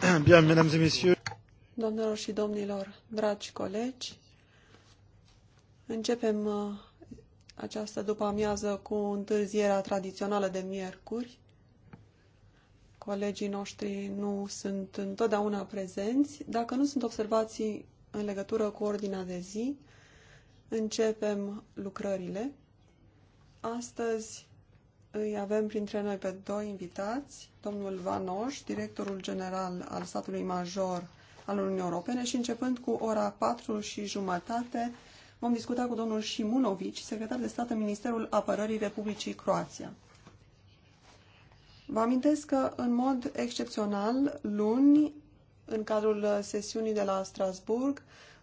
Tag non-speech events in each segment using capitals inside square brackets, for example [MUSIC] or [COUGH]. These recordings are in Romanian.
[CLEARS THROAT] Bien, mesdames et messieurs. Doamnelor și domnilor, dragi colegi, începem uh, această după-amiază cu întârzierea tradițională de miercuri. Colegii noștri nu sunt întotdeauna prezenți. Dacă nu sunt observații în legătură cu ordinea de zi, începem lucrările. Astăzi îi avem printre noi pe doi invitați, domnul Vanoș, directorul general al statului major al Uniunii Europene și începând cu ora 4 și jumătate vom discuta cu domnul Șimunovici, secretar de stat în Ministerul Apărării Republicii Croația. Vă amintesc că, în mod excepțional, luni, în cadrul sesiunii de la Strasburg,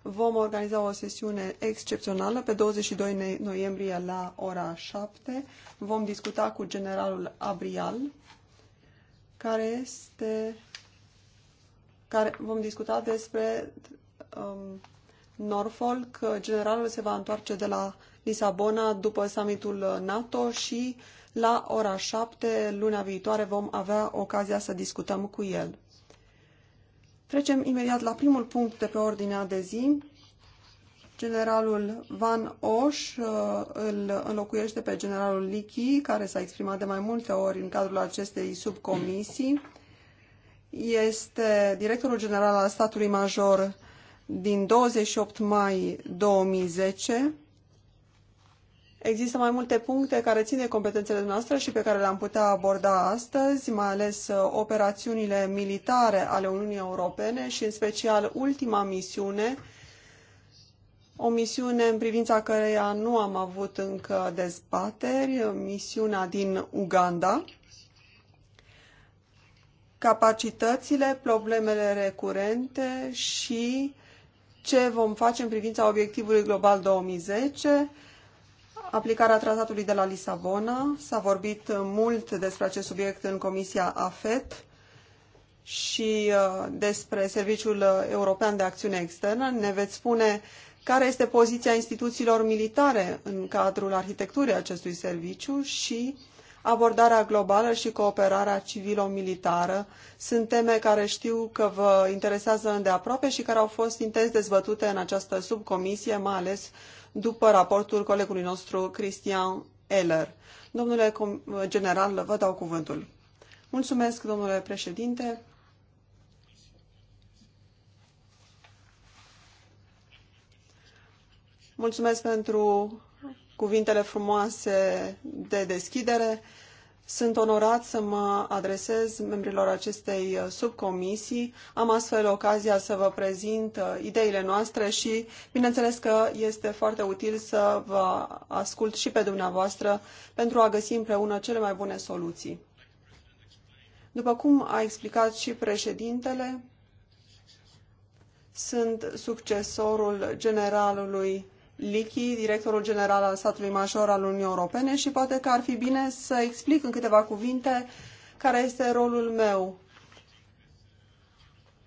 Vom organiza o sesiune excepțională pe 22 noiembrie la ora 7. Vom discuta cu generalul Abrial, care este care vom discuta despre um, Norfolk. Generalul se va întoarce de la Lisabona după summitul NATO și la ora 7 luna viitoare vom avea ocazia să discutăm cu el. Trecem imediat la primul punct de pe ordinea de zi. Generalul Van Oș uh, îl înlocuiește pe generalul Lichi, care s-a exprimat de mai multe ori în cadrul acestei subcomisii. Este directorul general al statului major din 28 mai 2010 Există mai multe puncte care țin de competențele noastre și pe care le-am putea aborda astăzi, mai ales uh, operațiunile militare ale Uniunii Europene și în special ultima misiune, o misiune în privința căreia nu am avut încă dezbateri, misiunea din Uganda. Capacitățile, problemele recurente și ce vom face în privința obiectivului global 2010, aplicarea tratatului de la Lisabona. S-a vorbit mult despre acest subiect în Comisia AFET și uh, despre Serviciul European de Acțiune Externă. Ne veți spune care este poziția instituțiilor militare în cadrul arhitecturii acestui serviciu și abordarea globală și cooperarea civilo-militară sunt teme care știu că vă interesează îndeaproape și care au fost intens dezbătute în această subcomisie, mai ales după raportul colegului nostru, Cristian Eller. Domnule general, vă dau cuvântul. Mulțumesc, domnule președinte. Mulțumesc pentru cuvintele frumoase de deschidere. Sunt onorat să mă adresez membrilor acestei uh, subcomisii. Am astfel ocazia să vă prezint uh, ideile noastre și, bineînțeles că este foarte util să vă ascult și pe dumneavoastră pentru a găsi împreună cele mai bune soluții. După cum a explicat și președintele, sunt succesorul generalului Lichi, directorul general al statului major al Uniunii Europene și poate că ar fi bine să explic în câteva cuvinte care este rolul meu.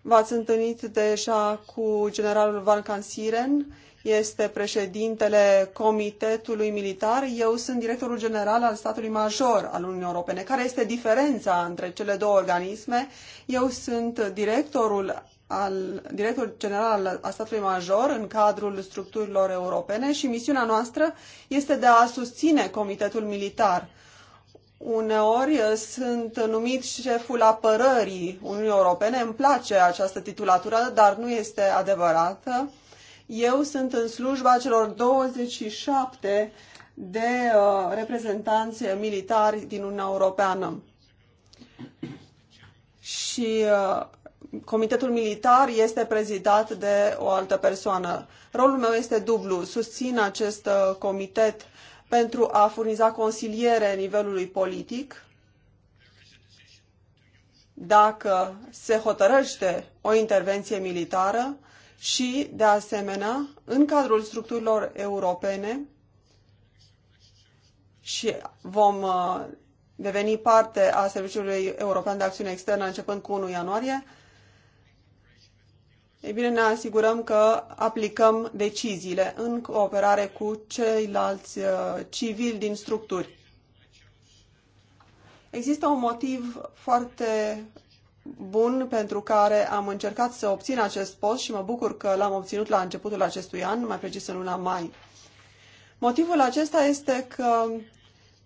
V-ați întâlnit deja cu generalul Valkan Siren, este președintele Comitetului Militar, eu sunt directorul general al statului major al Uniunii Europene. Care este diferența între cele două organisme? Eu sunt directorul al director general al statului major în cadrul structurilor europene și misiunea noastră este de a susține comitetul militar. Uneori eh, sunt numit șeful apărării Uniunii Europene, îmi place această titulatură, dar nu este adevărată. Eu sunt în slujba celor 27 de uh, reprezentanți militari din Uniunea Europeană. Și uh, comitetul militar este prezidat de o altă persoană. Rolul meu este dublu. Susțin acest uh, comitet pentru a furniza consiliere nivelului politic dacă se hotărăște o intervenție militară și, de asemenea, în cadrul structurilor europene și vom uh, deveni parte a Serviciului European de Acțiune Externă începând cu 1 ianuarie, ei bine, ne asigurăm că aplicăm deciziile în cooperare cu ceilalți uh, civili din structuri. Există un motiv foarte bun pentru care am încercat să obțin acest post și mă bucur că l-am obținut la începutul acestui an, mai precis în luna mai. Motivul acesta este că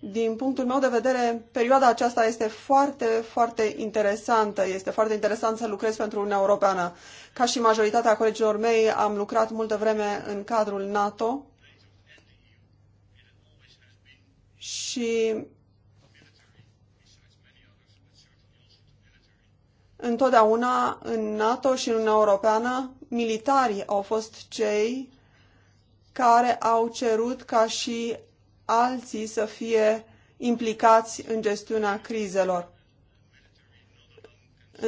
din punctul meu de vedere, perioada aceasta este foarte, foarte interesantă. Este foarte interesant să lucrez pentru Uniunea Europeană. Ca și majoritatea colegilor mei, am lucrat multă vreme în cadrul NATO și întotdeauna în NATO și în Uniunea Europeană, militarii au fost cei care au cerut ca și alții să fie implicați în gestiunea crizelor.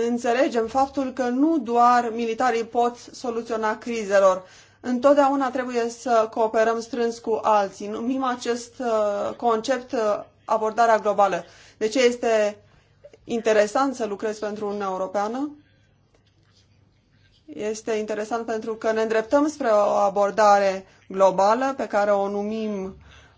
Înțelegem faptul că nu doar militarii pot soluționa crizelor. Întotdeauna trebuie să cooperăm strâns cu alții. Numim acest uh, concept uh, abordarea globală. De ce este interesant să lucrezi pentru Uniunea Europeană? Este interesant pentru că ne îndreptăm spre o abordare globală pe care o numim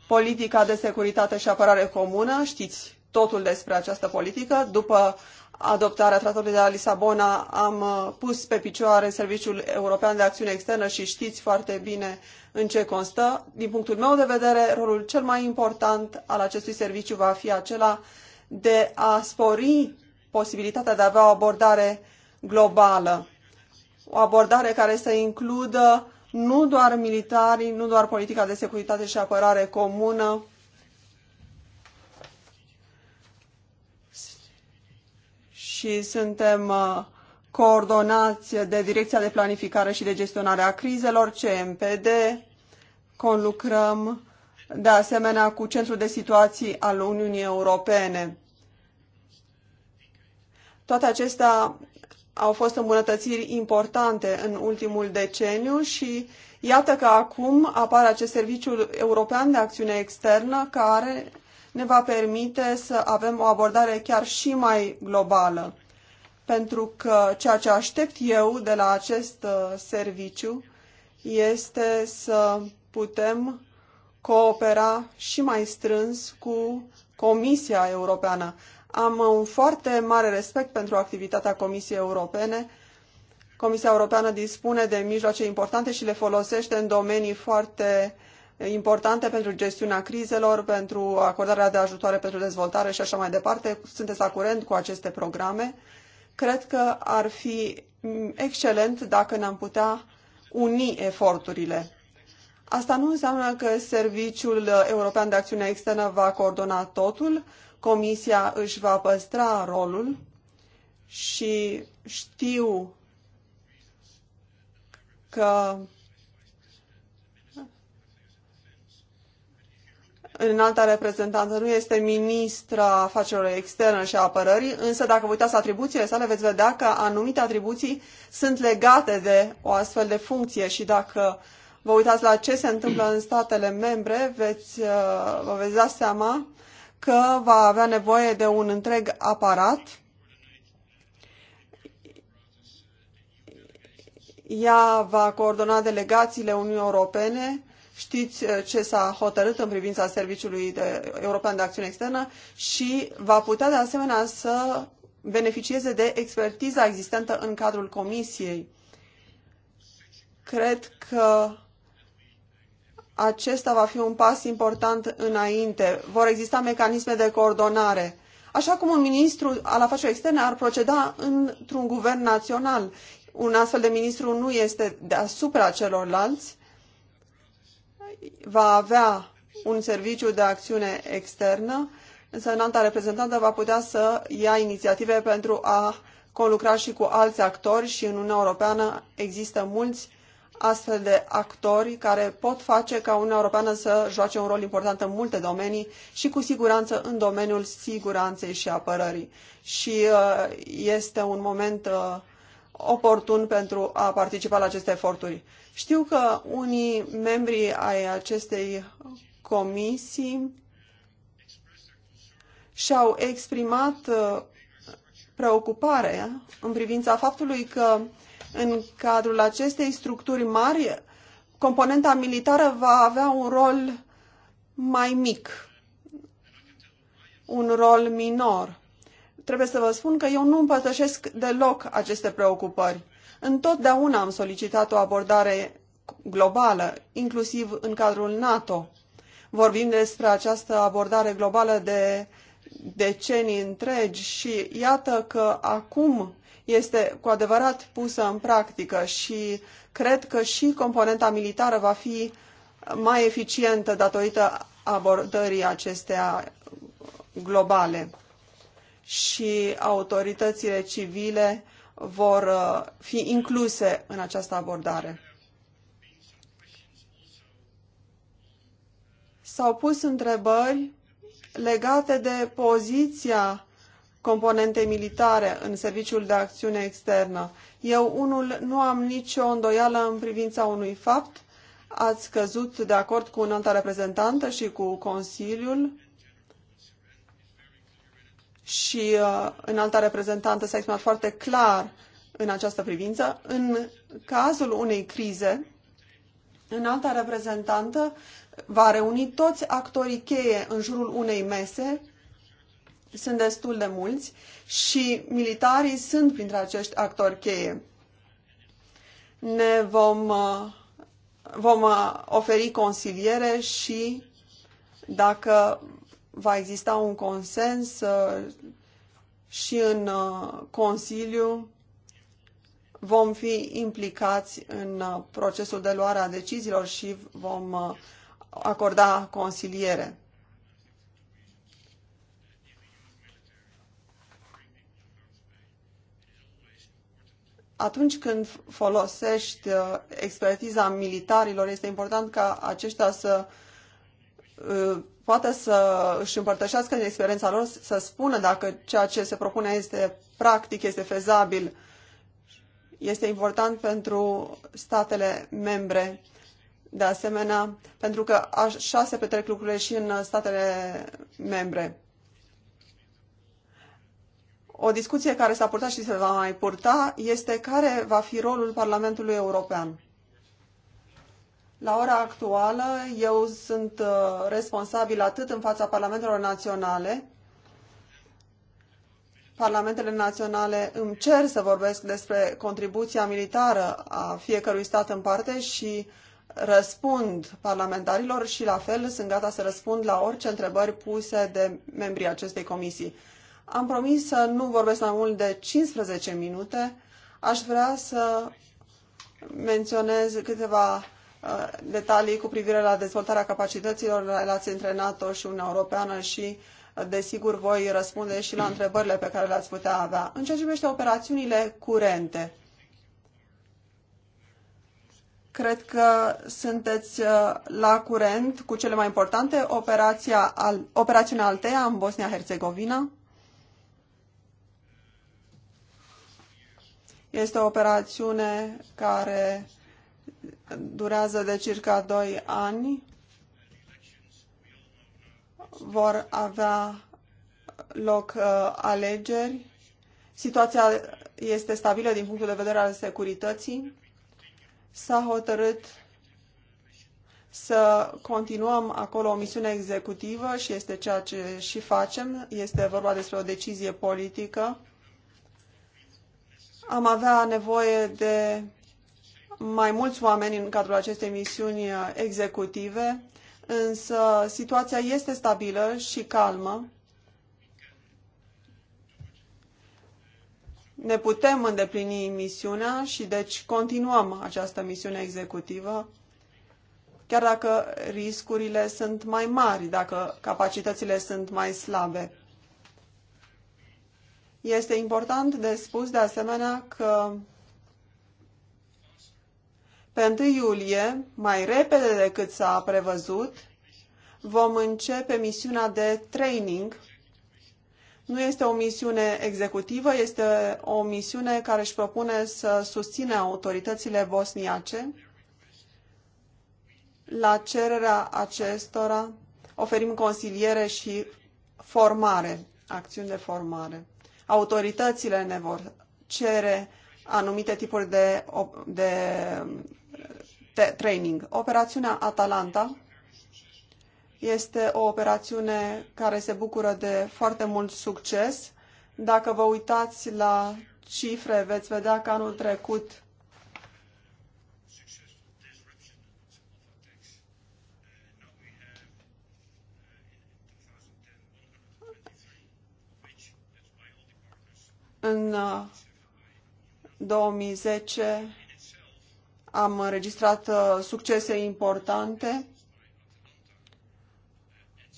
politica de securitate și apărare comună, știți totul despre această politică. După adoptarea tratatului de la Lisabona am uh, pus pe picioare Serviciul European de Acțiune Externă și știți foarte bine în ce constă. Din punctul meu de vedere, rolul cel mai important al acestui serviciu va fi acela de a spori posibilitatea de a avea o abordare globală, o abordare care să includă nu doar militarii, nu doar politica de securitate și apărare comună, și suntem uh, coordonați de Direcția de Planificare și de Gestionare a Crizelor, CMPD, conlucrăm de asemenea cu Centrul de Situații al Uniunii Europene. Toate acestea au fost îmbunătățiri importante în ultimul deceniu și iată că acum apare acest serviciu european de acțiune externă care ne va permite să avem o abordare chiar și mai globală. Pentru că ceea ce aștept eu de la acest uh, serviciu este să putem coopera și mai strâns cu Comisia Europeană. Am un foarte mare respect pentru activitatea Comisiei Europene. Comisia Europeană dispune de mijloace importante și le folosește în domenii foarte importante pentru gestiunea crizelor, pentru acordarea de ajutoare pentru dezvoltare și așa mai departe. Sunteți la curent cu aceste programe. Cred că ar fi excelent dacă ne-am putea uni eforturile. Asta nu înseamnă că Serviciul European de Acțiune Externă va coordona totul, Comisia își va păstra rolul și știu că alta reprezentantă nu este ministra afacerilor externe și a apărării, însă dacă vă uitați atribuțiile sale, veți vedea că anumite atribuții sunt legate de o astfel de funcție și dacă vă uitați la ce se întâmplă în statele membre, veți, uh, vă veți da seama că va avea nevoie de un întreg aparat. Ea va coordona delegațiile Uniunii Europene știți eh, ce s-a hotărât în privința Serviciului de, European de Acțiune Externă și va putea de asemenea să beneficieze de expertiza existentă în cadrul Comisiei. Cred că acesta va fi un pas important înainte. Vor exista mecanisme de coordonare. Așa cum un ministru al afacerilor externe ar proceda într-un guvern național. Un astfel de ministru nu este deasupra celorlalți. Va avea un serviciu de acțiune externă, însă înalta reprezentantă va putea să ia inițiative pentru a conlucra și cu alți actori și în Uniunea Europeană există mulți astfel de actori care pot face ca Uniunea Europeană să joace un rol important în multe domenii și cu siguranță în domeniul siguranței și apărării. Și uh, este un moment uh, oportun pentru a participa la aceste eforturi. Știu că unii membri ai acestei comisii și-au exprimat uh, preocupare în privința faptului că în cadrul acestei structuri mari, componenta militară va avea un rol mai mic, un rol minor. Trebuie să vă spun că eu nu împărtășesc deloc aceste preocupări. Întotdeauna am solicitat o abordare globală, inclusiv în cadrul NATO. Vorbim despre această abordare globală de decenii întregi și iată că acum este cu adevărat pusă în practică și cred că și componenta militară va fi mai eficientă datorită abordării acestea globale. Și autoritățile civile vor uh, fi incluse în această abordare. S-au pus întrebări legate de poziția componente militare în serviciul de acțiune externă. Eu, unul, nu am nicio îndoială în privința unui fapt. Ați căzut de acord cu înalta reprezentantă și cu Consiliul și uh, înalta reprezentantă s-a exprimat foarte clar în această privință. În cazul unei crize, înalta reprezentantă va reuni toți actorii cheie în jurul unei mese sunt destul de mulți și militarii sunt printre acești actori cheie. Ne vom, uh, vom uh, oferi consiliere și dacă va exista un consens uh, și în Consiliu, vom fi implicați în procesul de luare a deciziilor și vom acorda consiliere. atunci când folosești uh, expertiza militarilor, este important ca aceștia să uh, poată să își împărtășească în experiența lor, să spună dacă ceea ce se propune este practic, este fezabil. Este important pentru statele membre, de asemenea, pentru că așa se petrec lucrurile și în statele membre. O discuție care s-a purtat și se va mai purta este care va fi rolul Parlamentului European. La ora actuală, eu sunt uh, responsabil atât în fața Parlamentelor Naționale, Parlamentele naționale îmi cer să vorbesc despre contribuția militară a fiecărui stat în parte și răspund parlamentarilor și la fel sunt gata să răspund la orice întrebări puse de membrii acestei comisii. Am promis să nu vorbesc mai mult de 15 minute. Aș vrea să menționez câteva uh, detalii cu privire la dezvoltarea capacităților în relații între NATO și Uniunea Europeană și, uh, desigur, voi răspunde și la întrebările pe care le-ați putea avea. În ceea ce privește operațiunile curente, cred că sunteți uh, la curent cu cele mai importante, operația, operațiunea Altea în Bosnia-Herzegovina, Este o operațiune care durează de circa 2 ani. Vor avea loc uh, alegeri. Situația este stabilă din punctul de vedere al securității. S-a hotărât să continuăm acolo o misiune executivă și este ceea ce și facem. Este vorba despre o decizie politică am avea nevoie de mai mulți oameni în cadrul acestei misiuni executive, însă situația este stabilă și calmă. Ne putem îndeplini misiunea și deci continuăm această misiune executivă, chiar dacă riscurile sunt mai mari, dacă capacitățile sunt mai slabe. Este important de spus de asemenea că pe 1 iulie, mai repede decât s-a prevăzut, vom începe misiunea de training. Nu este o misiune executivă, este o misiune care își propune să susține autoritățile bosniace. La cererea acestora oferim consiliere și formare, acțiuni de formare autoritățile ne vor cere anumite tipuri de, de, de training. Operațiunea Atalanta este o operațiune care se bucură de foarte mult succes. Dacă vă uitați la cifre, veți vedea că anul trecut În 2010 uh, am înregistrat uh, succese importante.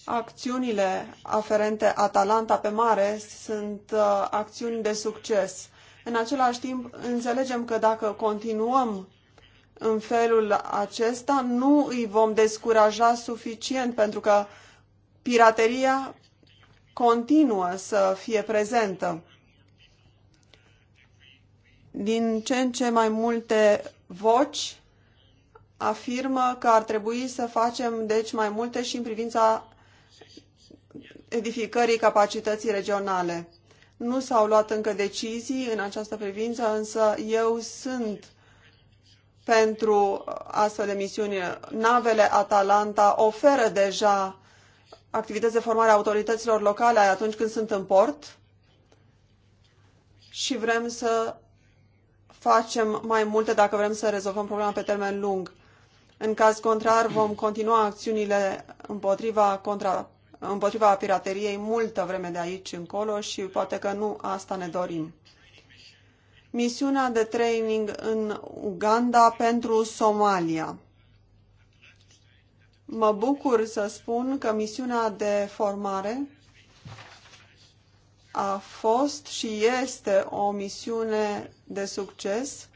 Acțiunile aferente Atalanta pe mare sunt uh, acțiuni de succes. În același timp, înțelegem că dacă continuăm în felul acesta, nu îi vom descuraja suficient, pentru că pirateria continuă să fie prezentă din ce în ce mai multe voci afirmă că ar trebui să facem deci mai multe și în privința edificării capacității regionale. Nu s-au luat încă decizii în această privință, însă eu sunt pentru astfel de misiuni. Navele Atalanta oferă deja activități de formare a autorităților locale atunci când sunt în port și vrem să facem mai multe dacă vrem să rezolvăm problema pe termen lung. În caz contrar, vom continua acțiunile împotriva, contra, împotriva pirateriei multă vreme de aici încolo și poate că nu asta ne dorim. Misiunea de training în Uganda pentru Somalia. Mă bucur să spun că misiunea de formare a fost și este o misiune de succes.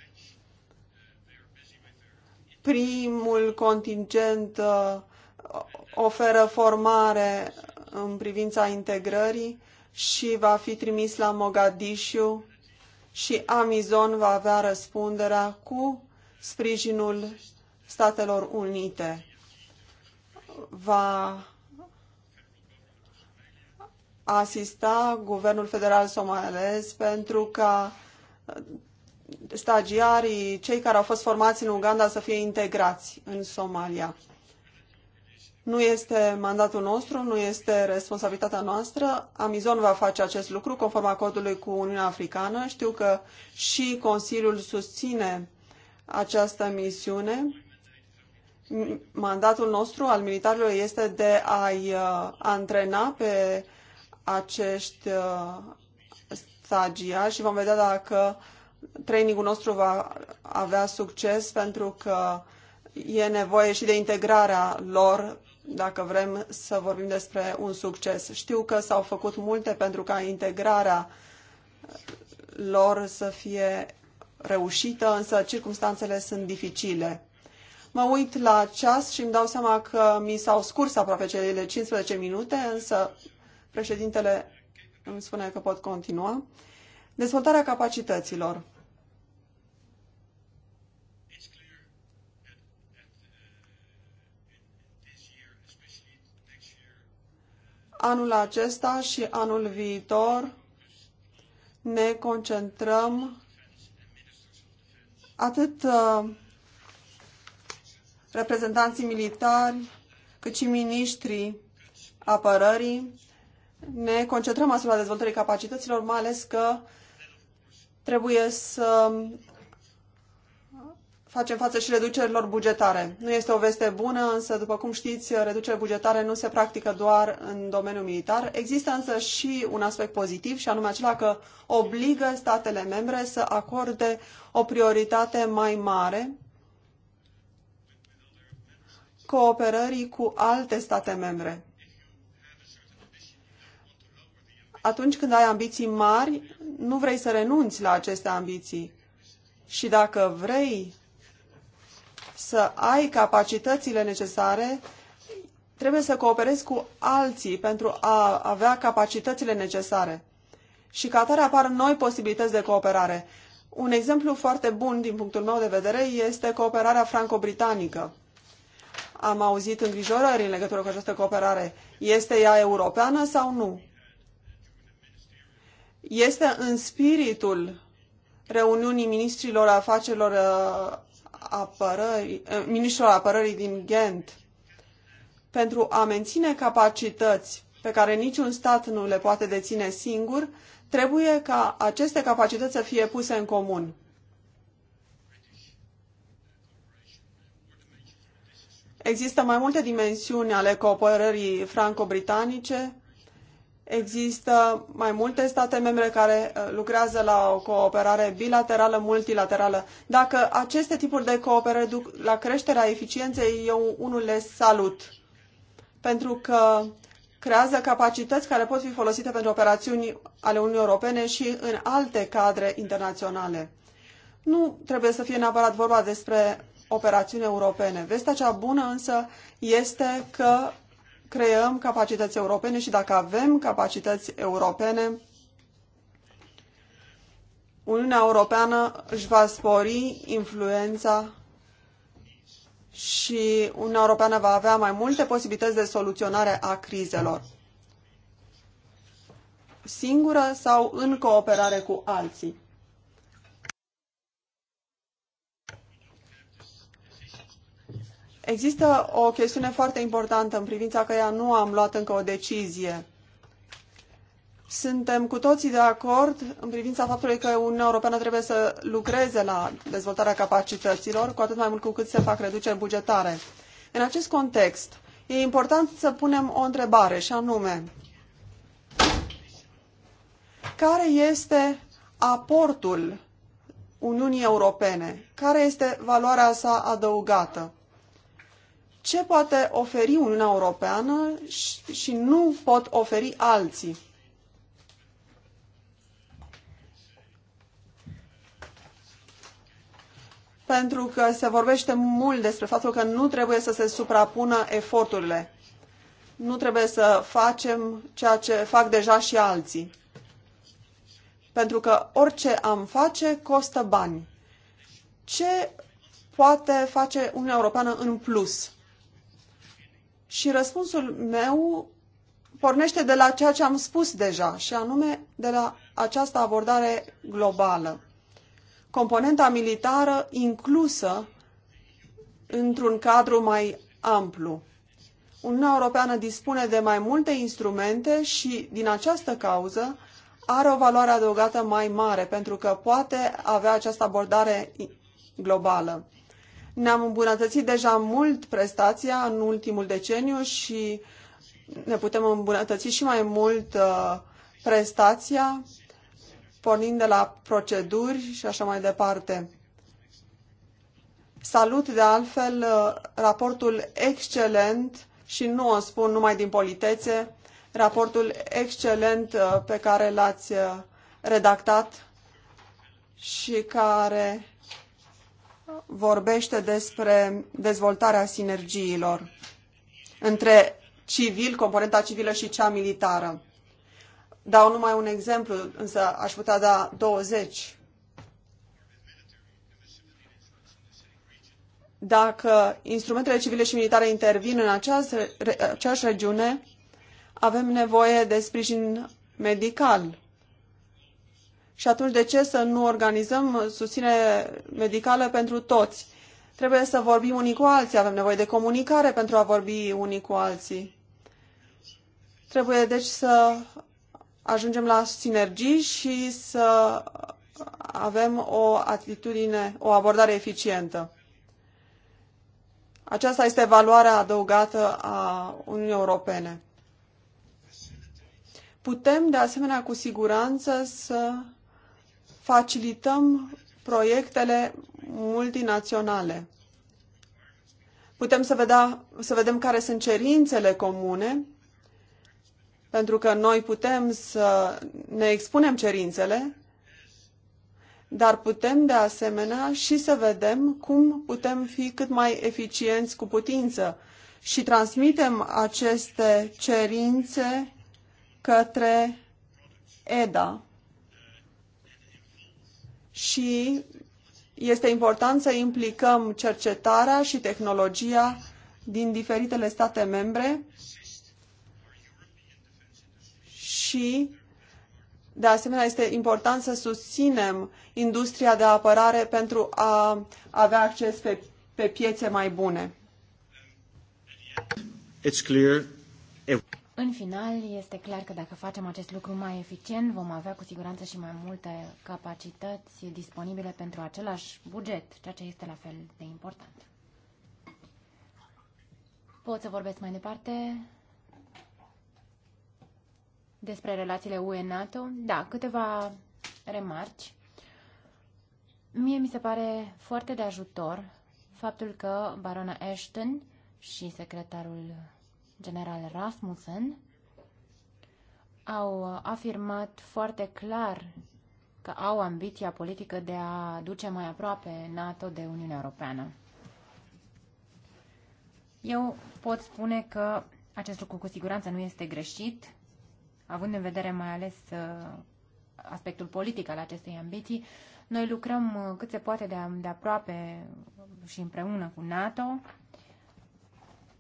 Primul contingent uh, oferă formare în privința integrării și va fi trimis la Mogadishu și Amazon va avea răspunderea cu sprijinul Statelor Unite. Va asista guvernul federal somalez pentru ca stagiarii, cei care au fost formați în Uganda să fie integrați în Somalia. Nu este mandatul nostru, nu este responsabilitatea noastră. Amizon va face acest lucru conform acordului cu Uniunea Africană. Știu că și Consiliul susține această misiune. Mandatul nostru al militarilor este de a-i uh, antrena pe acești uh, stagiari și vom vedea dacă trainingul nostru va avea succes pentru că e nevoie și de integrarea lor dacă vrem să vorbim despre un succes. Știu că s-au făcut multe pentru ca integrarea lor să fie reușită, însă circumstanțele sunt dificile. Mă uit la ceas și îmi dau seama că mi s-au scurs aproape cele 15 minute, însă Președintele îmi spune că pot continua. Dezvoltarea capacităților. Anul acesta și anul viitor ne concentrăm atât uh, reprezentanții militari, cât și miniștrii apărării ne concentrăm asupra dezvoltării capacităților, mai ales că trebuie să facem față și reducerilor bugetare. Nu este o veste bună, însă, după cum știți, reducerile bugetare nu se practică doar în domeniul militar. Există însă și un aspect pozitiv, și anume acela că obligă statele membre să acorde o prioritate mai mare cooperării cu alte state membre. atunci când ai ambiții mari, nu vrei să renunți la aceste ambiții. Și dacă vrei să ai capacitățile necesare, trebuie să cooperezi cu alții pentru a avea capacitățile necesare. Și ca atare apar noi posibilități de cooperare. Un exemplu foarte bun din punctul meu de vedere este cooperarea franco-britanică. Am auzit îngrijorări în legătură cu această cooperare. Este ea europeană sau nu? este în spiritul reuniunii ministrilor afacerilor uh, apărării, uh, ministrilor apărării din Ghent pentru a menține capacități pe care niciun stat nu le poate deține singur, trebuie ca aceste capacități să fie puse în comun. Există mai multe dimensiuni ale cooperării franco-britanice, Există mai multe state membre care uh, lucrează la o cooperare bilaterală, multilaterală. Dacă aceste tipuri de cooperare duc la creșterea eficienței, eu unul le salut. Pentru că creează capacități care pot fi folosite pentru operațiuni ale Uniunii Europene și în alte cadre internaționale. Nu trebuie să fie neapărat vorba despre operațiuni europene. Vestea cea bună însă este că creăm capacități europene și dacă avem capacități europene, Uniunea Europeană își va spori influența și Uniunea Europeană va avea mai multe posibilități de soluționare a crizelor, singură sau în cooperare cu alții. Există o chestiune foarte importantă în privința căreia nu am luat încă o decizie. Suntem cu toții de acord în privința faptului că Uniunea Europeană trebuie să lucreze la dezvoltarea capacităților, cu atât mai mult cu cât se fac reduceri bugetare. În acest context, e important să punem o întrebare, și anume, care este aportul Uniunii Europene? Care este valoarea sa adăugată? ce poate oferi Uniunea Europeană și nu pot oferi alții. Pentru că se vorbește mult despre faptul că nu trebuie să se suprapună eforturile. Nu trebuie să facem ceea ce fac deja și alții. Pentru că orice am face costă bani. Ce poate face Uniunea Europeană în plus? Și răspunsul meu pornește de la ceea ce am spus deja, și anume de la această abordare globală. Componenta militară inclusă într-un cadru mai amplu. Uniunea Europeană dispune de mai multe instrumente și, din această cauză, are o valoare adăugată mai mare, pentru că poate avea această abordare globală. Ne-am îmbunătățit deja mult prestația în ultimul deceniu și ne putem îmbunătăți și mai mult uh, prestația pornind de la proceduri și așa mai departe. Salut de altfel uh, raportul excelent și nu o spun numai din politețe, raportul excelent uh, pe care l-ați redactat și care vorbește despre dezvoltarea sinergiilor între civil, componenta civilă și cea militară. Dau numai un exemplu, însă aș putea da 20. Dacă instrumentele civile și militare intervin în această, aceeași regiune, avem nevoie de sprijin medical. Și atunci de ce să nu organizăm susținere medicală pentru toți? Trebuie să vorbim unii cu alții, avem nevoie de comunicare pentru a vorbi unii cu alții. Trebuie deci să ajungem la sinergii și să avem o atitudine, o abordare eficientă. Aceasta este valoarea adăugată a Uniunii Europene. Putem, de asemenea, cu siguranță să facilităm proiectele multinaționale. Putem să, vedea, să vedem care sunt cerințele comune, pentru că noi putem să ne expunem cerințele, dar putem de asemenea și să vedem cum putem fi cât mai eficienți cu putință și transmitem aceste cerințe către EDA, și este important să implicăm cercetarea și tehnologia din diferitele state membre și de asemenea, este important să susținem industria de apărare pentru a avea acces pe, pe piețe mai bune. It's clear. În final, este clar că dacă facem acest lucru mai eficient, vom avea cu siguranță și mai multe capacități disponibile pentru același buget, ceea ce este la fel de important. Pot să vorbesc mai departe despre relațiile UE-NATO? Da, câteva remarci. Mie mi se pare foarte de ajutor faptul că barona Ashton și secretarul general Rasmussen, au afirmat foarte clar că au ambiția politică de a duce mai aproape NATO de Uniunea Europeană. Eu pot spune că acest lucru cu siguranță nu este greșit, având în vedere mai ales uh, aspectul politic al acestei ambiții. Noi lucrăm uh, cât se poate de, aproape și împreună cu NATO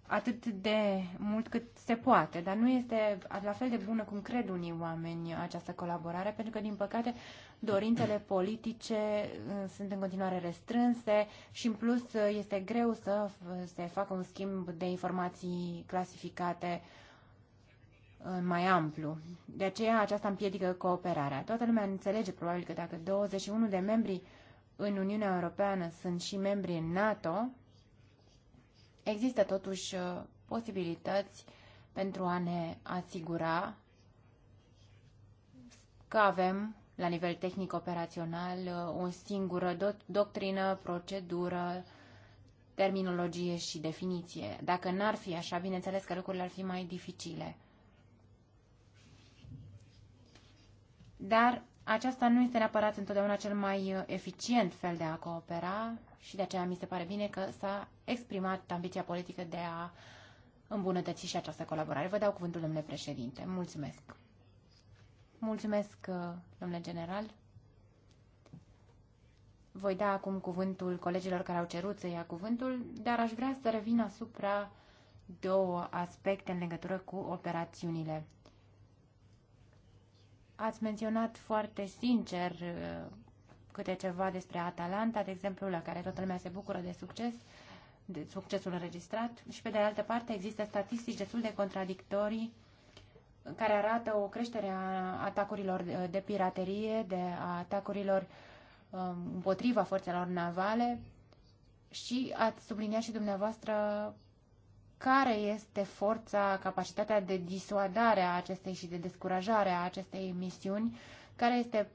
atât de mult cât se poate, dar nu este la fel de bună cum cred unii oameni această colaborare, pentru că, din păcate, dorințele politice uh, sunt în continuare restrânse și, în plus, uh, este greu să se facă un schimb de informații clasificate mai amplu. De aceea aceasta împiedică cooperarea. Toată lumea înțelege probabil că dacă 21 de membri în Uniunea Europeană sunt și membri în NATO, Există totuși uh, posibilități pentru a ne asigura că avem la nivel tehnic operațional uh, o singură do- doctrină, procedură, terminologie și definiție. Dacă n-ar fi așa, bineînțeles că lucrurile ar fi mai dificile. Dar aceasta nu este neapărat întotdeauna cel mai uh, eficient fel de a coopera și de aceea mi se pare bine că s-a exprimat ambiția politică de a îmbunătăți și această colaborare. Vă dau cuvântul, domnule președinte. Mulțumesc. Mulțumesc, uh, domnule general. Voi da acum cuvântul colegilor care au cerut să ia cuvântul, dar aș vrea să revin asupra două aspecte în legătură cu operațiunile Ați menționat foarte sincer uh, câte ceva despre Atalanta, de exemplu, la care toată lumea se bucură de succes, de succesul înregistrat și pe de altă parte există statistici destul de contradictorii care arată o creștere a atacurilor uh, de piraterie, de a atacurilor um, împotriva forțelor navale și ați subliniat și dumneavoastră care este forța, capacitatea de disuadare a acestei și de descurajare a acestei misiuni, care este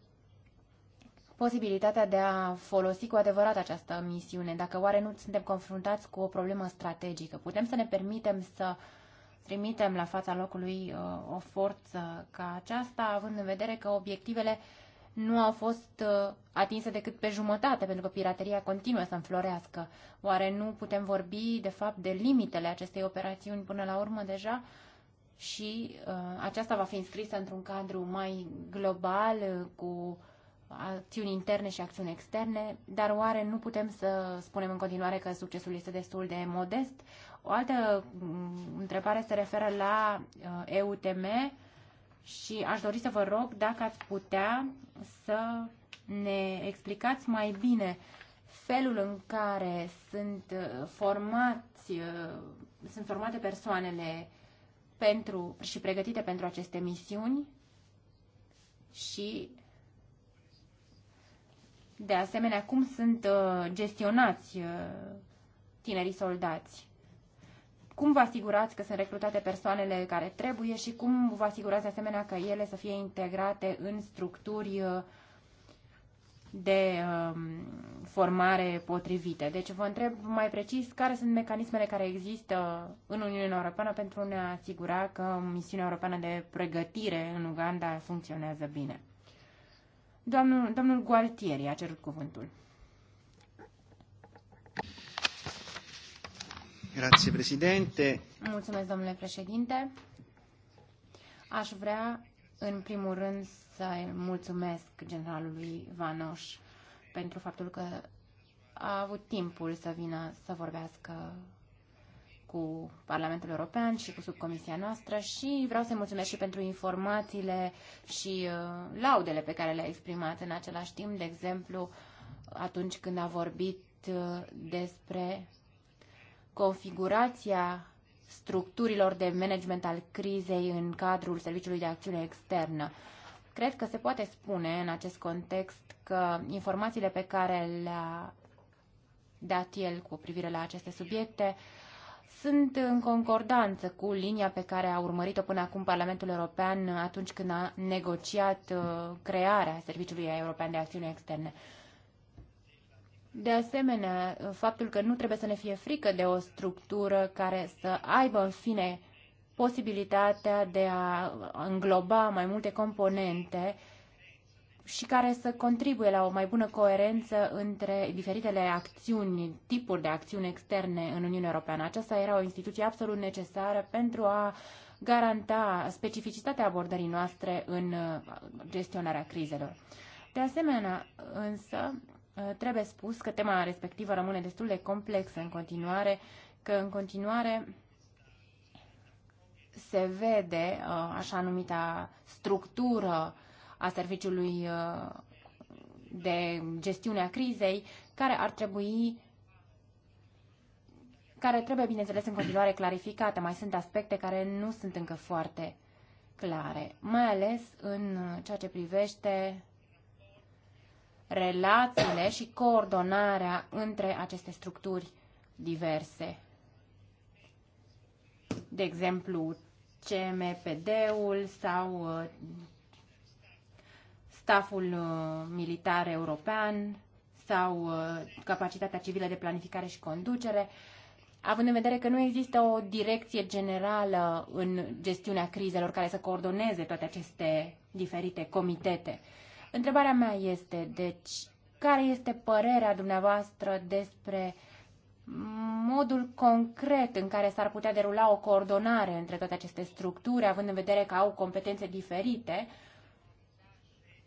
posibilitatea de a folosi cu adevărat această misiune, dacă oare nu suntem confruntați cu o problemă strategică. Putem să ne permitem să trimitem la fața locului uh, o forță ca aceasta, având în vedere că obiectivele uh, nu au fost uh, atinse decât pe jumătate, pentru că pirateria continuă să înflorească. Oare nu putem vorbi, de fapt, de limitele acestei operațiuni până la urmă deja? Și uh, aceasta va fi înscrisă într-un cadru mai global, uh, cu acțiuni interne și acțiuni externe, dar oare nu putem să spunem în continuare că succesul este destul de modest? O altă mm, întrebare se referă la uh, EUTM, și aș dori să vă rog dacă ați putea să ne explicați mai bine felul în care sunt uh, formați, uh, sunt formate persoanele pentru și pregătite pentru aceste misiuni și de asemenea cum sunt uh, gestionați tinerii soldați cum vă asigurați că sunt recrutate persoanele care trebuie și cum vă asigurați de asemenea că ele să fie integrate în structuri uh, de um, formare potrivite. Deci vă întreb mai precis care sunt mecanismele care există în Uniunea Europeană pentru a ne asigura că misiunea europeană de pregătire în Uganda funcționează bine. Doamnul, domnul Gualtieri a cerut cuvântul. Grazie, Presidente. Mulțumesc, domnule președinte. Aș vrea, în primul rând, să mulțumesc generalului Vanoș pentru faptul că a avut timpul să vină să vorbească cu Parlamentul European și cu subcomisia noastră și vreau să-i mulțumesc și pentru informațiile și uh, laudele pe care le-a exprimat în același timp, de exemplu, atunci când a vorbit uh, despre configurația structurilor de management al crizei în cadrul Serviciului de Acțiune Externă. Cred că se poate spune în acest context că informațiile pe care le-a dat el cu privire la aceste subiecte sunt în concordanță cu linia pe care a urmărit-o până acum Parlamentul European atunci când a negociat uh, crearea Serviciului European de Acțiune Externe. De asemenea, faptul că nu trebuie să ne fie frică de o structură care să aibă, în fine, posibilitatea de a îngloba mai multe componente și care să contribuie la o mai bună coerență între diferitele acțiuni, tipuri de acțiuni externe în Uniunea Europeană. Aceasta era o instituție absolut necesară pentru a garanta specificitatea abordării noastre în uh, gestionarea crizelor. De asemenea, însă, Eh, trebuie spus că tema respectivă rămâne destul de complexă în continuare, că în continuare se vede eh, așa numita structură a serviciului eh, de gestiune a crizei, care ar trebui care trebuie, bineînțeles, în continuare clarificată. Mai sunt aspecte care nu sunt încă foarte clare, mai ales în ceea ce privește relațiile și coordonarea între aceste structuri diverse. De exemplu, CMPD-ul sau uh, staful uh, militar european sau uh, capacitatea civilă de planificare și conducere, având în vedere că nu există o direcție generală în gestiunea crizelor care să coordoneze toate aceste diferite comitete. Întrebarea mea este, deci, care este părerea dumneavoastră despre modul concret în care s-ar putea derula o coordonare între toate aceste structuri, având în vedere că au competențe diferite,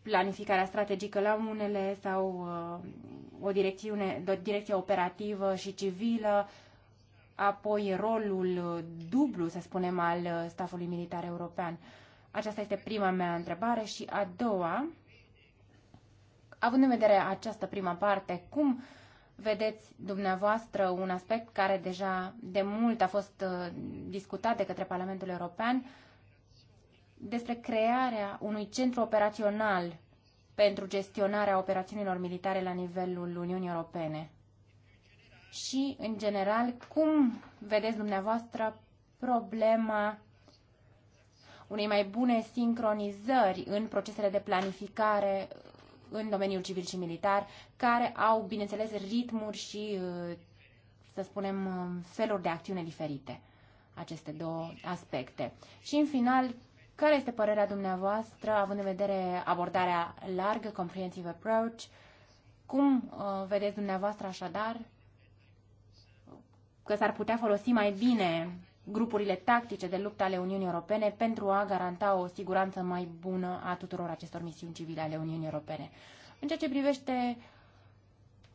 planificarea strategică la unele sau uh, o, direcțiune, o direcție operativă și civilă, apoi rolul dublu, să spunem, al uh, stafului militar european. Aceasta este prima mea întrebare și a doua, Având în vedere această prima parte, cum vedeți dumneavoastră un aspect care deja de mult a fost uh, discutat de către Parlamentul European despre crearea unui centru operațional pentru gestionarea operațiunilor militare la nivelul Uniunii Europene? Și, în general, cum vedeți dumneavoastră problema unei mai bune sincronizări în procesele de planificare în domeniul civil și militar, care au, bineînțeles, ritmuri și, uh, să spunem, uh, feluri de acțiune diferite, aceste două aspecte. Și, în final, care este părerea dumneavoastră, având în vedere abordarea largă, comprehensive approach? Cum uh, vedeți dumneavoastră așadar că s-ar putea folosi mai bine grupurile tactice de luptă ale Uniunii Europene pentru a garanta o siguranță mai bună a tuturor acestor misiuni civile ale Uniunii Europene. În ceea ce privește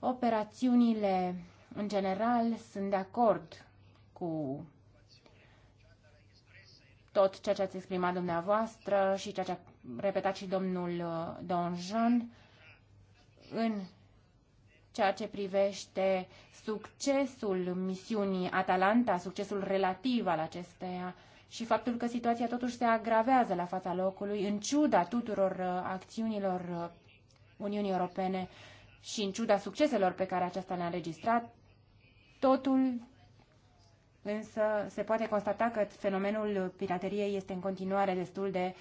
operațiunile în general, sunt de acord cu tot ceea ce ați exprimat dumneavoastră și ceea ce a repetat și domnul uh, Donjon în ceea ce privește succesul misiunii Atalanta, succesul relativ al acesteia și faptul că situația totuși se agravează la fața locului, în ciuda tuturor uh, acțiunilor uh, Uniunii Europene și în ciuda succeselor pe care aceasta le-a înregistrat, totul însă se poate constata că fenomenul pirateriei este în continuare destul de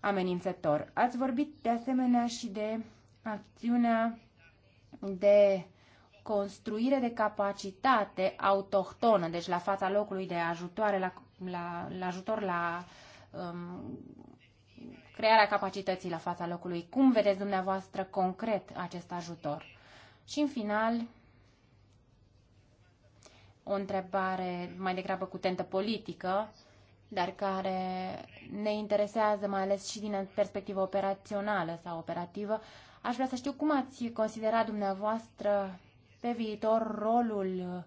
amenințător. Ați vorbit de asemenea și de acțiunea de construire de capacitate autohtonă, deci la fața locului de ajutoare la, la, la ajutor la um, crearea capacității la fața locului. Cum vedeți dumneavoastră concret acest ajutor? Și în final, o întrebare mai degrabă cu tentă politică, dar care ne interesează mai ales și din perspectivă operațională sau operativă, Aș vrea să știu cum ați considerat dumneavoastră pe viitor rolul uh,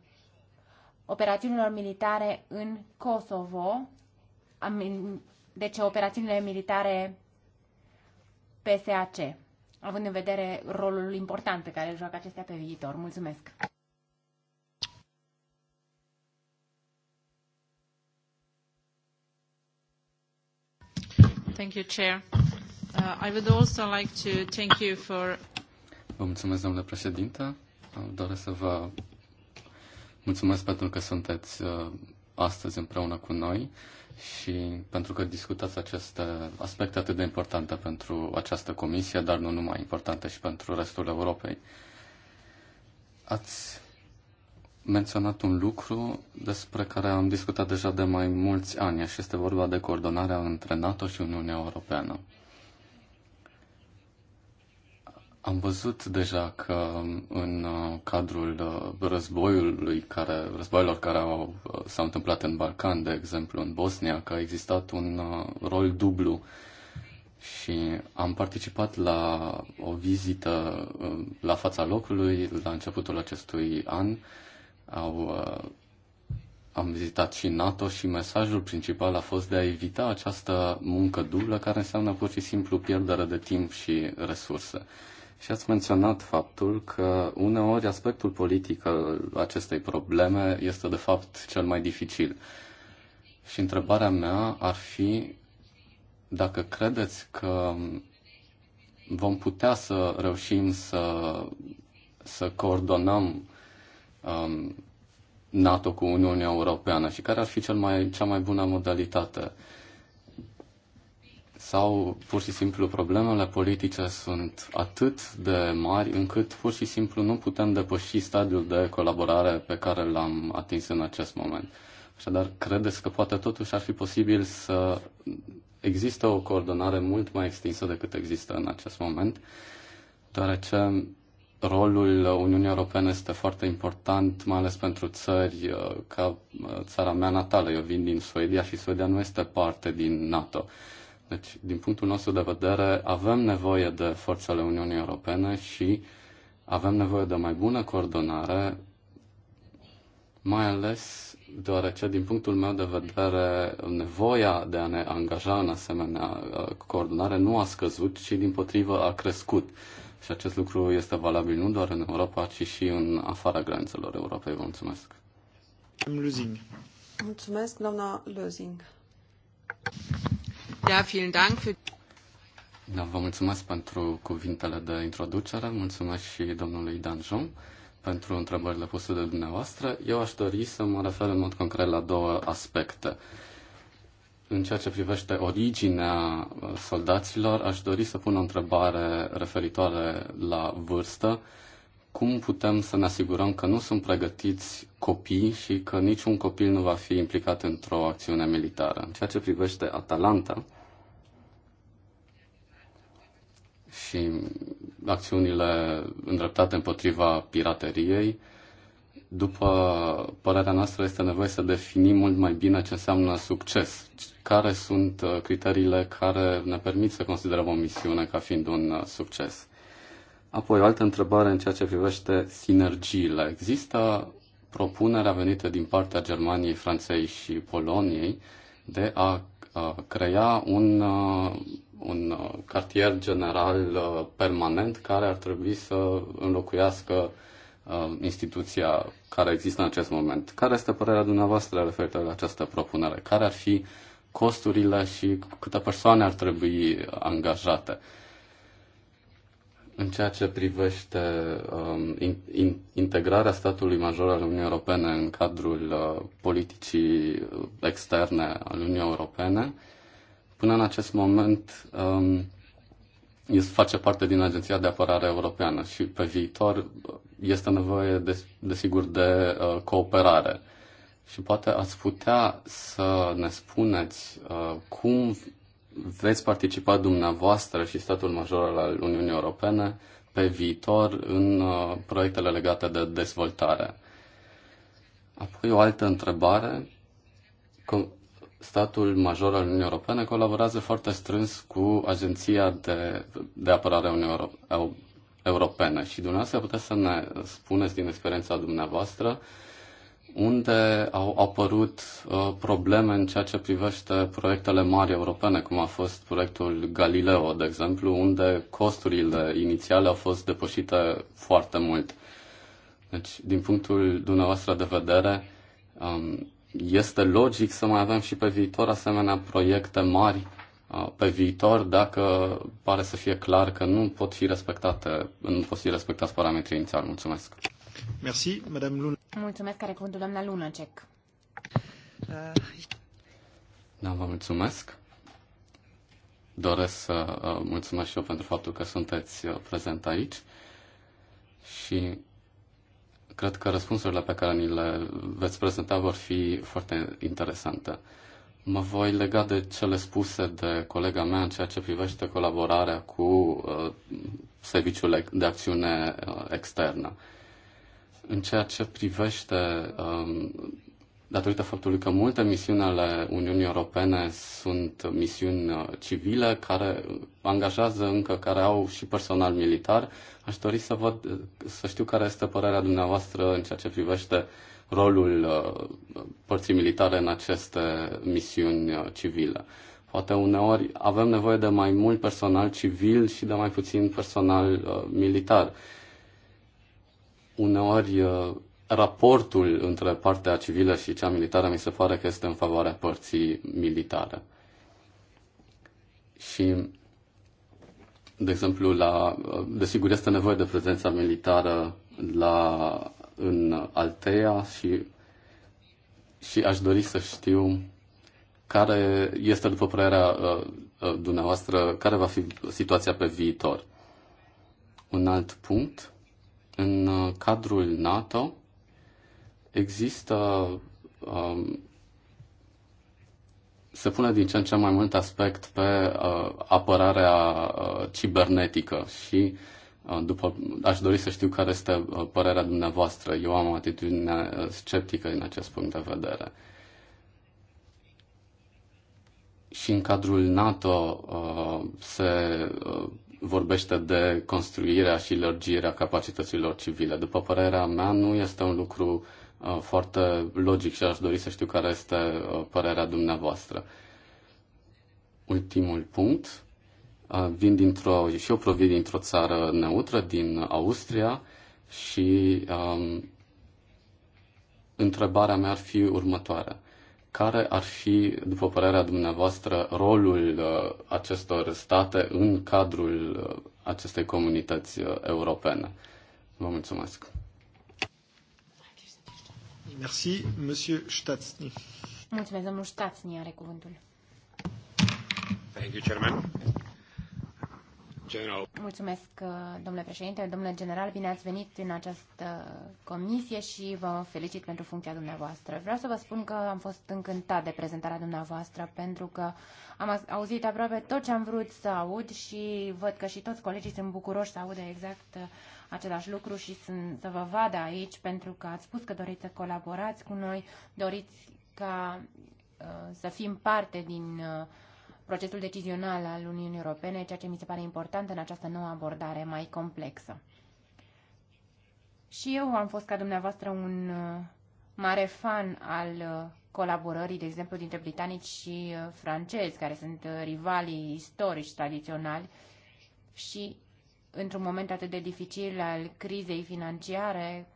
operațiunilor militare în Kosovo, deci operațiunile militare PSAC, având în vedere rolul important pe care îl joacă acestea pe viitor. Mulțumesc! Thank you, Chair. Uh, I would also like to thank you for... Vă mulțumesc, domnule președinte. Doresc să vă mulțumesc pentru că sunteți uh, astăzi împreună cu noi și pentru că discutați aceste aspecte atât de importante pentru această comisie, dar nu numai importante și pentru restul Europei. Ați menționat un lucru despre care am discutat deja de mai mulți ani și este vorba de coordonarea între NATO și Uniunea Europeană. Am văzut deja că în uh, cadrul uh, războiului care, războiilor care au, uh, s-au întâmplat în Balcan, de exemplu în Bosnia, că a existat un rol dublu și am participat la o vizită la fața locului la începutul acestui an. Au, am vizitat și NATO și mesajul principal a fost de a evita această muncă dublă care înseamnă pur și simplu pierdere de timp și resurse. Și ați menționat faptul că uneori aspectul politic al acestei probleme este de fapt cel mai dificil. Și întrebarea mea ar fi dacă credeți că vom putea să reușim să, să coordonăm um, NATO cu Uniunea Europeană și care ar fi cel mai, cea mai bună modalitate. Uh, sau pur și simplu problemele politice sunt atât de mari încât pur și simplu nu putem depăși stadiul de colaborare pe care l-am atins în acest moment. Așadar, credeți că poate totuși ar fi posibil să există o coordonare mult mai extinsă decât există în acest moment, deoarece rolul Uniunii Europene este foarte important, mai ales pentru țări uh, ca uh, țara mea natală. Eu vin din Suedia și Suedia nu este parte din NATO. Deci, din punctul nostru de vedere, avem nevoie de forțele Uniunii Europene și avem nevoie de mai bună coordonare, mai ales deoarece, din punctul meu de vedere, nevoia de a ne angaja în asemenea uh, coordonare nu a scăzut, ci din potrivă a crescut. Și acest lucru este valabil nu doar în Europa, ci și în afara granițelor Europei. Vă mulțumesc. Mulțumesc, doamna Lozing. Da, vielen Dank für... Da, vă mulțumesc pentru cuvintele de introducere, mulțumesc și domnului Danjon pentru întrebările puse de dumneavoastră. Eu aș dori să mă refer în mod concret la două aspecte. În ceea ce privește originea uh, soldaților, aș dori să pun o întrebare referitoare la vârstă. Cum putem să ne asigurăm că nu sunt pregătiți copii și că niciun copil nu va fi implicat într-o acțiune militară. În ceea ce privește Atalanta și acțiunile îndreptate împotriva pirateriei, după părerea noastră, este nevoie să definim mult mai bine ce înseamnă succes. Care sunt uh, criteriile care ne permit să considerăm o misiune ca fiind un uh, succes? Apoi, o altă întrebare în ceea ce privește sinergiile. Există propunerea venită din partea Germaniei, Franței și Poloniei de a crea un, un cartier general permanent care ar trebui să înlocuiască instituția care există în acest moment. Care este părerea dumneavoastră referitoare la această propunere? Care ar fi costurile și câte persoane ar trebui angajate? În ceea ce privește um, in, in, integrarea statului major al Uniunii Europene în cadrul uh, politicii uh, externe al Uniunii Europene, până în acest moment um, face parte din Agenția de Apărare Europeană și pe viitor uh, este nevoie, de, desigur, de uh, cooperare. Și poate ați putea să ne spuneți uh, cum veți participa dumneavoastră și statul major al Uniunii Europene pe viitor în uh, proiectele legate de dezvoltare. Apoi o altă întrebare. Statul major al Uniunii Europene colaborează foarte strâns cu Agenția de, de Apărare a Uniunii Europene și dumneavoastră puteți să ne spuneți din experiența dumneavoastră uh, unde au apărut uh, probleme în ceea ce privește proiectele mari europene, cum a fost proiectul Galileo, de exemplu, unde costurile inițiale au fost depășite foarte mult. Deci, din punctul dumneavoastră de vedere, um, este logic să mai avem și pe viitor asemenea proiecte mari uh, pe viitor, dacă pare să fie clar că nu pot fi respectate, nu pot fi respectați parametrii inițiali. Mulțumesc. Merci, Madame Lune. Mulțumesc, care cuvântul doamna Lunacek. Da, vă mulțumesc. Doresc să uh, mulțumesc și eu pentru faptul că sunteți uh, prezent aici și cred că răspunsurile pe care ni le veți prezenta vor fi foarte interesante. Mă voi lega de cele spuse de colega mea în ceea ce privește colaborarea cu uh, Serviciul de Acțiune uh, Externă. Uh, în ceea ce privește, um, datorită faptului că multe misiuni ale Uniunii Europene sunt misiuni uh, civile care angajează încă, care au și personal militar, aș dori să, văd, uh, să știu care este părerea dumneavoastră în ceea ce privește rolul uh, părții militare în aceste misiuni civile. Poate uneori avem nevoie de mai mult personal civil și de mai puțin personal militar uneori uh, raportul între partea civilă și cea militară mi se pare că este în favoarea părții militare. Și, de exemplu, la, uh, desigur, este nevoie de prezența militară la, în Altea și, și aș dori să știu care este, după părerea uh, dumneavoastră, care va fi situația pe viitor. Un alt punct în uh, cadrul NATO există um, se pune din ce în ce mai mult aspect pe uh, apărarea uh, cibernetică și uh, după, aș dori să știu care este uh, părerea dumneavoastră. Eu am o atitudine uh, sceptică din acest punct de vedere. Și în cadrul NATO uh, se uh, vorbește de construirea și lărgirea capacităților civile. După părerea mea, nu este un lucru uh, foarte logic și aș dori să știu care este uh, părerea dumneavoastră. Ultimul punct. Uh, vin dintr-o, și eu provin dintr-o țară neutră, din Austria, și um, întrebarea mea ar fi următoarea care ar fi, după părerea dumneavoastră, rolul uh, acestor state în cadrul uh, acestei comunități uh, europene? Vă mulțumesc. Merci, Monsieur Statsny. Mulțumesc, domnul Statsny are cuvântul. Thank you, Chairman. General. Mulțumesc, uh, domnule președinte, domnule general, bine ați venit în această comisie și vă felicit pentru funcția dumneavoastră. Vreau să vă spun că am fost încântat de prezentarea dumneavoastră pentru că am auzit aproape tot ce am vrut să aud și văd că și toți colegii sunt bucuroși să audă exact uh, același lucru și să vă vadă aici pentru că ați spus că doriți să colaborați cu noi, doriți ca uh, să fim parte din uh, procesul decizional al Uniunii Europene, ceea ce mi se pare important în această nouă abordare mai complexă. Și eu am fost ca dumneavoastră un uh, mare fan al uh, colaborării, de exemplu, dintre britanici și uh, francezi, care sunt rivalii istorici tradiționali și într-un moment atât de dificil al crizei financiare,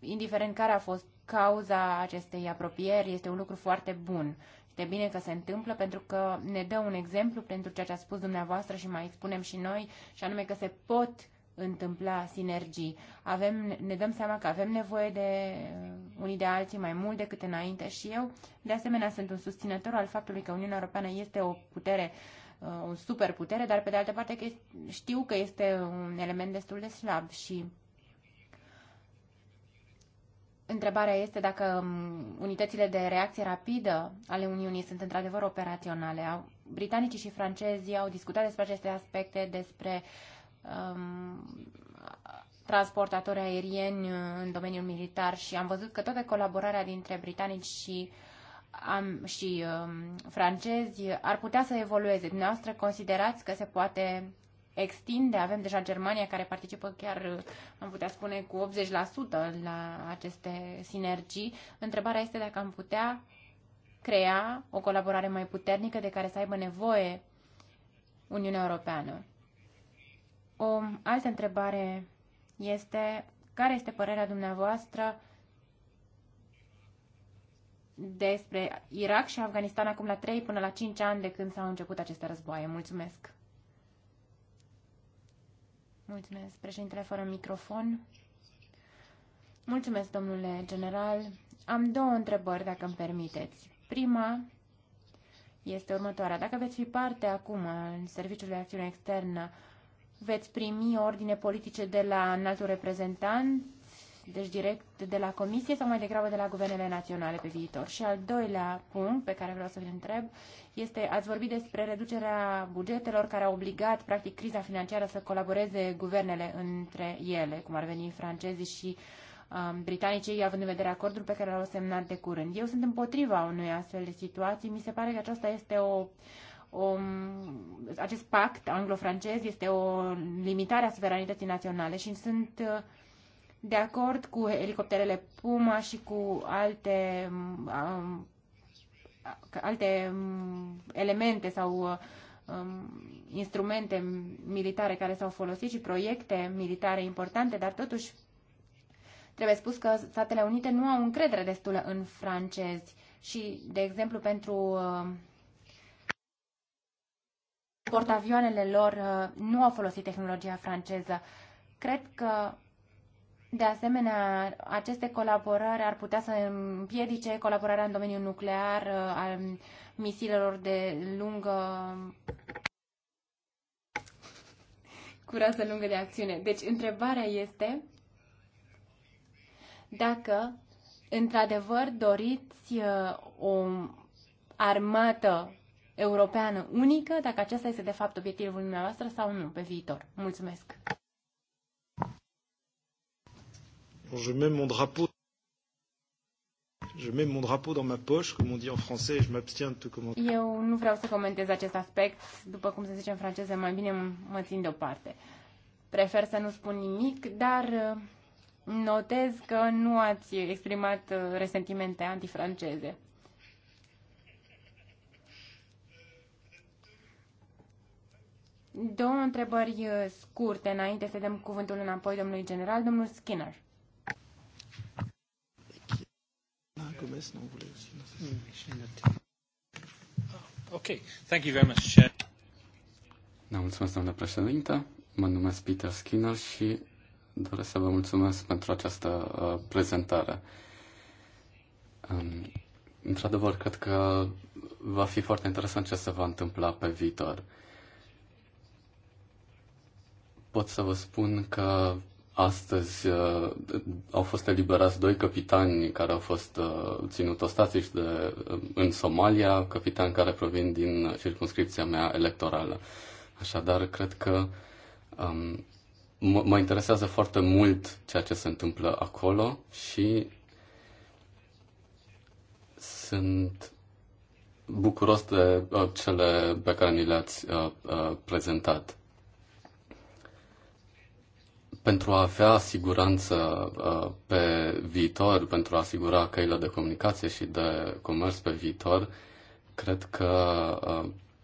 indiferent care a fost cauza acestei apropieri, este un lucru foarte bun de bine că se întâmplă pentru că ne dă un exemplu pentru ceea ce a spus dumneavoastră și mai spunem și noi, și anume că se pot întâmpla sinergii. Avem, ne dăm seama că avem nevoie de uh, unii de alții mai mult decât înainte și eu, de asemenea, sunt un susținător al faptului că Uniunea Europeană este o putere, uh, o superputere, dar pe de altă parte că știu că este un element destul de slab și Întrebarea este dacă um, unitățile de reacție rapidă ale Uniunii sunt într-adevăr operaționale. Britanicii și francezii au discutat despre aceste aspecte, despre um, transportatori aerieni uh, în domeniul militar și am văzut că toată colaborarea dintre britanici și, am, și um, francezi ar putea să evolueze. Dumneavoastră considerați că se poate extinde. Avem deja Germania care participă chiar, am putea spune, cu 80% la aceste sinergii. Întrebarea este dacă am putea crea o colaborare mai puternică de care să aibă nevoie Uniunea Europeană. O altă întrebare este care este părerea dumneavoastră despre Irak și Afganistan acum la 3 până la 5 ani de când s-au început aceste războaie. Mulțumesc! Mulțumesc, președintele, fără microfon. Mulțumesc, domnule general. Am două întrebări, dacă îmi permiteți. Prima este următoarea. Dacă veți fi parte acum în Serviciul de Acțiune Externă, veți primi ordine politice de la înaltul reprezentant deci direct de la Comisie sau mai degrabă de la guvernele naționale pe viitor? Și al doilea punct pe care vreau să vi întreb este, ați vorbit despre reducerea bugetelor care au obligat, practic, criza financiară să colaboreze guvernele între ele, cum ar veni francezii și um, britanicii, având în vedere acordul pe care l-au semnat de curând. Eu sunt împotriva unui astfel de situații. Mi se pare că aceasta este o o, acest pact anglo-francez este o limitare a suveranității naționale și sunt uh, de acord cu elicopterele Puma și cu alte, um, alte um, elemente sau um, instrumente militare care s-au folosit și proiecte militare importante, dar totuși trebuie spus că Statele Unite nu au încredere destulă în francezi și, de exemplu, pentru uh, portavioanele lor uh, nu au folosit tehnologia franceză. Cred că de asemenea, aceste colaborări ar putea să împiedice colaborarea în domeniul nuclear uh, al misilelor de lungă curată lungă de acțiune. Deci, întrebarea este dacă într-adevăr doriți uh, o armată europeană unică, dacă acesta este de fapt obiectivul dumneavoastră sau nu pe viitor. Mulțumesc! Bon, je mets mon drapeau. Je mets mon drapeau dans ma poche, comme on dit en français, et je m'abstiens de tout commenter. Eu nu vreau să comentez acest aspect, după cum se zice în franceză, mai bine mă țin deoparte. Prefer să nu spun nimic, dar uh, notez că nu ați exprimat uh, resentimente antifranceze. Două întrebări uh, scurte înainte să dăm cuvântul înapoi domnului general, domnul Skinner. Gomez non aussi. Ok, thank you very much, Da, mulțumesc, doamna președintă. Mă numesc Peter Skinner și doresc să vă mulțumesc pentru această uh, prezentare. Um, într-adevăr, cred că va fi foarte interesant ce se va întâmpla pe viitor. Pot să vă spun că Astăzi uh, au fost eliberați doi capitani care au fost uh, ținuți ostatici de, uh, în Somalia, capitani care provin din circunscripția mea electorală. Așadar, cred că um, mă interesează foarte mult ceea ce se întâmplă acolo și sunt bucuros de uh, cele pe care ni le-ați uh, uh, prezentat pentru a avea siguranță uh, pe viitor, pentru a asigura căile de comunicație și de comerț pe viitor, cred că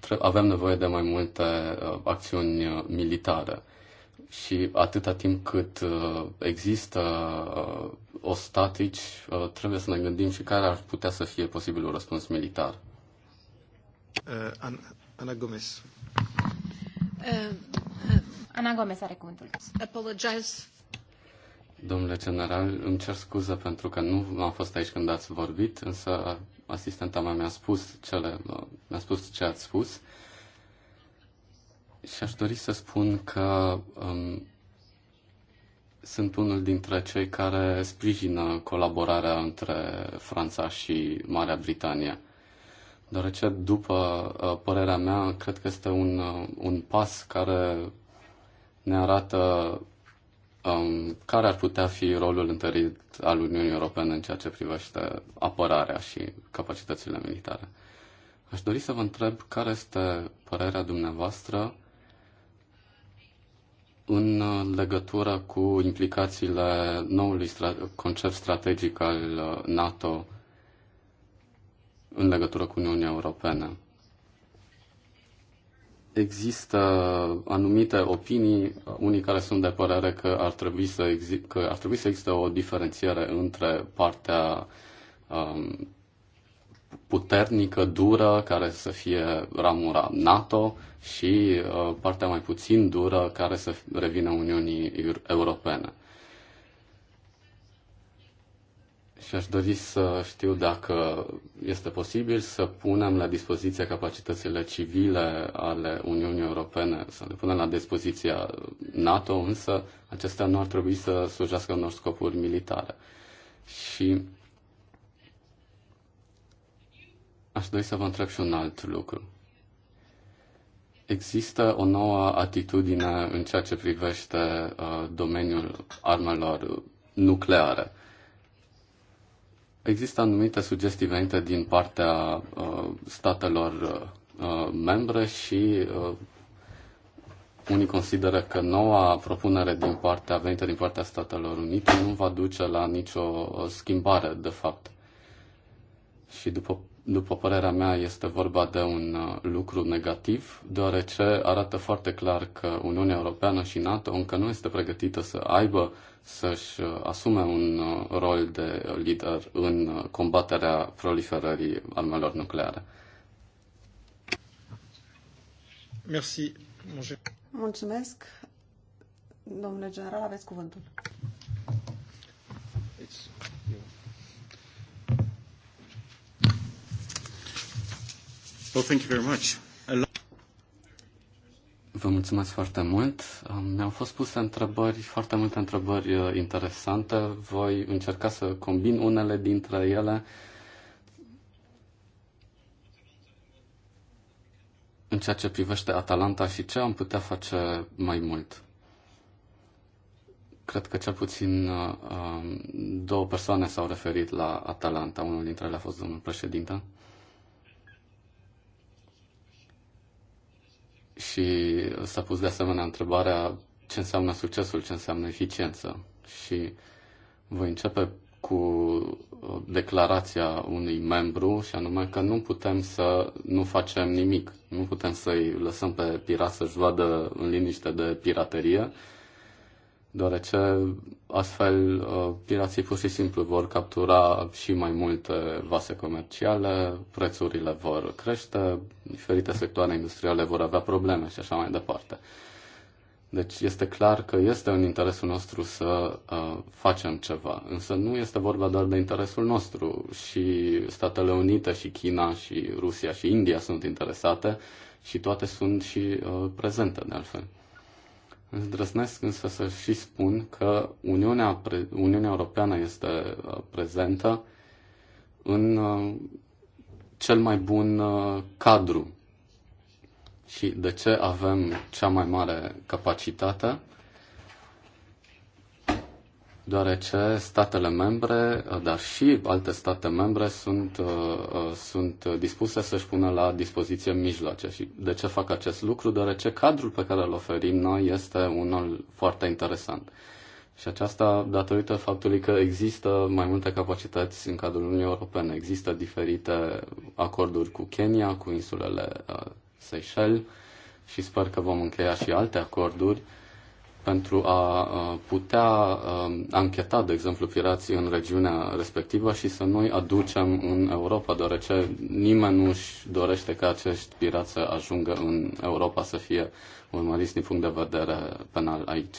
uh, avem nevoie de mai multe uh, acțiuni militare. Și atâta timp cât există ostatici, trebuie să ne gândim și care ar putea să fie posibilul răspuns militar. Ana Gomes. Ana Gomez are cuvântul. Apologize. Domnule general, îmi cer scuză pentru că nu am fost aici când ați vorbit, însă asistenta mea mi-a spus, cele, mi-a spus ce ați spus și aș dori să spun că um, sunt unul dintre cei care sprijină colaborarea între Franța și Marea Britanie. Deoarece, după uh, părerea mea, cred că este un, uh, un pas care ne arată um, care ar putea fi rolul întărit al Uniunii Europene în ceea ce privește apărarea și capacitățile militare. Aș dori să vă întreb care este părerea dumneavoastră în legătură cu implicațiile noului stra- concept strategic al uh, NATO în legătură cu Uniunea Europeană există anumite opinii, unii care sunt de părere că ar trebui să, exi- că ar trebui să existe o diferențiere între partea um, puternică, dură, care să fie ramura NATO și uh, partea mai puțin dură, care să revină Uniunii Europene. Și aș dori să știu dacă este posibil să punem la dispoziție capacitățile civile ale Uniunii Europene, să le punem la dispoziția NATO, însă acestea nu ar trebui să slujească unor scopuri militare. Și aș dori să vă întreb și un alt lucru. Există o nouă atitudine în ceea ce privește uh, domeniul armelor nucleare Există anumite sugestii venite din partea uh, statelor uh, membre și uh, unii consideră că noua propunere din partea venită din partea Statelor Unite nu va duce la nicio schimbare, de fapt. Și după după părerea mea, este vorba de un uh, lucru negativ, deoarece arată foarte clar că Uniunea Europeană și NATO încă nu este pregătită să aibă, să-și uh, asume un uh, rol de lider în combaterea proliferării armelor nucleare. Merci. Mulțumesc. Domnule general, aveți cuvântul. Well, thank you very much. Vă mulțumesc foarte mult. Mi-au fost puse întrebări, foarte multe întrebări uh, interesante. Voi încerca să combin unele dintre ele. În ceea ce privește Atalanta și ce am putea face mai mult. Cred că cel puțin uh, um, două persoane s-au referit la Atalanta. Unul dintre ele a fost domnul președinte. Și s-a pus de asemenea întrebarea ce înseamnă succesul, ce înseamnă eficiență. Și voi începe cu uh, declarația unui membru și anume că nu putem să nu facem nimic, nu putem să-i lăsăm pe pirat să-și vadă în liniște de piraterie, deoarece astfel uh, pirații pur și simplu vor captura și mai multe vase comerciale, prețurile vor crește, diferite sectoare industriale vor avea probleme și așa mai departe. Deci este clar că este în interesul nostru să uh, facem ceva, însă nu este vorba doar de interesul nostru. Și Statele Unite, și China, și Rusia, și India sunt interesate și toate sunt și uh, prezente, de altfel. Îndrăznesc însă să și spun că Uniunea, Uniunea Europeană este uh, prezentă în uh, cel mai bun uh, cadru. Și de ce avem cea mai mare capacitate? deoarece statele membre, dar și alte state membre sunt, uh, uh, sunt dispuse să-și pună la dispoziție mijloace. Și de ce fac acest lucru? Deoarece cadrul pe care îl oferim noi este unul foarte interesant. Și aceasta datorită faptului că există mai multe capacități în cadrul Uniunii Europene. Există diferite acorduri cu Kenya, cu insulele uh, Seychelles și sper că vom încheia și alte acorduri pentru a putea ancheta, de exemplu, pirații în regiunea respectivă și să noi aducem în Europa, deoarece nimeni nu își dorește ca acești pirați să ajungă în Europa să fie urmăriți din punct de vedere penal aici.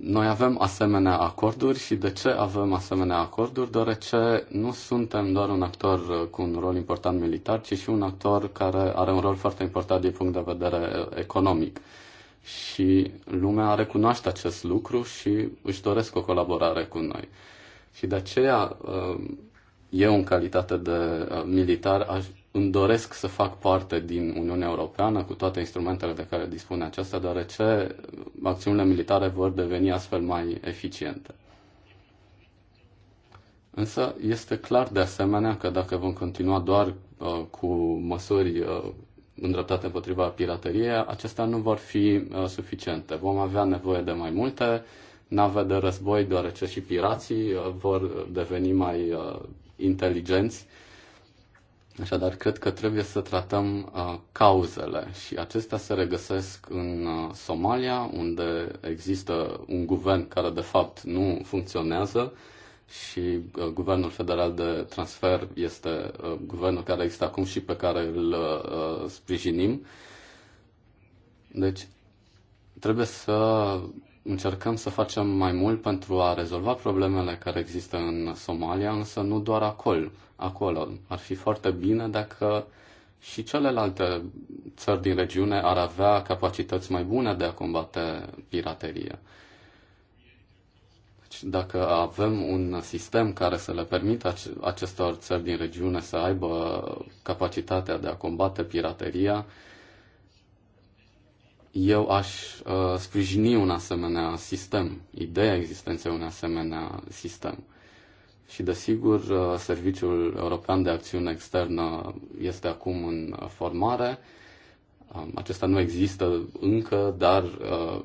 Noi avem asemenea acorduri și de ce avem asemenea acorduri? Deoarece nu suntem doar un actor cu un rol important militar, ci și un actor care are un rol foarte important din punct de vedere economic și lumea recunoaște acest lucru și își doresc o colaborare cu noi. Și de aceea, um, eu, în calitate de uh, militar, aș, îmi doresc să fac parte din Uniunea Europeană cu toate instrumentele de care dispune aceasta, deoarece uh, acțiunile militare vor deveni astfel mai eficiente. Însă este clar de asemenea că dacă vom continua doar uh, cu măsuri uh, îndreptate împotriva pirateriei, acestea nu vor fi uh, suficiente. Vom avea nevoie de mai multe nave de război, deoarece și pirații uh, vor deveni mai uh, inteligenți. Așadar, cred că trebuie să tratăm uh, cauzele și acestea se regăsesc în uh, Somalia, unde există un guvern care de fapt nu funcționează, uh, și uh, Guvernul Federal de Transfer este uh, guvernul care există acum și pe care îl uh, sprijinim. Deci, trebuie să încercăm să facem mai mult pentru a rezolva problemele care există în Somalia, însă nu doar acolo. acolo. Ar fi foarte bine dacă și celelalte țări din regiune ar avea capacități mai bune de a combate pirateria. Deci, dacă avem un sistem care să le permită acestor țări din regiune să aibă capacitatea de a combate pirateria, eu aș uh, sprijini un asemenea sistem, ideea existenței unui asemenea sistem. Și, desigur, uh, Serviciul European de Acțiune Externă este acum în formare. Um, acesta nu există încă, dar uh,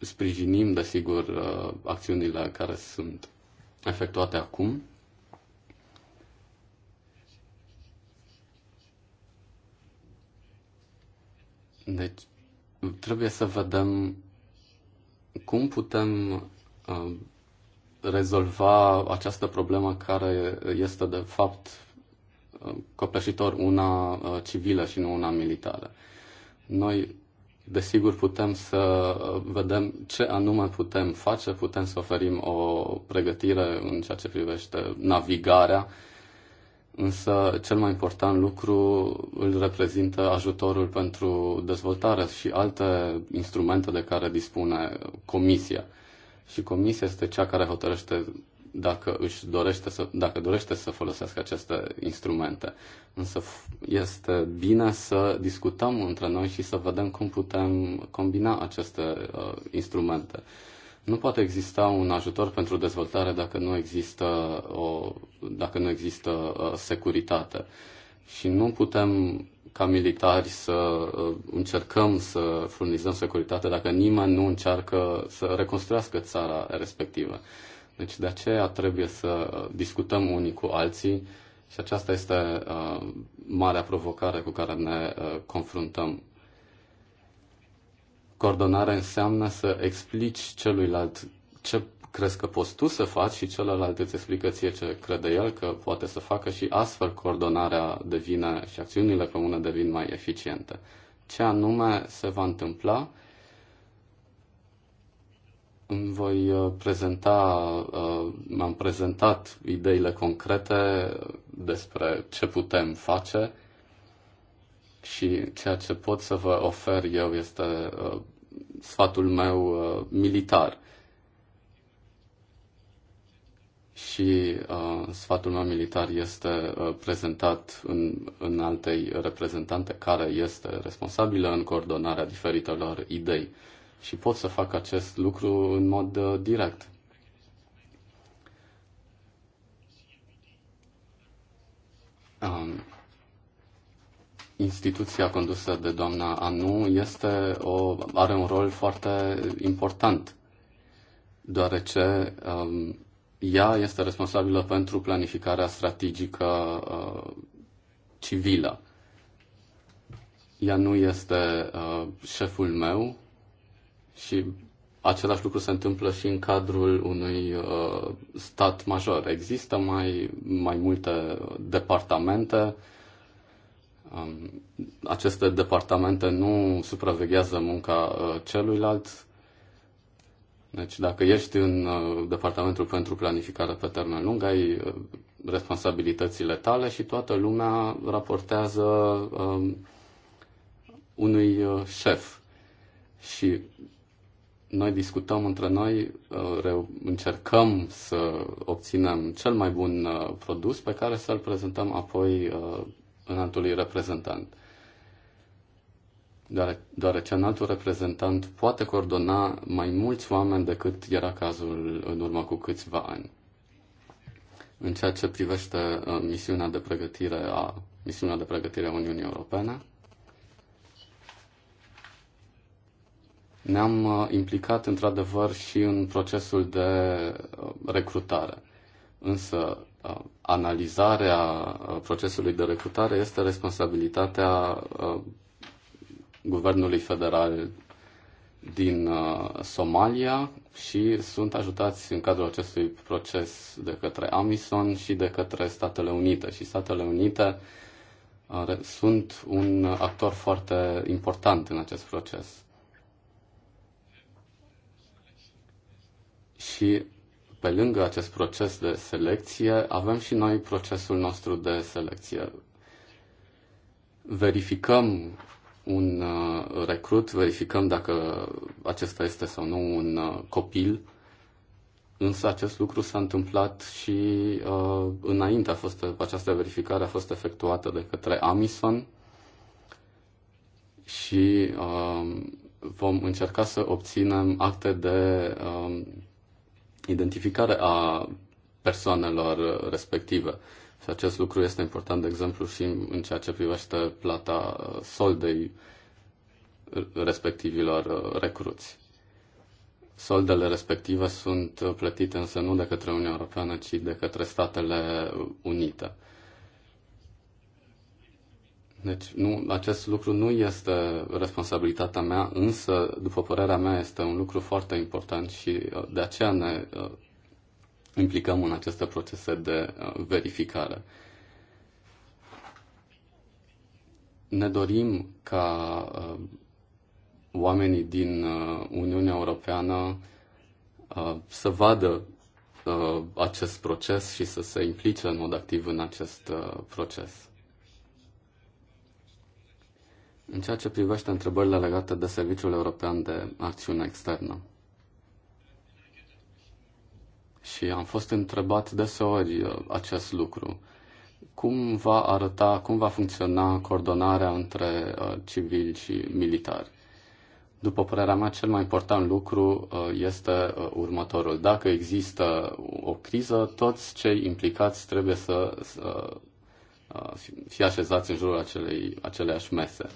sprijinim, desigur, uh, acțiunile care sunt efectuate acum. Deci, trebuie să vedem cum putem uh, rezolva această problemă care este, de fapt, uh, copleșitor una civilă și nu una militară. Noi Desigur, putem să vedem ce anume putem face, putem să oferim o pregătire în ceea ce privește navigarea, însă cel mai important lucru îl reprezintă ajutorul pentru dezvoltare și alte instrumente de care dispune Comisia. Și Comisia este cea care hotărăște dacă își dorește să, dacă dorește să folosească aceste instrumente. Însă este bine să discutăm între noi și să vedem cum putem combina aceste uh, instrumente. Nu poate exista un ajutor pentru dezvoltare dacă nu există, o, dacă nu există uh, securitate. Și nu putem ca militari să uh, încercăm să furnizăm securitate dacă nimeni nu încearcă să reconstruiască țara respectivă. Deci de aceea trebuie să discutăm unii cu alții și aceasta este uh, marea provocare cu care ne uh, confruntăm. Coordonare înseamnă să explici celuilalt ce crezi că poți tu să faci și celălalt îți explică ție ce crede el că poate să facă și astfel coordonarea devine și acțiunile comune devin mai eficiente. Ce anume se va întâmpla îmi voi uh, prezenta, uh, m-am prezentat ideile concrete despre ce putem face și ceea ce pot să vă ofer eu este uh, sfatul meu militar. și uh, sfatul meu militar este uh, prezentat în, în altei reprezentante care este responsabilă în coordonarea diferitelor idei și pot să fac acest lucru în mod uh, direct. Um, instituția condusă de doamna Anu este o, are un rol foarte important, deoarece um, ea este responsabilă pentru planificarea strategică uh, civilă. Ea nu este uh, șeful meu, și același lucru se întâmplă și în cadrul unui uh, stat major. Există mai, mai multe departamente. Um, aceste departamente nu supraveghează munca uh, celuilalt. Deci dacă ești în uh, departamentul pentru planificare pe termen lung, ai uh, responsabilitățile tale și toată lumea raportează uh, unui uh, șef. Și noi discutăm între noi, uh, încercăm să obținem cel mai bun uh, produs pe care să-l prezentăm apoi uh, înaltului reprezentant. Deoarece înaltul reprezentant poate coordona mai mulți oameni decât era cazul în urmă cu câțiva ani. În ceea ce privește misiunea de pregătire a, misiunea de pregătire a Uniunii Europene, Ne-am uh, implicat într-adevăr și în procesul de uh, recrutare. Însă uh, analizarea procesului de recrutare este responsabilitatea Guvernului Federal din Somalia și sunt ajutați în cadrul acestui proces de către Amison și de către Statele Unite. Și Statele Unite sunt un actor foarte important în acest proces. și pe lângă acest proces de selecție, avem și noi procesul nostru de selecție. Verificăm un uh, recrut, verificăm dacă acesta este sau nu un uh, copil, însă acest lucru s-a întâmplat și uh, înainte. A fost, această verificare a fost efectuată de către Amison și uh, vom încerca să obținem acte de uh, identificare a persoanelor respective. Și acest lucru este important, de exemplu, și în ceea ce privește plata soldei respectivilor uh, recruți. Soldele respective sunt plătite însă nu de către Uniunea Europeană, ci de către Statele Unite. Deci nu, acest lucru nu este responsabilitatea mea, însă, după părerea mea, este un lucru foarte important și uh, de aceea ne uh, implicăm în aceste procese de uh, verificare. Ne dorim ca oamenii din Uniunea Europeană să vadă acest proces și să se implice în mod activ în acest proces. În ceea ce privește întrebările legate de Serviciul European de Acțiune Externă. Și am fost întrebat deseori uh, acest lucru. Cum va arăta, cum va funcționa coordonarea între uh, civili și militari? După părerea mea, cel mai important lucru uh, este următorul. Dacă există o criză, toți cei implicați trebuie să, să fie așezați în jurul acelei, aceleiași mese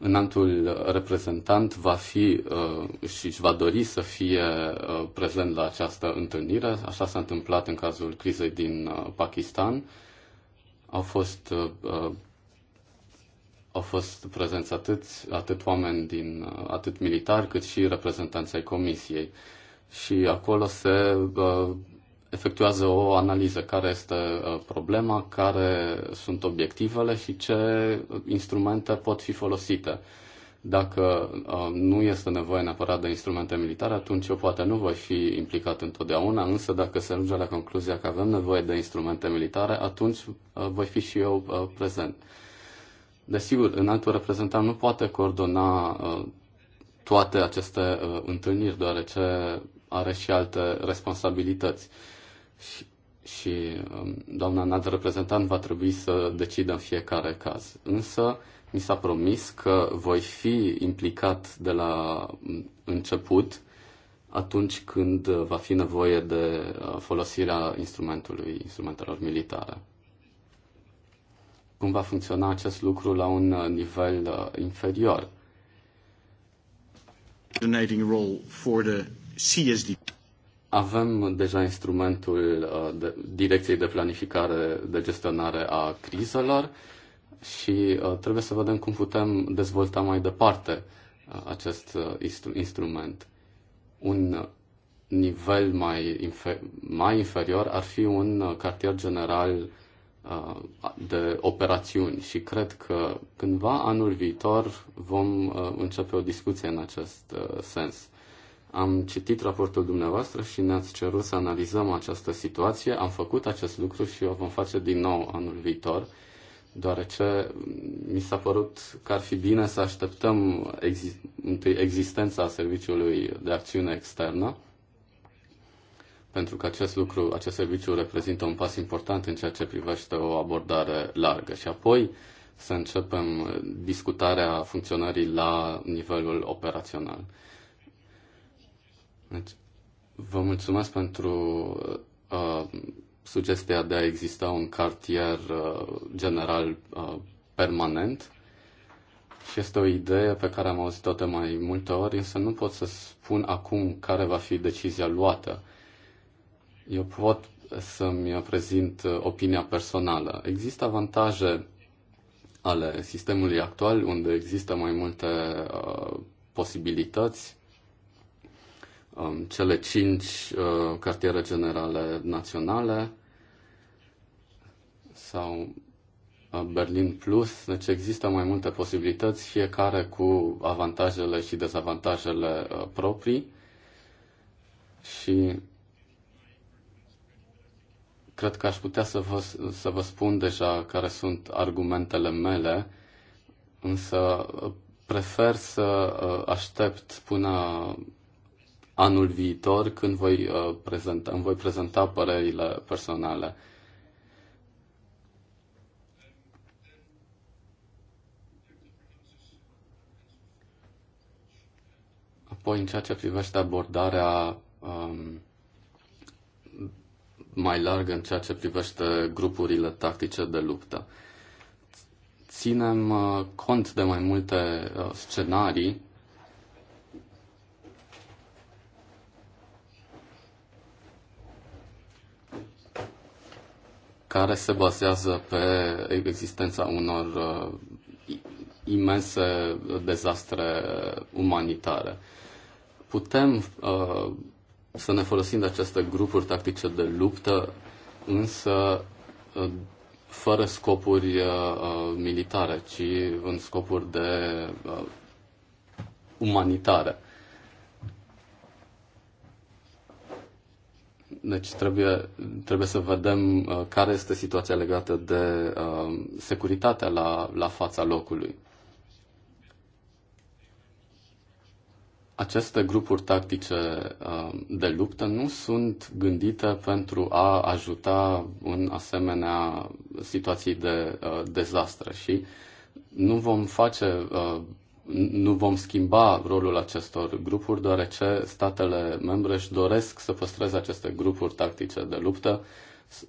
înaltul reprezentant va fi uh, și își va dori să fie uh, prezent la această întâlnire. Așa s-a întâmplat în cazul crizei din uh, Pakistan. Au fost, au fost prezenți atât, atât oameni din atât militari cât și reprezentanții ai comisiei. Și acolo se efectuează o analiză care este uh, problema, care sunt obiectivele și ce instrumente pot fi folosite. Dacă uh, nu este nevoie neapărat de instrumente militare, atunci eu poate nu voi fi implicat întotdeauna, însă dacă se ajunge la concluzia că avem nevoie de instrumente militare, atunci uh, voi fi și eu prezent. Desigur, înaltul reprezentant nu poate coordona toate aceste întâlniri, deoarece are și alte responsabilități și, și um, doamna înalt reprezentant va trebui să decidă în fiecare caz. Însă mi s-a promis că voi fi implicat de la um, început atunci când va fi nevoie de uh, folosirea instrumentului, instrumentelor militare. Cum va funcționa acest lucru la un uh, nivel uh, inferior? Donating role for the CSD. Avem deja instrumentul uh, de, Direcției de Planificare de Gestionare a Crizelor și uh, trebuie să vedem cum putem dezvolta mai departe uh, acest instrument. Un nivel mai, infer- mai inferior ar fi un cartier general de operațiuni și cred că cândva anul viitor vom începe o discuție în acest sens. Am citit raportul dumneavoastră și ne-ați cerut să analizăm această situație. Am făcut acest lucru și o vom face din nou anul viitor, deoarece mi s-a părut că ar fi bine să așteptăm întâi existența serviciului de acțiune externă, pentru că acest lucru, acest serviciu reprezintă un pas important în ceea ce privește o abordare largă. Și apoi să începem discutarea funcționării la nivelul operațional vă mulțumesc pentru uh, sugestia de a exista un cartier uh, general uh, permanent. Și este o idee pe care am auzit-o de mai multe ori, însă nu pot să spun acum care va fi decizia luată. Eu pot să-mi prezint uh, opinia personală. Există avantaje ale sistemului actual, unde există mai multe uh, posibilități Um, cele cinci uh, cartiere generale naționale sau uh, Berlin Plus, deci există mai multe posibilități, fiecare cu avantajele și dezavantajele uh, proprii și cred că aș putea să vă, să vă spun deja care sunt argumentele mele, însă prefer să aștept până anul viitor când voi, uh, prezenta, îmi voi prezenta părerile personale. Apoi, în ceea ce privește abordarea um, mai largă în ceea ce privește grupurile tactice de luptă. Ținem uh, cont de mai multe uh, scenarii care se bazează pe existența unor uh, imense dezastre umanitare. Putem uh, să ne folosim de aceste grupuri tactice de luptă, însă uh, fără scopuri uh, uh militare, ci în scopuri de uh, umanitare. Deci trebuie, trebuie să vedem uh, care este situația legată de uh, securitatea la, la fața locului. Aceste grupuri tactice uh, de luptă nu sunt gândite pentru a ajuta în asemenea situații de uh, dezastre și nu vom face uh, nu vom schimba rolul acestor grupuri, deoarece statele membre își doresc să păstreze aceste grupuri tactice de luptă,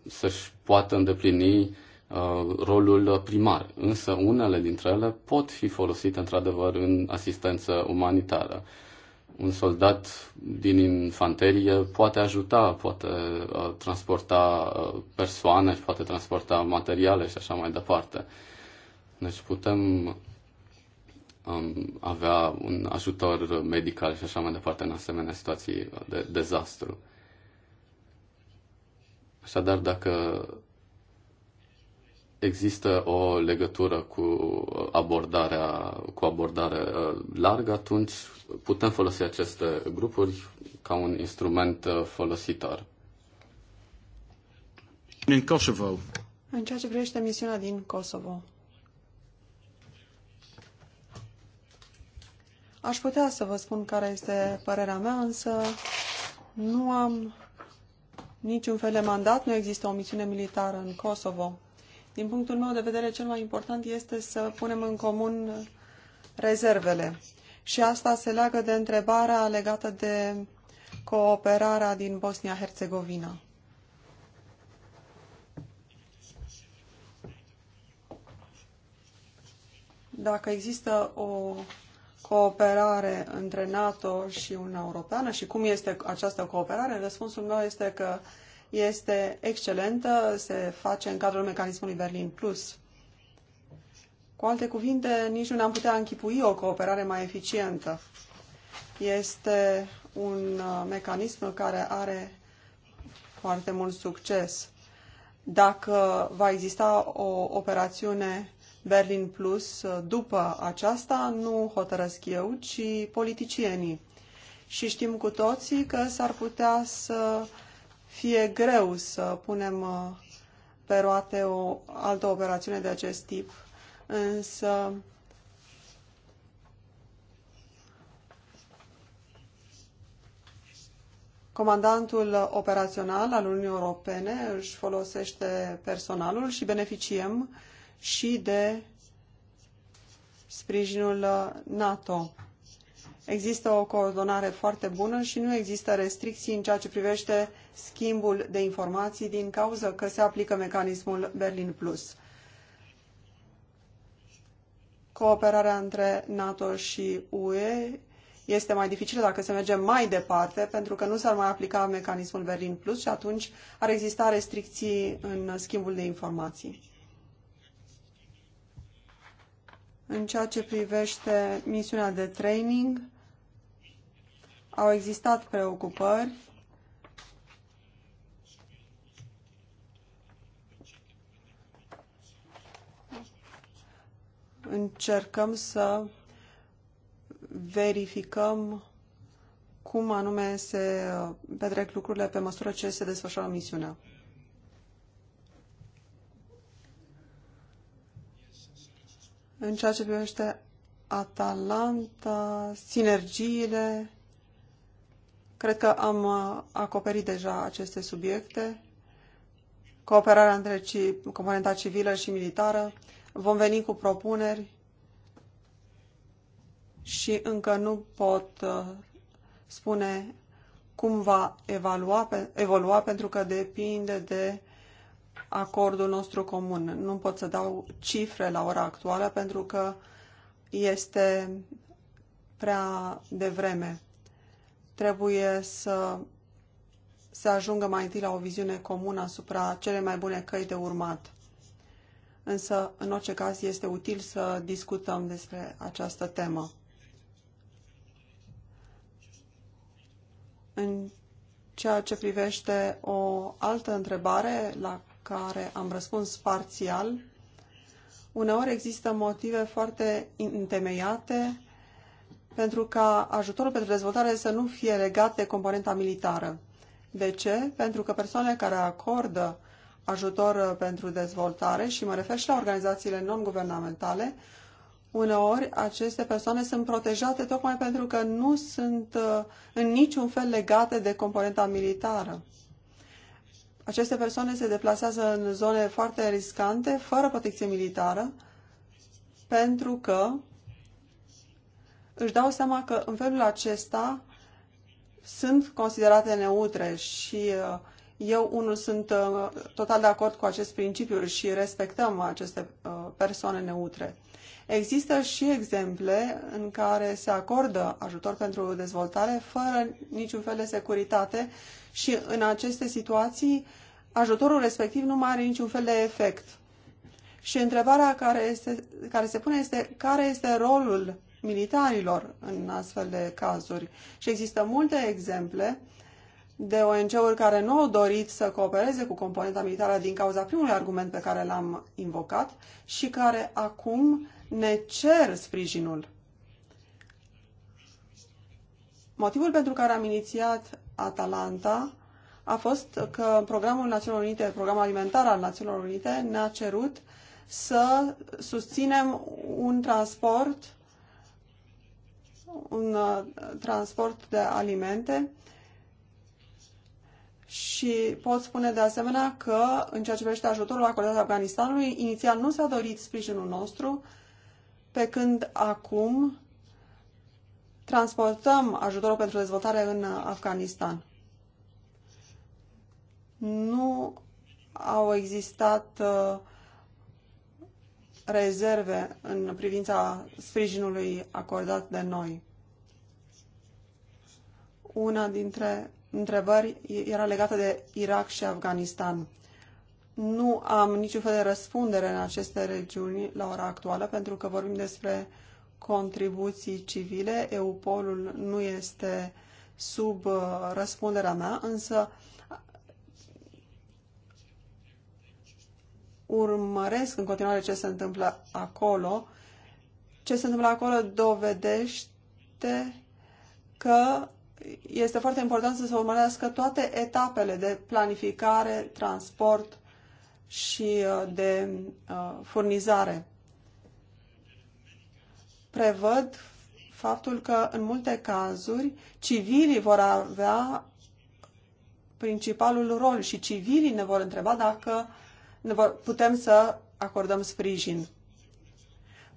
să-și poată îndeplini uh, rolul primar. Însă unele dintre ele pot fi folosite într-adevăr în asistență umanitară. Un soldat din infanterie poate ajuta, poate uh, transporta uh, persoane, poate transporta materiale și așa mai departe. Deci putem um, avea un ajutor medical și așa mai departe în asemenea situații de dezastru. Așadar, dacă există o legătură cu abordarea, cu abordare uh, largă, atunci putem folosi aceste grupuri ca un instrument uh, folositor. În Kosovo. În ceea ce privește misiunea din Kosovo. Aș putea să vă spun care este părerea mea, însă nu am niciun fel de mandat, nu există o misiune militară în Kosovo. Din punctul meu de vedere, cel mai important este să punem în comun rezervele. Și asta se leagă de întrebarea legată de cooperarea din Bosnia-Herzegovina. Dacă există o cooperare între NATO și Uniunea Europeană și cum este această cooperare, răspunsul meu este că este excelentă, se face în cadrul mecanismului Berlin Plus. Cu alte cuvinte, nici nu ne-am putea închipui o cooperare mai eficientă. Este un uh, mecanism care are foarte mult succes. Dacă va exista o operațiune Berlin Plus după aceasta nu hotărăsc eu, ci politicienii. Și știm cu toții că s-ar putea să fie greu să punem uh, pe roate o altă operațiune de acest tip. Însă Comandantul operațional al Uniunii Europene își folosește personalul și beneficiem și de sprijinul uh, NATO. Există o coordonare foarte bună și nu există restricții în ceea ce privește schimbul de informații din cauză că se aplică mecanismul Berlin Plus. Cooperarea între NATO și UE este mai dificilă dacă se merge mai departe, pentru că nu s-ar mai aplica mecanismul Berlin Plus și atunci ar exista restricții în schimbul de informații. În ceea ce privește misiunea de training, au existat preocupări încercăm să verificăm cum anume se petrec lucrurile pe măsură ce se desfășoară misiunea. în ceea ce privește Atalanta, sinergiile. Cred că am uh, acoperit deja aceste subiecte. Cooperarea între componenta civilă și militară. Vom veni cu propuneri și încă nu pot uh, spune cum va evalua, evolua pentru că depinde de acordul nostru comun. Nu pot să dau cifre la ora actuală pentru că este prea devreme. Trebuie să se ajungă mai întâi la o viziune comună asupra cele mai bune căi de urmat. Însă, în orice caz, este util să discutăm despre această temă. În ceea ce privește o altă întrebare la care am răspuns parțial. Uneori există motive foarte întemeiate pentru ca ajutorul pentru dezvoltare să nu fie legat de componenta militară. De ce? Pentru că persoanele care acordă ajutor pentru dezvoltare și mă refer și la organizațiile non-guvernamentale, uneori aceste persoane sunt protejate tocmai pentru că nu sunt uh, în niciun fel legate de componenta militară. Aceste persoane se deplasează în zone foarte riscante, fără protecție militară, pentru că își dau seama că în felul acesta sunt considerate neutre și uh, eu unul sunt uh, total de acord cu acest principiu și respectăm aceste uh, persoane neutre. Există și exemple în care se acordă ajutor pentru dezvoltare fără niciun fel de securitate și în aceste situații ajutorul respectiv nu mai are niciun fel de efect. Și întrebarea care, este, care se pune este care este rolul militarilor în astfel de cazuri. Și există multe exemple de ONG-uri care nu au dorit să coopereze cu componenta militară din cauza primului argument pe care l-am invocat și care acum ne cer sprijinul. Motivul pentru care am inițiat Atalanta a fost că Programul Națiunilor Unite, Programul Alimentar al Națiunilor Unite ne-a cerut să susținem un transport un uh, transport de alimente și pot spune de asemenea că în ceea ce privește ajutorul acordat Afganistanului, inițial nu s-a dorit sprijinul nostru, pe când acum transportăm ajutorul pentru dezvoltare în Afganistan nu au existat uh, rezerve în privința sprijinului acordat de noi. Una dintre întrebări era legată de Irak și Afganistan. Nu am niciun fel de răspundere în aceste regiuni la ora actuală, pentru că vorbim despre contribuții civile. EUPOL-ul nu este sub uh, răspunderea mea, însă uh, urmăresc în continuare ce se întâmplă acolo. Ce se întâmplă acolo dovedește că este foarte important să se urmărească toate etapele de planificare, transport și uh, de uh, furnizare. Prevăd faptul că în multe cazuri civilii vor avea principalul rol și civilii ne vor întreba dacă putem să acordăm sprijin.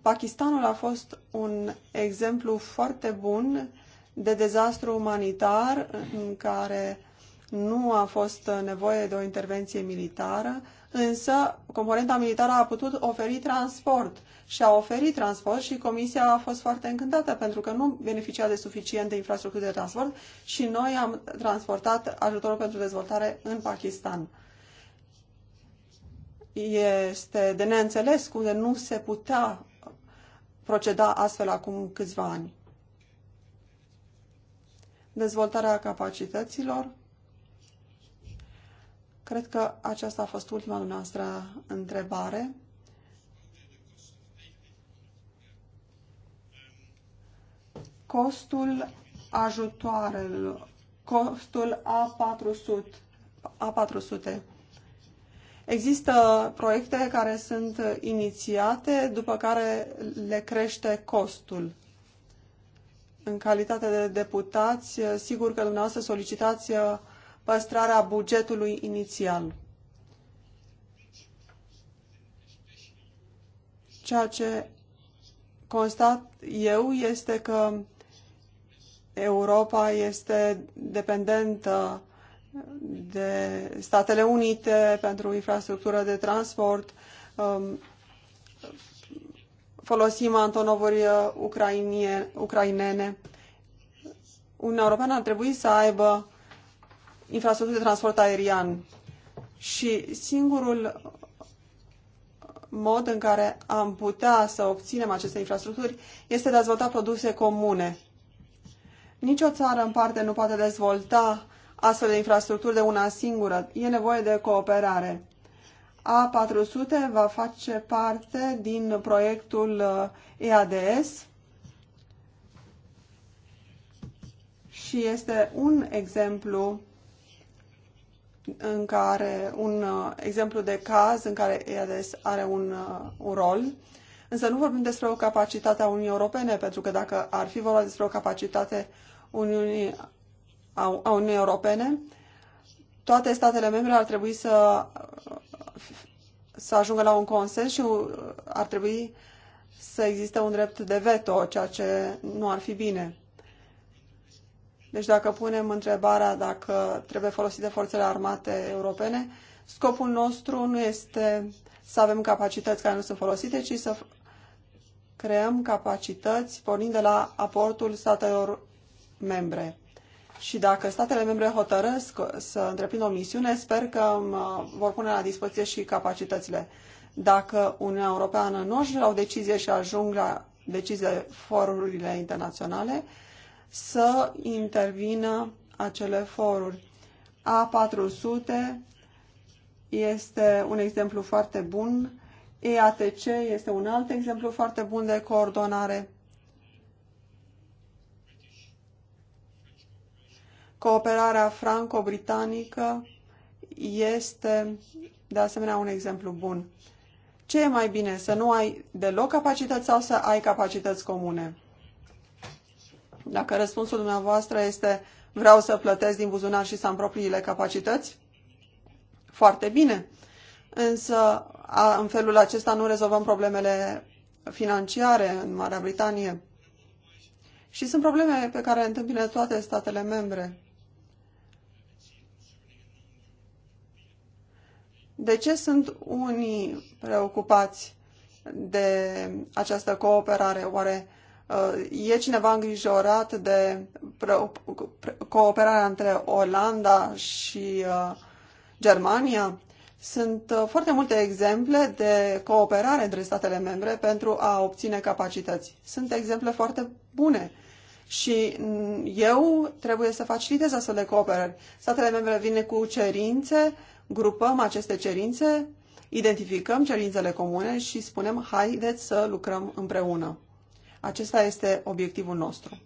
Pakistanul a fost un exemplu foarte bun de dezastru umanitar în care nu a fost nevoie de o intervenție militară, însă componenta militară a putut oferi transport și a oferit transport și comisia a fost foarte încântată pentru că nu beneficia de suficiente infrastructuri de transport și noi am transportat ajutorul pentru dezvoltare în Pakistan. Este de neînțeles cum nu se putea proceda astfel acum câțiva ani. Dezvoltarea capacităților. Cred că aceasta a fost ultima noastră întrebare. Costul ajutoarelor, costul A400, A400 Există proiecte care sunt inițiate, după care le crește costul. În calitate de deputați, sigur că dumneavoastră solicitați păstrarea bugetului inițial. Ceea ce constat eu este că Europa este dependentă de Statele Unite pentru infrastructură de transport. Um, folosim antonovuri uh, ucrainene. Uniunea Europeană ar trebui să aibă infrastructură de transport aerian și singurul mod în care am putea să obținem aceste infrastructuri este de a dezvolta produse comune. Nicio țară în parte nu poate dezvolta astfel de infrastructuri de una singură. E nevoie de cooperare. A400 va face parte din proiectul uh, EADS și este un exemplu în care un uh, exemplu de caz în care EADS are un, uh, un rol. Însă nu vorbim despre o capacitate a Uniunii Europene, pentru că dacă ar fi vorba despre o capacitate Uniunii a Uniunii Europene, toate statele membre ar trebui să, să ajungă la un consens și ar trebui să existe un drept de veto, ceea ce nu ar fi bine. Deci dacă punem întrebarea dacă trebuie folosite forțele armate europene, scopul nostru nu este să avem capacități care nu sunt folosite, ci să creăm capacități pornind de la aportul statelor membre și dacă statele membre hotărăsc să întreprindă o misiune, sper că um, vor pune la dispoziție și capacitățile. Dacă Uniunea Europeană nu își la o decizie și ajung la decizie forurile internaționale, să intervină acele foruri. A400 este un exemplu foarte bun, EATC este un alt exemplu foarte bun de coordonare. Cooperarea franco-britanică este de asemenea un exemplu bun. Ce e mai bine, să nu ai deloc capacități sau să ai capacități comune? Dacă răspunsul dumneavoastră este vreau să plătesc din buzunar și să am propriile capacități, foarte bine. Însă, a, în felul acesta nu rezolvăm problemele financiare în Marea Britanie. Și sunt probleme pe care le întâmpină toate statele membre. De ce sunt unii preocupați de această cooperare? Oare uh, e cineva îngrijorat de cooperarea între Olanda și uh, Germania? Sunt uh, foarte multe exemple de cooperare între statele membre pentru a obține capacități. Sunt exemple foarte bune și mm, eu trebuie să facilitez astfel de cooperări. Statele membre vin cu cerințe grupăm aceste cerințe, identificăm cerințele comune și spunem, haideți să lucrăm împreună. Acesta este obiectivul nostru.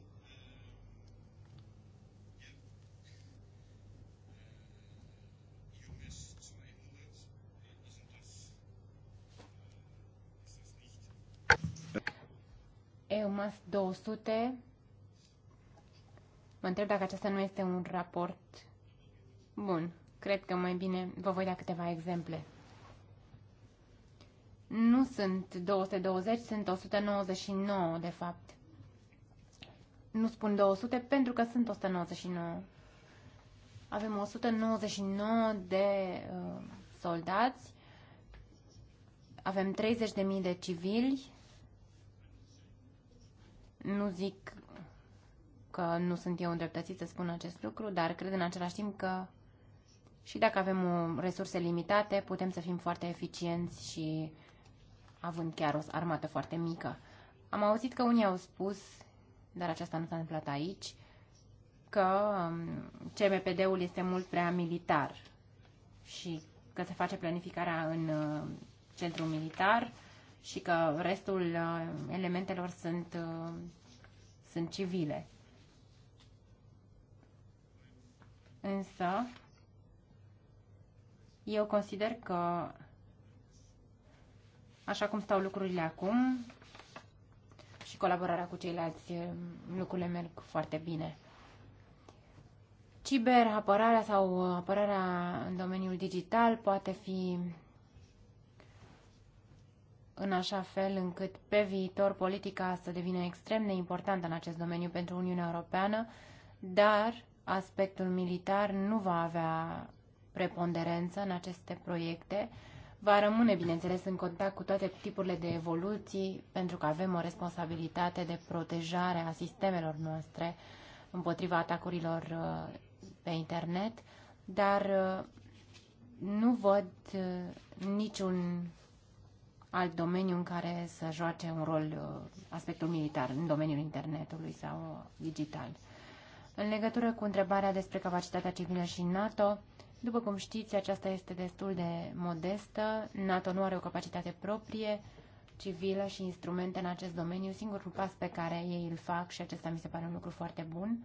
EUMAS 200. Mă întreb dacă acesta nu este un raport bun. Cred că mai bine vă voi da câteva exemple. Nu sunt 220, sunt 199 de fapt. Nu spun 200 pentru că sunt 199. Avem 199 de uh, soldați, avem 30.000 de civili, nu zic că nu sunt eu îndreptățit să spun acest lucru, dar cred în același timp că și dacă avem o uh, resurse limitate, putem să fim foarte eficienți și având chiar o armată foarte mică. Am auzit că unii au spus, dar aceasta nu s-a întâmplat aici, că um, CMPD-ul este mult prea militar și că se face planificarea în uh, centru militar și că restul uh, elementelor sunt, sunt civile. Însă, eu consider că, așa cum stau lucrurile acum, și colaborarea cu ceilalți, lucrurile merg foarte bine. Ciberapărarea sau apărarea în domeniul digital poate fi în așa fel încât pe viitor politica să devină extrem de importantă în acest domeniu pentru Uniunea Europeană, dar aspectul militar nu va avea preponderență în aceste proiecte. Va rămâne, bineînțeles, în contact cu toate tipurile de evoluții, pentru că avem o responsabilitate de protejare a sistemelor noastre împotriva atacurilor uh, pe internet, dar uh, nu văd uh, niciun alt domeniu în care să joace un rol aspectul militar în domeniul internetului sau digital. În legătură cu întrebarea despre capacitatea civilă și NATO, după cum știți, aceasta este destul de modestă. NATO nu are o capacitate proprie civilă și instrumente în acest domeniu. Singurul pas pe care ei îl fac, și acesta mi se pare un lucru foarte bun,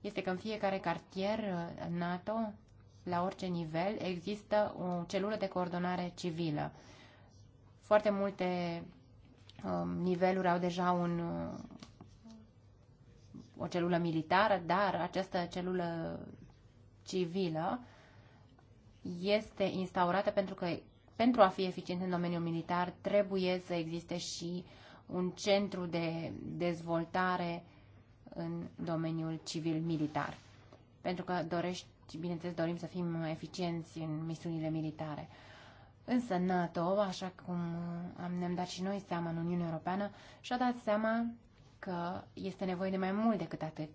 este că în fiecare cartier uh, NATO, la orice nivel, există o celulă de coordonare civilă. Foarte multe um, niveluri au deja un, uh, o celulă militară, dar această celulă civilă este instaurată pentru că pentru a fi eficient în domeniul militar trebuie să existe și un centru de dezvoltare în domeniul civil-militar. Pentru că dorești, bineînțeles, dorim să fim eficienți în misiunile militare. Însă NATO, așa cum am, ne-am dat și noi seama în Uniunea Europeană, și-a dat seama că este nevoie de mai mult decât atât.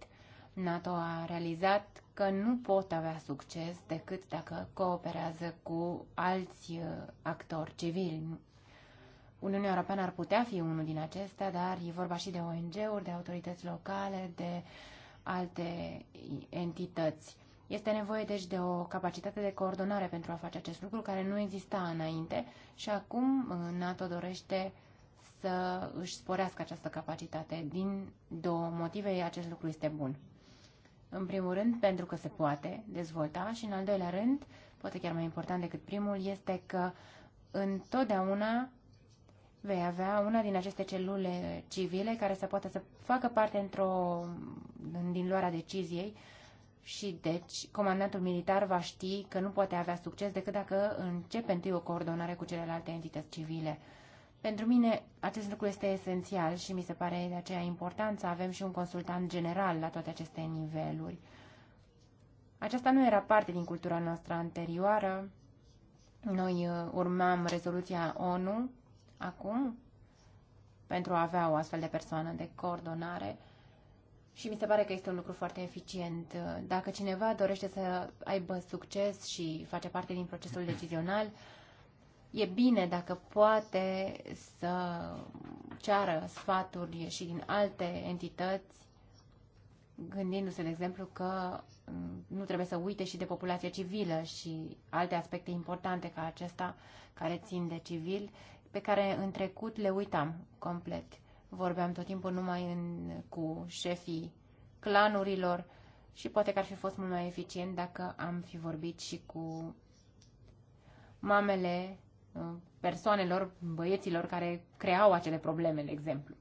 NATO a realizat că nu pot avea succes decât dacă cooperează cu alți uh, actori civili. Uniunea Europeană ar putea fi unul din acestea, dar e vorba și de ONG-uri, de autorități locale, de alte entități. Este nevoie deci de o capacitate de coordonare pentru a face acest lucru care nu exista înainte și acum uh, NATO dorește să își sporească această capacitate. Din două motive acest lucru este bun. În primul rând, pentru că se poate dezvolta și în al doilea rând, poate chiar mai important decât primul, este că întotdeauna vei avea una din aceste celule civile care să poată să facă parte într-o, din luarea deciziei și deci comandantul militar va ști că nu poate avea succes decât dacă începe întâi o coordonare cu celelalte entități civile. Pentru mine acest lucru este esențial și mi se pare de aceea important să avem și un consultant general la toate aceste niveluri. Aceasta nu era parte din cultura noastră anterioară. Noi uh, urmam rezoluția ONU acum pentru a avea o astfel de persoană de coordonare și mi se pare că este un lucru foarte eficient. Uh, dacă cineva dorește să aibă succes și face parte din procesul decizional, e bine dacă poate să ceară sfaturi și din alte entități, gândindu-se, de exemplu, că mm, nu trebuie să uite și de populația civilă și alte aspecte importante ca acesta care țin de civil, pe care în trecut le uitam complet. Vorbeam tot timpul numai în, cu șefii clanurilor și poate că ar fi fost mult mai eficient dacă am fi vorbit și cu mamele persoanelor, băieților care creau acele probleme, de exemplu.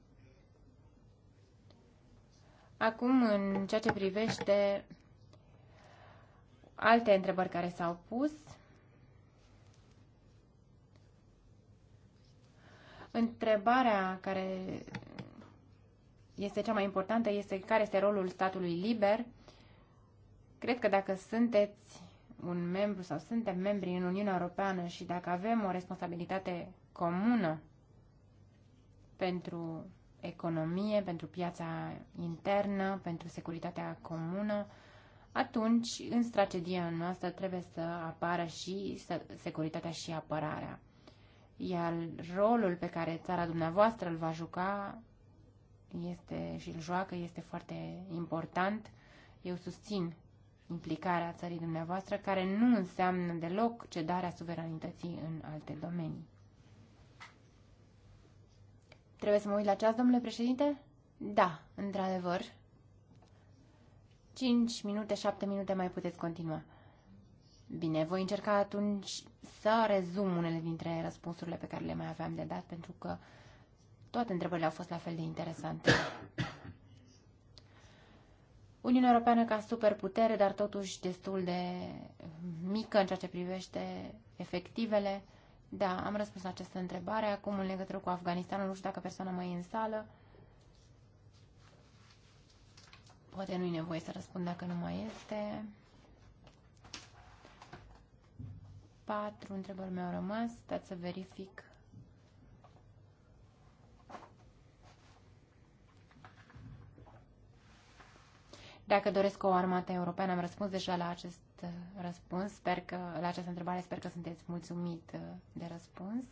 Acum, în ceea ce privește alte întrebări care s-au pus, întrebarea care este cea mai importantă este care este rolul statului liber. Cred că dacă sunteți un membru sau suntem membri în Uniunea Europeană și dacă avem o responsabilitate comună pentru economie, pentru piața internă, pentru securitatea comună, atunci în strategia noastră trebuie să apară și securitatea și apărarea. Iar rolul pe care țara dumneavoastră îl va juca este, și îl joacă este foarte important. Eu susțin implicarea țării dumneavoastră, care nu înseamnă deloc cedarea suveranității în alte domenii. Trebuie să mă uit la ceas, domnule președinte? Da, într-adevăr. 5 minute, 7 minute mai puteți continua. Bine, voi încerca atunci să rezum unele dintre răspunsurile pe care le mai aveam de dat, pentru că toate întrebările au fost la fel de interesante. Uniunea Europeană ca superputere, dar totuși destul de mică în ceea ce privește efectivele. Da, am răspuns la această întrebare. Acum, în legătură cu Afganistanul, nu știu dacă persoana mai e în sală. Poate nu-i nevoie să răspund dacă nu mai este. Patru întrebări mi-au rămas. Stați să verific Dacă doresc o armată europeană, am răspuns deja la acest uh, răspuns, sper că, la această întrebare, sper că sunteți mulțumit uh, de răspuns.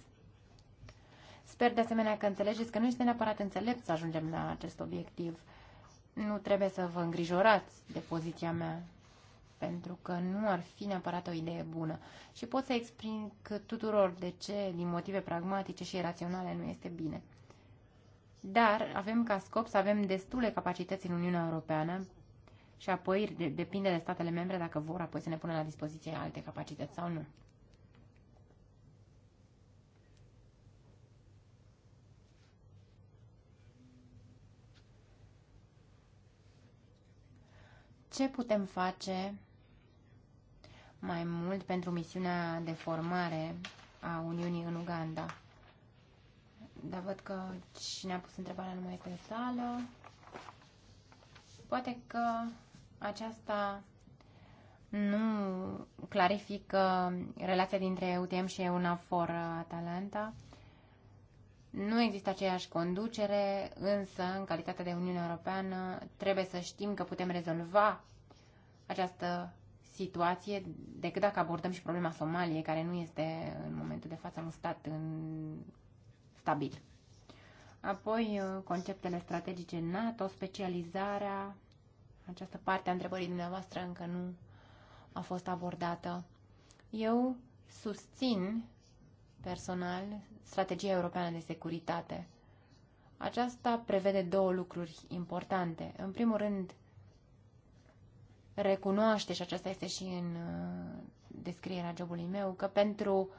Sper de asemenea că înțelegeți că nu este neapărat înțelept să ajungem la acest obiectiv. Nu trebuie să vă îngrijorați de poziția mea, pentru că nu ar fi neapărat o idee bună. Și pot să că tuturor de ce, din motive pragmatice și raționale, nu este bine. Dar avem ca scop să avem destule capacități în Uniunea Europeană și apoi de, depinde de statele membre dacă vor apoi să ne pună la dispoziție alte capacități sau nu. Ce putem face mai mult pentru misiunea de formare a Uniunii în Uganda? Dar văd că cine a pus întrebarea nu mai este în sală. Poate că aceasta nu clarifică relația dintre UTM și EUNAFOR uh, Atalanta. Nu există aceeași conducere, însă, în calitate de Uniune Europeană, trebuie să știm că putem rezolva această situație decât dacă abordăm și problema Somaliei, care nu este în momentul de față un stat în... stabil. Apoi, uh, conceptele strategice NATO, specializarea, această parte a întrebării dumneavoastră încă nu a fost abordată. Eu susțin personal strategia europeană de securitate. Aceasta prevede două lucruri importante. În primul rând, recunoaște, și aceasta este și în uh, descrierea jobului meu, că pentru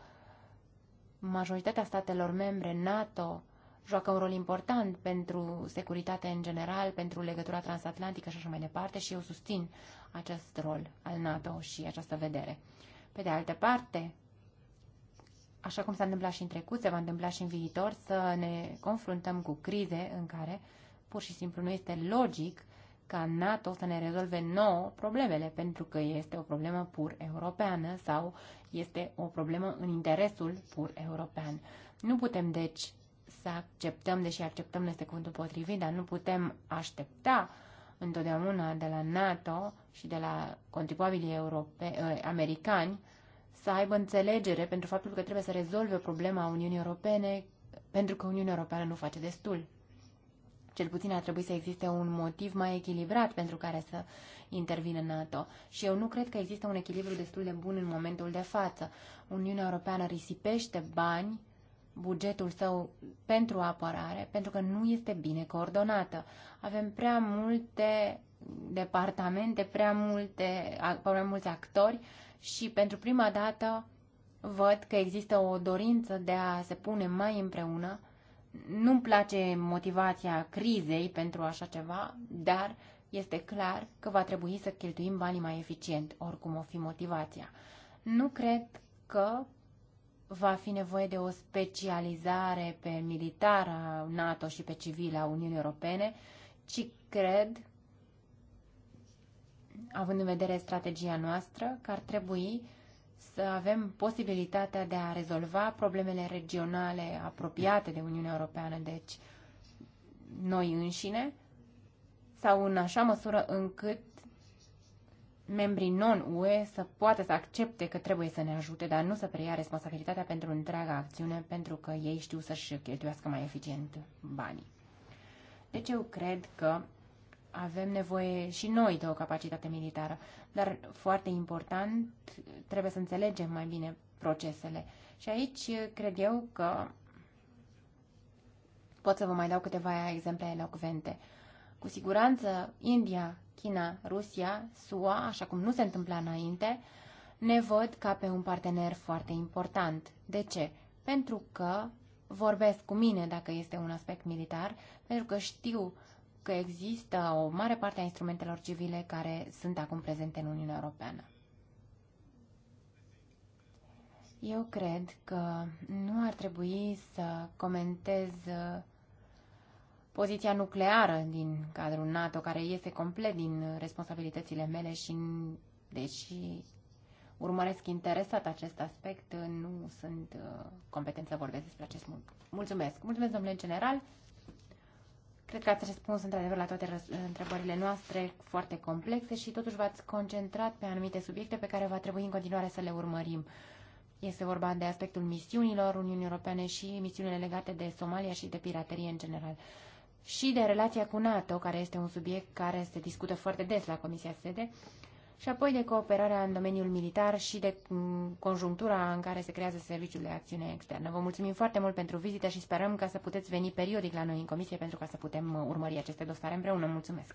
majoritatea statelor membre NATO, joacă un rol important pentru securitate în general, pentru legătura transatlantică și așa mai departe și eu susțin acest rol al NATO și această vedere. Pe de altă parte, așa cum s-a întâmplat și în trecut, se va întâmpla și în viitor, să ne confruntăm cu crize în care pur și simplu nu este logic ca NATO să ne rezolve nouă problemele, pentru că este o problemă pur europeană sau este o problemă în interesul pur european. Nu putem, deci, să acceptăm, deși acceptăm este cuvântul potrivit, dar nu putem aștepta întotdeauna de la NATO și de la contribuabilii europe, eh, americani să aibă înțelegere pentru faptul că trebuie să rezolve problema Uniunii Europene pentru că Uniunea Europeană nu face destul. Cel puțin ar trebui să existe un motiv mai echilibrat pentru care să intervină NATO. Și eu nu cred că există un echilibru destul de bun în momentul de față. Uniunea Europeană risipește bani bugetul său pentru apărare, pentru că nu este bine coordonată. Avem prea multe departamente, prea, multe, prea mulți actori și pentru prima dată văd că există o dorință de a se pune mai împreună. Nu-mi place motivația crizei pentru așa ceva, dar este clar că va trebui să cheltuim banii mai eficient, oricum o fi motivația. Nu cred că va fi nevoie de o specializare pe militara NATO și pe civila Uniunii Europene, ci cred, având în vedere strategia noastră, că ar trebui să avem posibilitatea de a rezolva problemele regionale apropiate de Uniunea Europeană, deci noi înșine, sau în așa măsură încât membrii non-UE să poată să accepte că trebuie să ne ajute, dar nu să preia responsabilitatea pentru întreaga acțiune, pentru că ei știu să-și cheltuiască mai eficient banii. Deci eu cred că avem nevoie și noi de o capacitate militară, dar foarte important trebuie să înțelegem mai bine procesele. Și aici cred eu că pot să vă mai dau câteva exemple elocvente. Cu siguranță India China, Rusia, SUA, așa cum nu se întâmpla înainte, ne văd ca pe un partener foarte important. De ce? Pentru că vorbesc cu mine dacă este un aspect militar, pentru că știu că există o mare parte a instrumentelor civile care sunt acum prezente în Uniunea Europeană. Eu cred că nu ar trebui să comentez uh, poziția nucleară din cadrul NATO, care iese complet din responsabilitățile mele și deși urmăresc interesat acest aspect, nu sunt uh, competent să vorbesc despre acest lucru. Mulțumesc! Mulțumesc, domnule general! Cred că ați răspuns într-adevăr la toate întrebările noastre foarte complexe și totuși v-ați concentrat pe anumite subiecte pe care va trebui în continuare să le urmărim. Este vorba de aspectul misiunilor Uniunii Europene și misiunile legate de Somalia și de piraterie în general și de relația cu NATO, care este un subiect care se discută foarte des la Comisia SEDE, și apoi de cooperarea în domeniul militar și de mm, conjunctura în care se creează Serviciul de Acțiune Externă. Vă mulțumim foarte mult pentru vizită și sperăm ca să puteți veni periodic la noi în comisie pentru ca să putem uh, urmări aceste dosare împreună. Mulțumesc!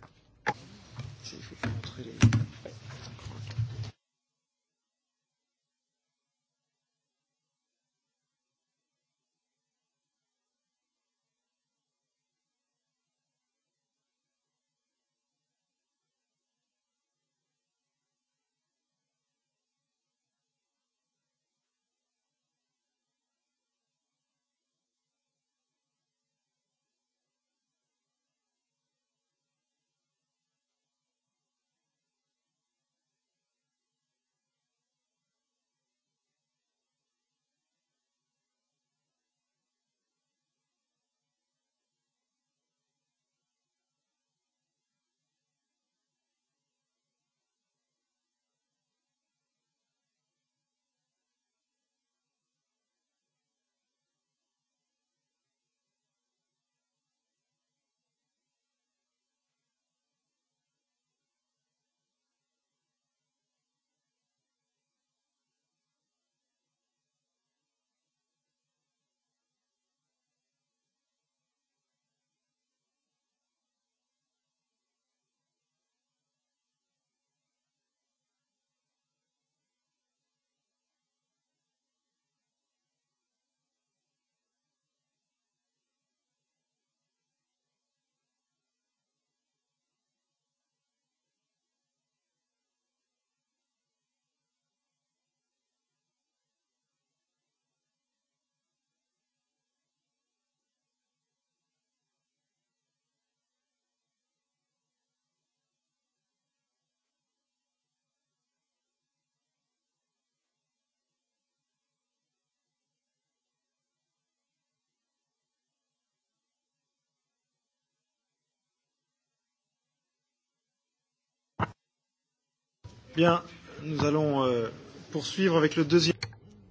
Bien, nous allons euh, poursuivre avec le deuxième.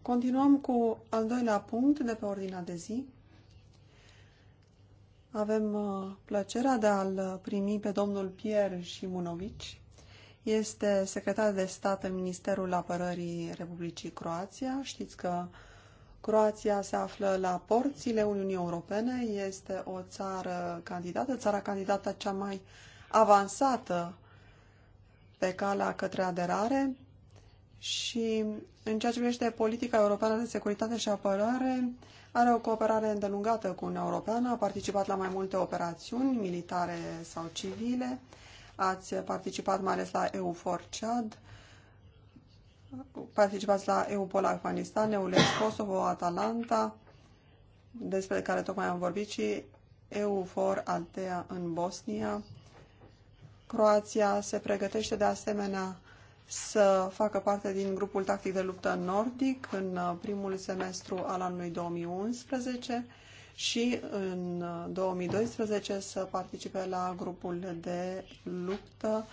Continuăm cu al doilea punct de pe ordinea de zi. Avem uh, plăcerea de a-l primi pe domnul Pierre Șimunovici. Este secretar de stat în Ministerul Apărării Republicii Croația. Știți că Croația se află la porțile Uniunii Europene, este o țară candidată, țara candidată cea mai avansată pe calea către aderare și în ceea ce privește politica europeană de securitate și apărare, are o cooperare îndelungată cu Uniunea Europeană, a participat la mai multe operațiuni militare sau civile, ați participat mai ales la EUFOR Chad, participați la EUPOL Afganistan, EULEX Kosovo, Atalanta, despre care tocmai am vorbit, și EUFOR Altea în Bosnia, Croația se pregătește de asemenea să facă parte din grupul tactic de luptă nordic în uh, primul semestru al anului 2011 și în 2012 uh, să participe la grupul de luptă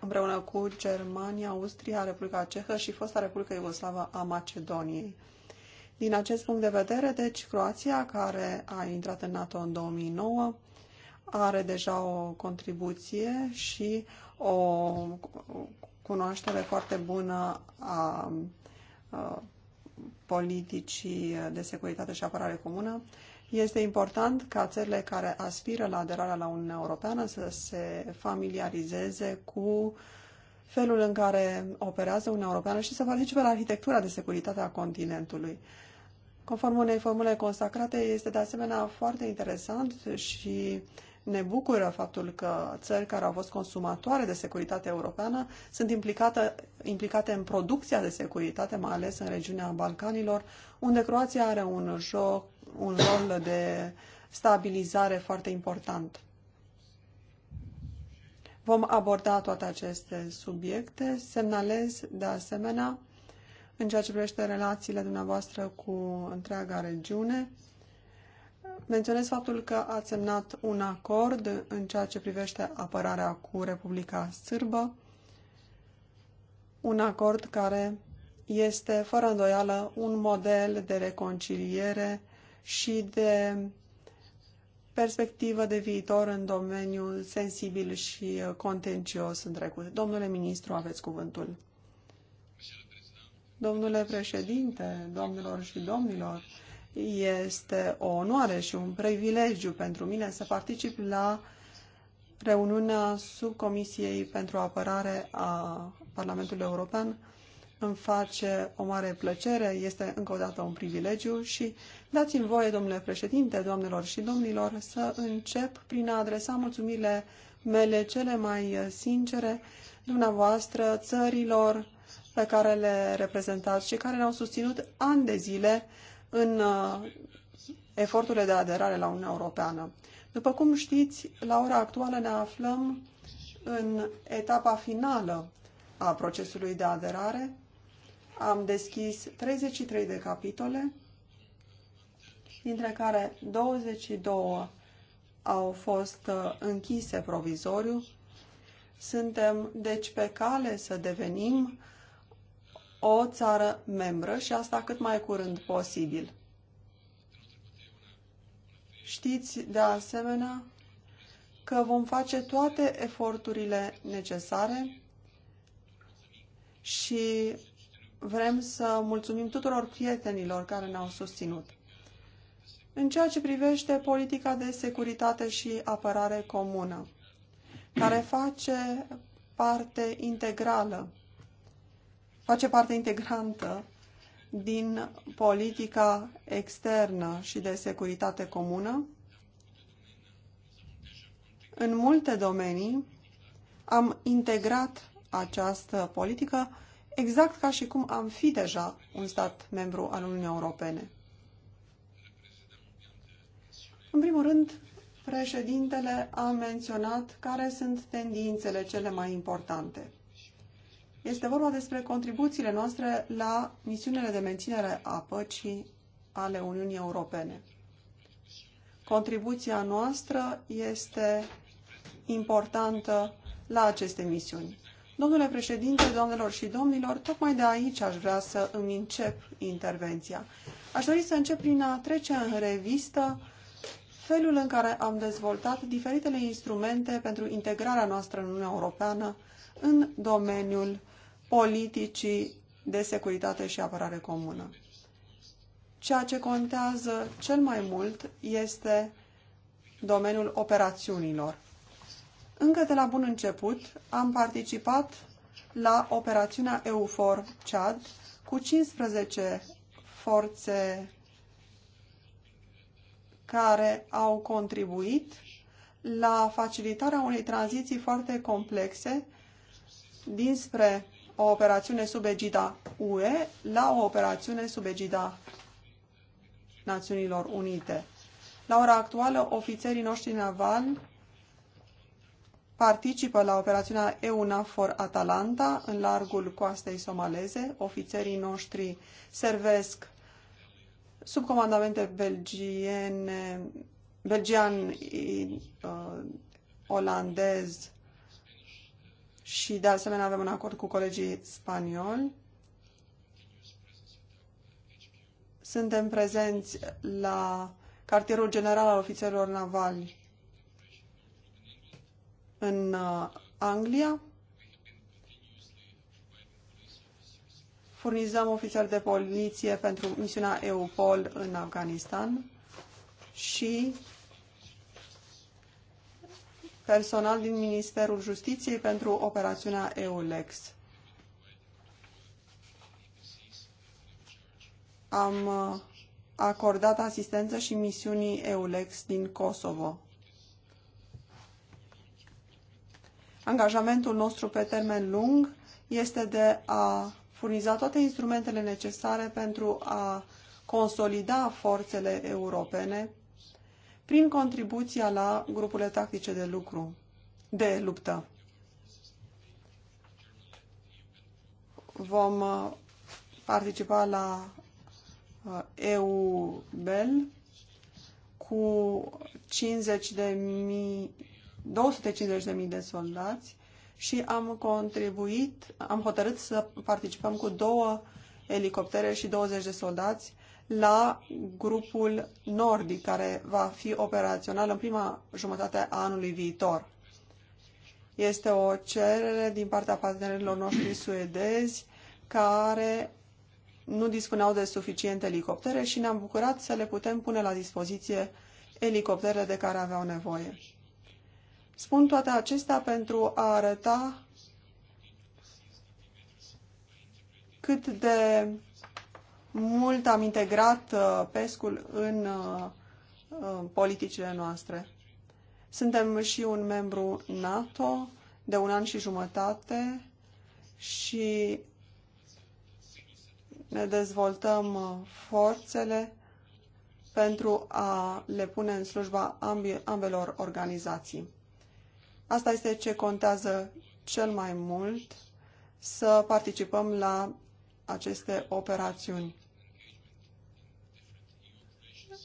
împreună cu Germania, Austria, Republica Cehă și fosta Republică Iugoslavă a Macedoniei. Din acest punct de vedere, deci, Croația, care a intrat în NATO în 2009, are deja o contribuție și o cunoaștere foarte bună a, a politicii de securitate și apărare comună. Este important ca țările care aspiră la aderarea la Uniunea Europeană să se familiarizeze cu felul în care operează Uniunea Europeană și să participe la arhitectura de securitate a continentului. Conform unei formule consacrate, este de asemenea foarte interesant și ne bucură faptul că țări care au fost consumatoare de securitate europeană sunt implicate, implicate în producția de securitate, mai ales în regiunea Balcanilor, unde Croația are un, joc, un rol de stabilizare foarte important. Vom aborda toate aceste subiecte. Semnalez, de asemenea, în ceea ce privește relațiile dumneavoastră cu întreaga regiune, menționez faptul că a semnat un acord în ceea ce privește apărarea cu Republica Sârbă, un acord care este, fără îndoială, un model de reconciliere și de perspectivă de viitor în domeniul sensibil și uh, contencios în trecut. Domnule ministru, aveți cuvântul. Domnule președinte, domnilor și domnilor, este o onoare și un privilegiu pentru mine să particip la reuniunea subcomisiei pentru apărare a Parlamentului European. Îmi face o mare plăcere, este încă o dată un privilegiu și dați-mi voie, domnule președinte, doamnelor și domnilor, să încep prin a adresa mulțumirile mele cele mai sincere dumneavoastră, țărilor pe care le reprezentați și care ne-au susținut ani de zile în uh, eforturile de aderare la Uniunea Europeană. După cum știți, la ora actuală ne aflăm în etapa finală a procesului de aderare. Am deschis 33 de capitole, dintre care 22 au fost uh, închise provizoriu. Suntem, deci, pe cale să devenim o țară membră și asta cât mai curând posibil. Știți, de asemenea, că vom face toate eforturile necesare și vrem să mulțumim tuturor prietenilor care ne-au susținut. În ceea ce privește politica de securitate și apărare comună, care face parte integrală face parte integrantă din politica externă și de securitate comună. În multe domenii am integrat această politică exact ca și cum am fi deja un stat membru al Uniunii Europene. În primul rând, președintele a menționat care sunt tendințele cele mai importante. Este vorba despre contribuțiile noastre la misiunile de menținere a păcii ale Uniunii Europene. Contribuția noastră este importantă la aceste misiuni. Domnule președinte, doamnelor și domnilor, tocmai de aici aș vrea să îmi încep intervenția. Aș dori să încep prin a trece în revistă felul în care am dezvoltat diferitele instrumente pentru integrarea noastră în Uniunea Europeană în domeniul politicii de securitate și apărare comună. Ceea ce contează cel mai mult este domeniul operațiunilor. Încă de la bun început am participat la operațiunea EUFOR Chad cu 15 forțe care au contribuit la facilitarea unei tranziții foarte complexe dinspre o operațiune sub egida UE la o operațiune sub egida Națiunilor Unite. La ora actuală, ofițerii noștri navali participă la operațiunea EUNAFOR Atalanta în largul coastei somaleze. Ofițerii noștri servesc sub comandamente belgiene, belgian, uh, olandez, și de asemenea avem un acord cu colegii spanioli. Suntem prezenți la cartierul general al ofițerilor navali în uh, Anglia. Furnizăm ofițeri de poliție pentru misiunea EUPOL în Afganistan și personal din Ministerul Justiției pentru operațiunea EULEX. Am uh, acordat asistență și misiunii EULEX din Kosovo. Angajamentul nostru pe termen lung este de a furniza toate instrumentele necesare pentru a consolida forțele europene prin contribuția la grupurile tactice de lucru, de luptă. Vom uh, participa la uh, EU-BEL cu 50 de mii, 250 de mii de soldați și am contribuit, am hotărât să participăm cu două elicoptere și 20 de soldați la grupul nordic, care va fi operațional în prima jumătate a anului viitor. Este o cerere din partea partenerilor noștri suedezi care nu dispuneau de suficiente elicoptere și ne-am bucurat să le putem pune la dispoziție elicopterele de care aveau nevoie. Spun toate acestea pentru a arăta cât de mult am integrat uh, pescul în uh, uh, politicile noastre. Suntem și un membru NATO de un an și jumătate și ne dezvoltăm forțele pentru a le pune în slujba ambelor organizații. Asta este ce contează cel mai mult, să participăm la aceste operațiuni.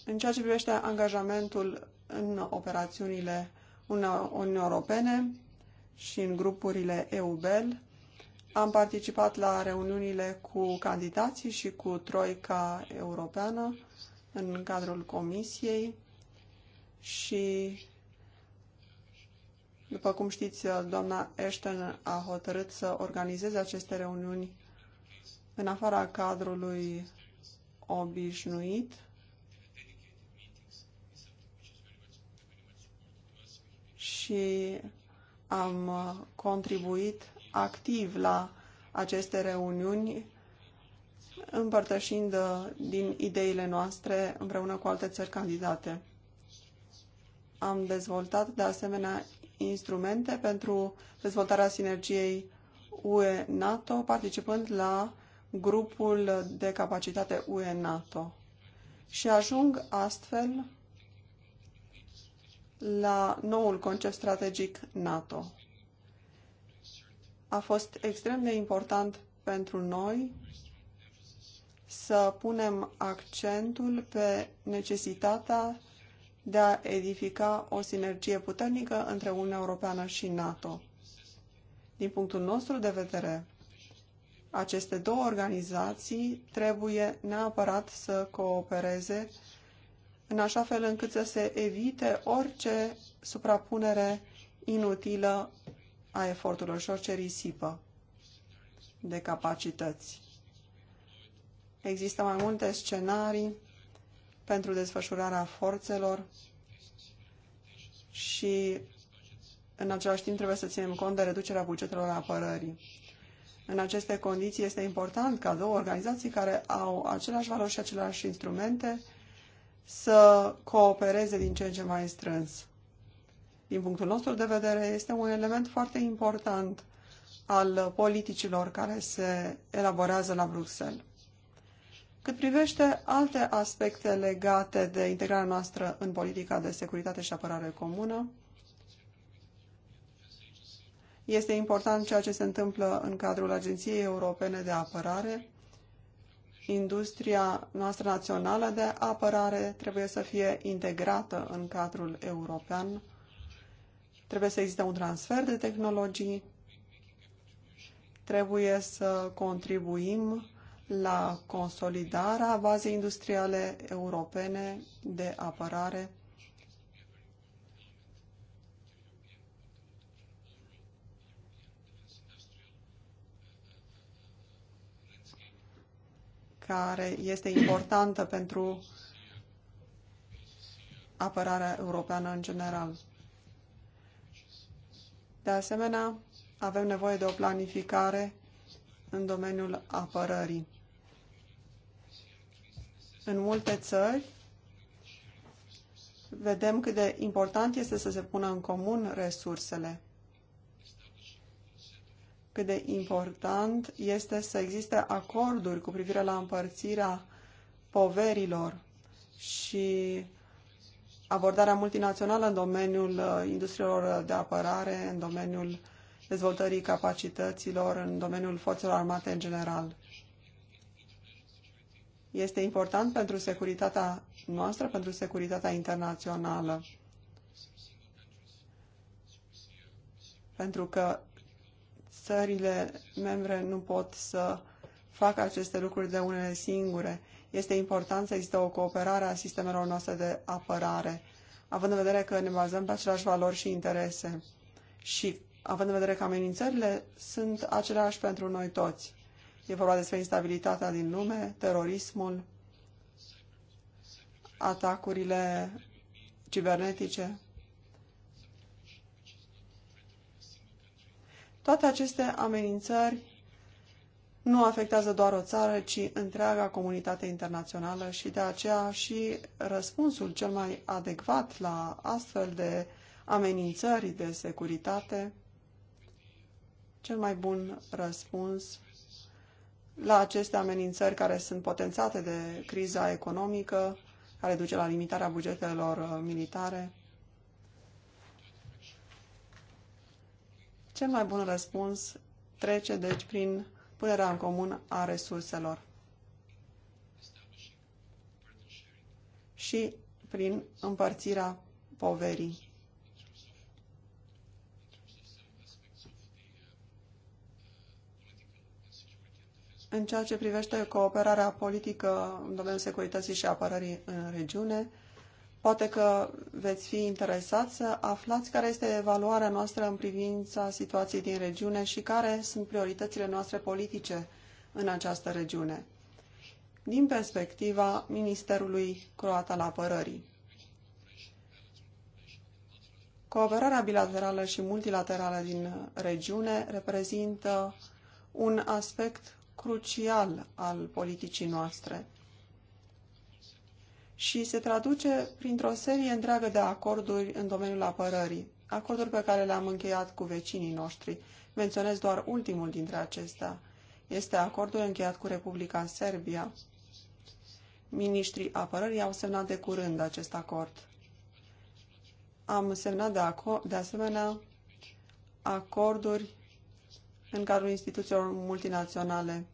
În ceea ce privește angajamentul în operațiunile Uniunii Europene și în grupurile EUBEL, am participat la reuniunile cu candidații și cu Troica Europeană în cadrul Comisiei și, după cum știți, doamna Ashton a hotărât să organizeze aceste reuniuni în afara cadrului obișnuit și am uh, contribuit activ la aceste reuniuni, împărtășind uh, din ideile noastre împreună cu alte țări candidate. Am dezvoltat, de asemenea, instrumente pentru dezvoltarea sinergiei UE-NATO, participând la grupul de capacitate UE-NATO. Și ajung astfel la noul concept strategic NATO. A fost extrem de important pentru noi să punem accentul pe necesitatea de a edifica o sinergie puternică între Uniunea Europeană și NATO. Din punctul nostru de vedere, aceste două organizații trebuie neapărat să coopereze în așa fel încât să se evite orice suprapunere inutilă a eforturilor și orice risipă de capacități. Există mai multe scenarii pentru desfășurarea forțelor și în același timp trebuie să ținem cont de reducerea bugetelor apărării. În aceste condiții este important ca două organizații care au aceleași valori și aceleași instrumente să coopereze din ce în ce mai strâns. Din punctul nostru de vedere, este un element foarte important al politicilor care se elaborează la Bruxelles. Cât privește alte aspecte legate de integrarea noastră în politica de securitate și apărare comună, este important ceea ce se întâmplă în cadrul Agenției Europene de Apărare, industria noastră națională de apărare trebuie să fie integrată în cadrul european, trebuie să existe un transfer de tehnologii, trebuie să contribuim la consolidarea bazei industriale europene de apărare care este importantă pentru apărarea europeană în general. De asemenea, avem nevoie de o planificare în domeniul apărării. În multe țări, vedem cât de important este să se pună în comun resursele cât de important este să existe acorduri cu privire la împărțirea poverilor și abordarea multinațională în domeniul uh, industriilor de apărare, în domeniul dezvoltării capacităților, în domeniul forțelor armate în general. Este important pentru securitatea noastră, pentru securitatea internațională. Pentru că țările membre nu pot să facă aceste lucruri de unele singure. Este important să există o cooperare a sistemelor noastre de apărare, având în vedere că ne bazăm pe aceleași valori și interese și având în vedere că amenințările sunt aceleași pentru noi toți. E vorba despre instabilitatea din lume, terorismul, atacurile cibernetice. Toate aceste amenințări nu afectează doar o țară, ci întreaga comunitate internațională și de aceea și răspunsul cel mai adecvat la astfel de amenințări de securitate, cel mai bun răspuns la aceste amenințări care sunt potențate de criza economică, care duce la limitarea bugetelor uh, militare, Cel mai bun răspuns trece, deci, prin punerea în comun a resurselor și prin împărțirea poverii. În ceea ce privește cooperarea politică în domeniul securității și apărării în regiune, Poate că veți fi interesat să aflați care este evaluarea noastră în privința situației din regiune și care sunt prioritățile noastre politice în această regiune, din perspectiva Ministerului Croat al Apărării. Cooperarea bilaterală și multilaterală din regiune reprezintă un aspect crucial al politicii noastre și se traduce printr-o serie întreagă de acorduri în domeniul apărării, acorduri pe care le-am încheiat cu vecinii noștri. Menționez doar ultimul dintre acestea. Este acordul încheiat cu Republica Serbia. Ministrii apărării au semnat de curând acest acord. Am semnat de, aco- de asemenea acorduri în cadrul instituțiilor multinaționale.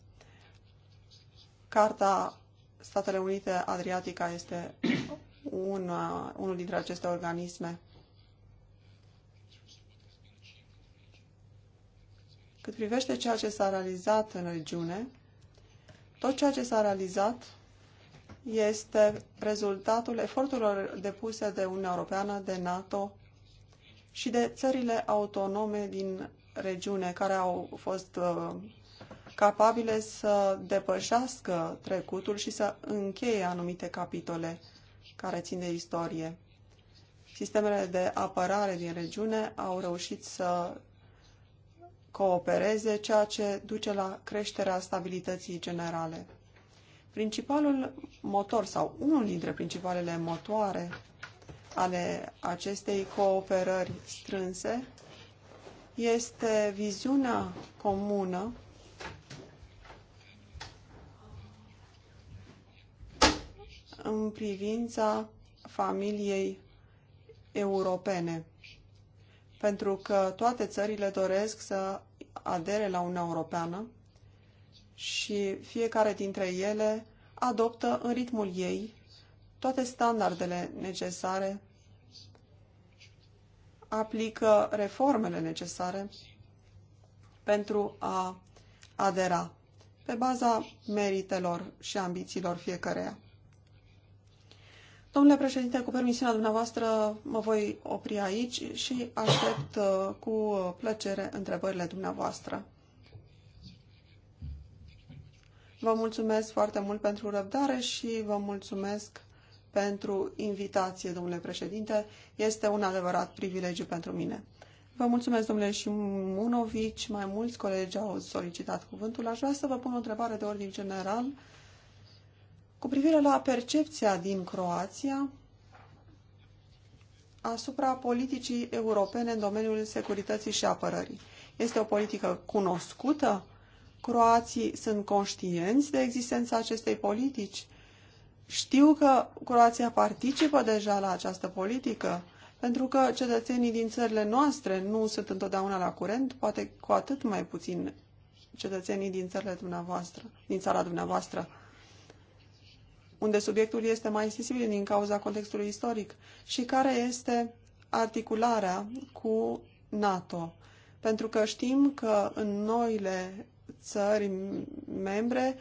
Carta Statele Unite Adriatica este una, unul dintre aceste organisme. Cât privește ceea ce s-a realizat în regiune, tot ceea ce s-a realizat este rezultatul eforturilor depuse de Uniunea Europeană, de NATO și de țările autonome din regiune care au fost uh, capabile să depășească trecutul și să încheie anumite capitole care țin de istorie. Sistemele de apărare din regiune au reușit să coopereze, ceea ce duce la creșterea stabilității generale. Principalul motor sau unul dintre principalele motoare ale acestei cooperări strânse este viziunea comună în privința familiei europene, pentru că toate țările doresc să adere la Uniunea Europeană și fiecare dintre ele adoptă în ritmul ei toate standardele necesare, aplică reformele necesare pentru a adera pe baza meritelor și ambițiilor fiecăreia. Domnule președinte, cu permisiunea dumneavoastră mă voi opri aici și aștept uh, cu plăcere întrebările dumneavoastră. Vă mulțumesc foarte mult pentru răbdare și vă mulțumesc pentru invitație, domnule președinte. Este un adevărat privilegiu pentru mine. Vă mulțumesc, domnule Șimunovici. Mai mulți colegi au solicitat cuvântul. Aș vrea să vă pun o întrebare de ordin general cu privire la percepția din Croația asupra politicii europene în domeniul securității și apărării. Este o politică cunoscută? Croații sunt conștienți de existența acestei politici? Știu că Croația participă deja la această politică, pentru că cetățenii din țările noastre nu sunt întotdeauna la curent, poate cu atât mai puțin cetățenii din țările dumneavoastră, din țara dumneavoastră unde subiectul este mai sensibil din cauza contextului istoric și care este articularea cu NATO. Pentru că știm că în noile țări membre,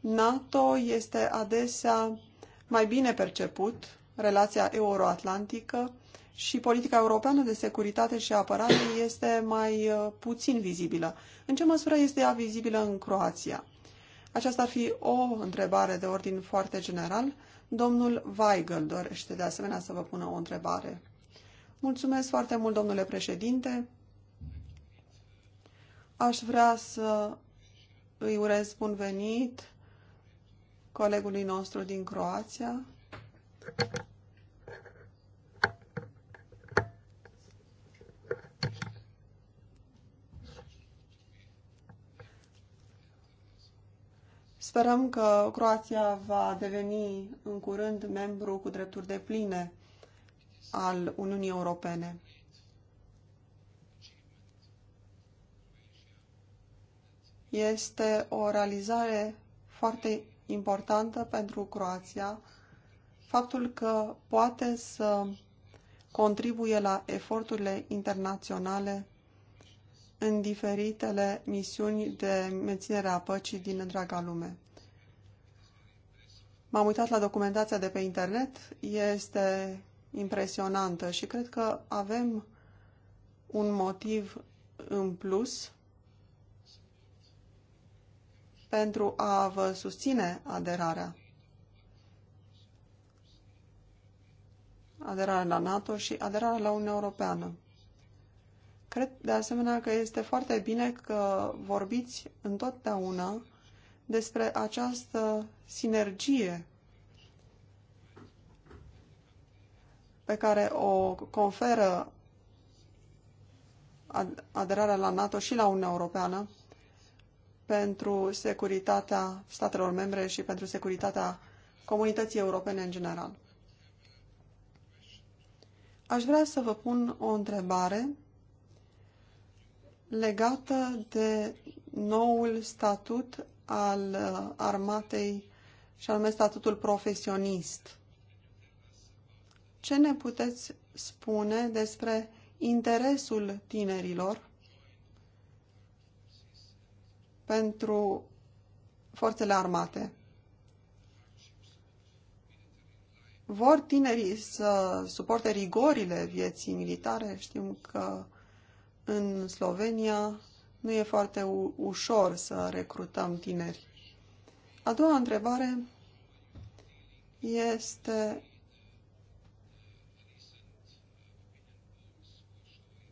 NATO este adesea mai bine perceput, relația euroatlantică și politica europeană de securitate și apărare este mai uh, puțin vizibilă. În ce măsură este ea vizibilă în Croația? Aceasta ar fi o întrebare de ordin foarte general. Domnul Weigel dorește de asemenea să vă pună o întrebare. Mulțumesc foarte mult, domnule președinte. Aș vrea să îi urez bun venit colegului nostru din Croația. Sperăm că Croația va deveni în curând membru cu drepturi de pline al Uniunii Europene. Este o realizare foarte importantă pentru Croația faptul că poate să contribuie la eforturile internaționale în diferitele misiuni de menținere a păcii din întreaga lume. M-am uitat la documentația de pe internet, este impresionantă și cred că avem un motiv în plus pentru a vă susține aderarea. Aderarea la NATO și aderarea la Uniunea Europeană. Cred de asemenea că este foarte bine că vorbiți întotdeauna despre această sinergie pe care o conferă aderarea la NATO și la Uniunea Europeană pentru securitatea statelor membre și pentru securitatea comunității europene în general. Aș vrea să vă pun o întrebare legată de noul statut al uh, armatei și anume statutul profesionist. Ce ne puteți spune despre interesul tinerilor pentru forțele armate? Vor tinerii să suporte rigorile vieții militare? Știm că în Slovenia nu e foarte ușor să recrutăm tineri. A doua întrebare este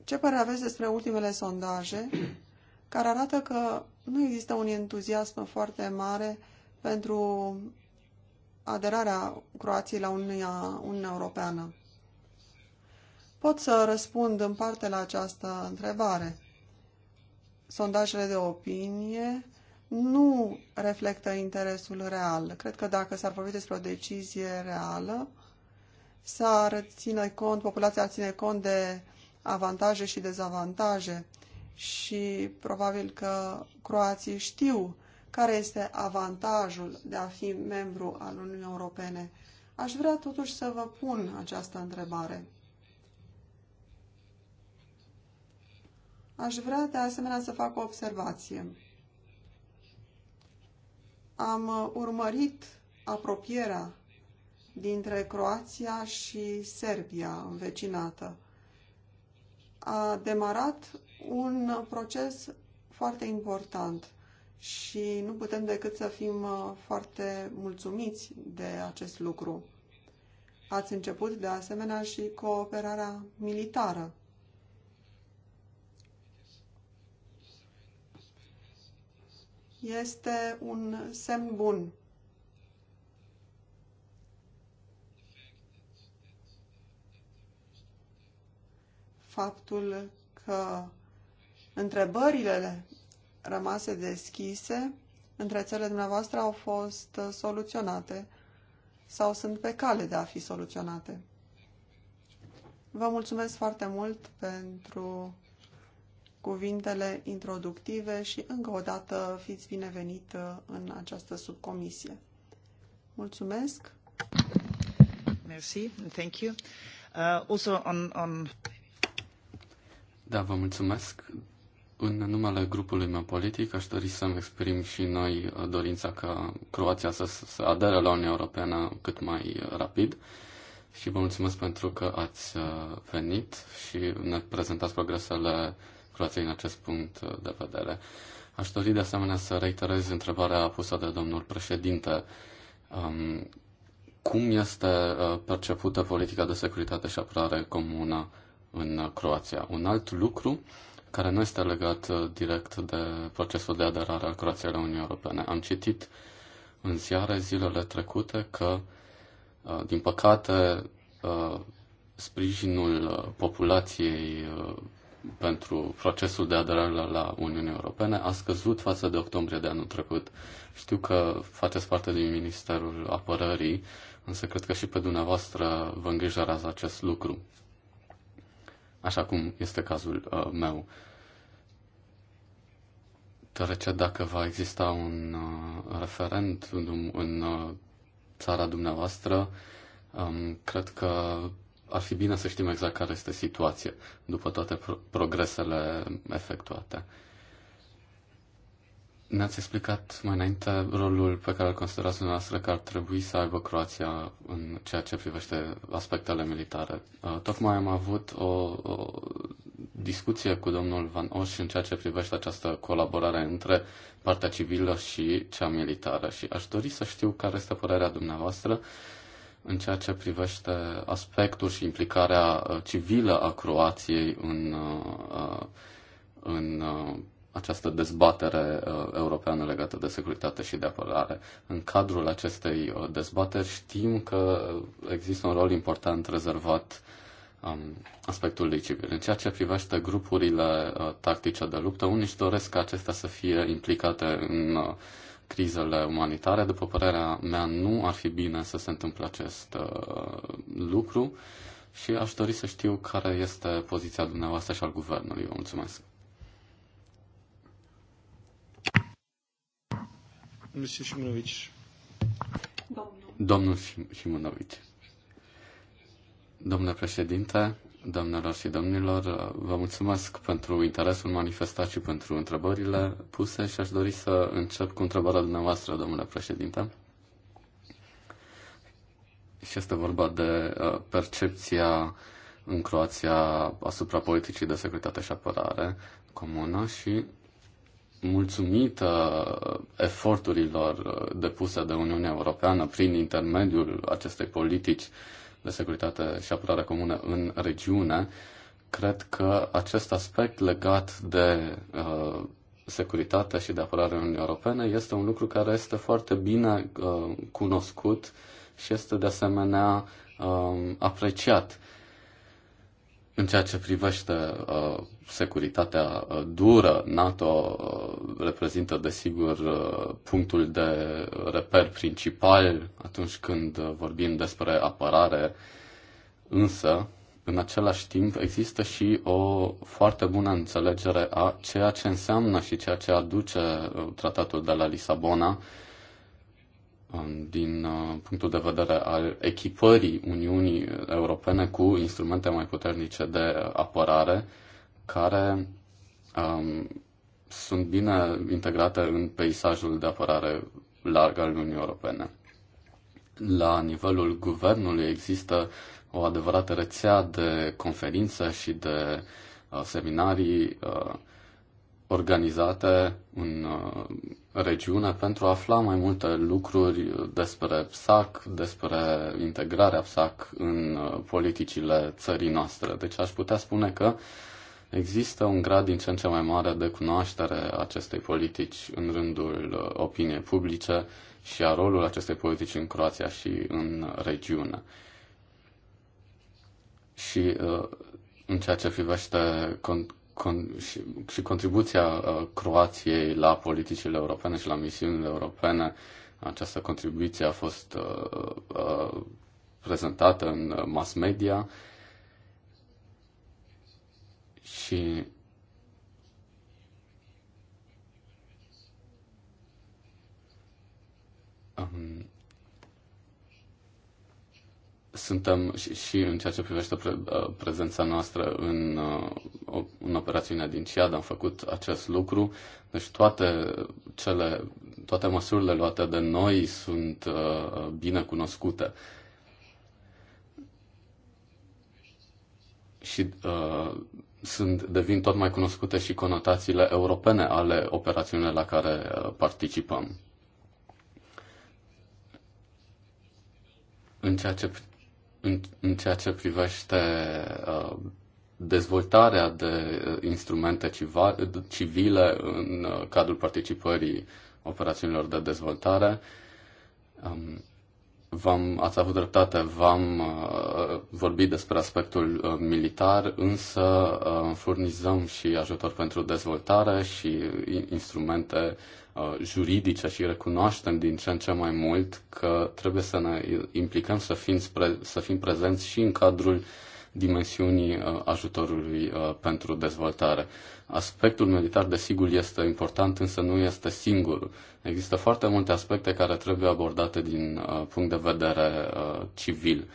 ce părere aveți despre ultimele sondaje care arată că nu există un entuziasm foarte mare pentru aderarea Croației la Uniunea, Uniunea Europeană. Pot să răspund în parte la această întrebare. Sondajele de opinie nu reflectă interesul real. Cred că dacă s-ar vorbi despre o decizie reală, s-ar ține cont, populația ar ține cont de avantaje și dezavantaje și probabil că croații știu care este avantajul de a fi membru al Uniunii Europene. Aș vrea totuși să vă pun această întrebare. Aș vrea de asemenea să fac o observație. Am uh, urmărit apropierea dintre Croația și Serbia învecinată. A demarat un proces foarte important și nu putem decât să fim uh, foarte mulțumiți de acest lucru. Ați început de asemenea și cooperarea militară. este un semn bun. Faptul că întrebările rămase deschise între cele dumneavoastră au fost soluționate sau sunt pe cale de a fi soluționate. Vă mulțumesc foarte mult pentru cuvintele introductive și încă o dată fiți binevenit uh, în această subcomisie. Mulțumesc! Merci, thank you. Uh, also on, on... Da, vă mulțumesc. În numele grupului meu politic aș dori să-mi exprim și noi uh, dorința ca Croația să, să adere la Uniunea Europeană cât mai uh, rapid și vă mulțumesc pentru că ați venit și ne prezentați progresele Croației în acest punct de vedere. Aș dori de asemenea să reiterez întrebarea pusă de domnul președinte. Um, cum este uh, percepută politica de securitate și apărare comună în Croația? Un alt lucru care nu este legat uh, direct de procesul de aderare al Croației la Uniunea Europeană. Am citit în ziare zilele trecute că, uh, din păcate, sprijinul populației pentru procesul de aderare la, la Uniunea Europeană a scăzut față de octombrie de anul trecut. Știu că faceți parte din Ministerul Apărării, însă cred că și pe dumneavoastră vă îngrijorează acest lucru, așa cum este cazul uh, meu. Deoarece dacă va exista un uh, referent în, în uh, țara dumneavoastră, um, cred că ar fi bine să știm exact care este situația după toate pro- progresele efectuate. Ne-ați explicat mai înainte rolul pe care îl considerați dumneavoastră că ar trebui să aibă Croația în ceea ce privește aspectele militare. Uh, tocmai am avut o, o discuție cu domnul Van Oș în ceea ce privește această colaborare între partea civilă și cea militară și aș dori să știu care este părerea dumneavoastră în ceea ce privește aspectul și implicarea uh, civilă a Croației în, uh, uh, în această dezbatere europeană legată de securitate și de apărare. În cadrul acestei dezbateri știm că există un rol important rezervat um, aspectului civil. În ceea ce privește grupurile tactice de luptă, unii își doresc ca acestea să fie implicate în uh, crizele umanitare. După părerea mea, nu ar fi bine să se întâmple acest uh, lucru și aș dori să știu care este poziția dumneavoastră și al guvernului. Vă mulțumesc. Domnul, Domnul Șimonovici. Domnule președinte, Doamnelor și domnilor, vă mulțumesc pentru interesul manifestat și pentru întrebările puse și aș dori să încep cu întrebarea dumneavoastră, domnule președinte. Și este vorba de uh, percepția în Croația asupra politicii de securitate și apărare comună și mulțumită eforturilor uh, depuse de Uniunea Europeană prin intermediul acestei politici de securitate și apărare comună în regiune, cred că acest aspect legat de uh, securitate și de apărare în Uniunea Europeană este un lucru care este foarte bine uh, cunoscut și este de asemenea uh, apreciat în ceea ce privește uh, securitatea uh, dură, NATO uh, reprezintă, desigur, uh, punctul de reper principal atunci când vorbim despre apărare, însă, în același timp, există și o foarte bună înțelegere a ceea ce înseamnă și ceea ce aduce tratatul de la Lisabona um, din punctul de vedere al echipării Uniunii Europene cu instrumente mai puternice de apărare, care um, sunt bine integrate în peisajul de apărare larg al Uniunii Europene. La nivelul guvernului există o adevărată rețea de conferințe și de uh, seminarii uh, organizate în uh, regiune pentru a afla mai multe lucruri despre PSAC, despre integrarea PSAC în uh, politicile țării noastre. Deci aș putea spune că uh, Există un grad din ce în ce mai mare de cunoaștere acestei politici în rândul uh, opiniei publice și a rolul acestei politici în Croația și în regiune. Și uh, în ceea ce privește con- con- și, și contribuția uh, Croației la politicile europene și la misiunile europene, această contribuție a fost uh, uh, prezentată în mass media și um, suntem și, și în ceea ce privește pre, uh, prezența noastră în, uh, în operațiunea din CIAD, am făcut acest lucru. Deci toate, cele, toate măsurile luate de noi sunt uh, bine cunoscute. Și uh, sunt, devin tot mai cunoscute și conotațiile europene ale operațiunilor la care uh, participăm. În ceea ce, în, în ceea ce privește uh, dezvoltarea de uh, instrumente civile în uh, cadrul participării operațiunilor de dezvoltare, um, V-am, ați avut dreptate, v-am uh, vorbit despre aspectul uh, militar, însă uh, furnizăm și ajutor pentru dezvoltare și instrumente uh, juridice și recunoaștem din ce în ce mai mult că trebuie să ne implicăm să fim, spre, să fim prezenți și în cadrul dimensiunii uh, ajutorului uh, pentru dezvoltare. Uh, Aspectul militar, desigur, este important, însă nu este singur. Există foarte multe aspecte care trebuie abordate din uh, punct de vedere uh, civil.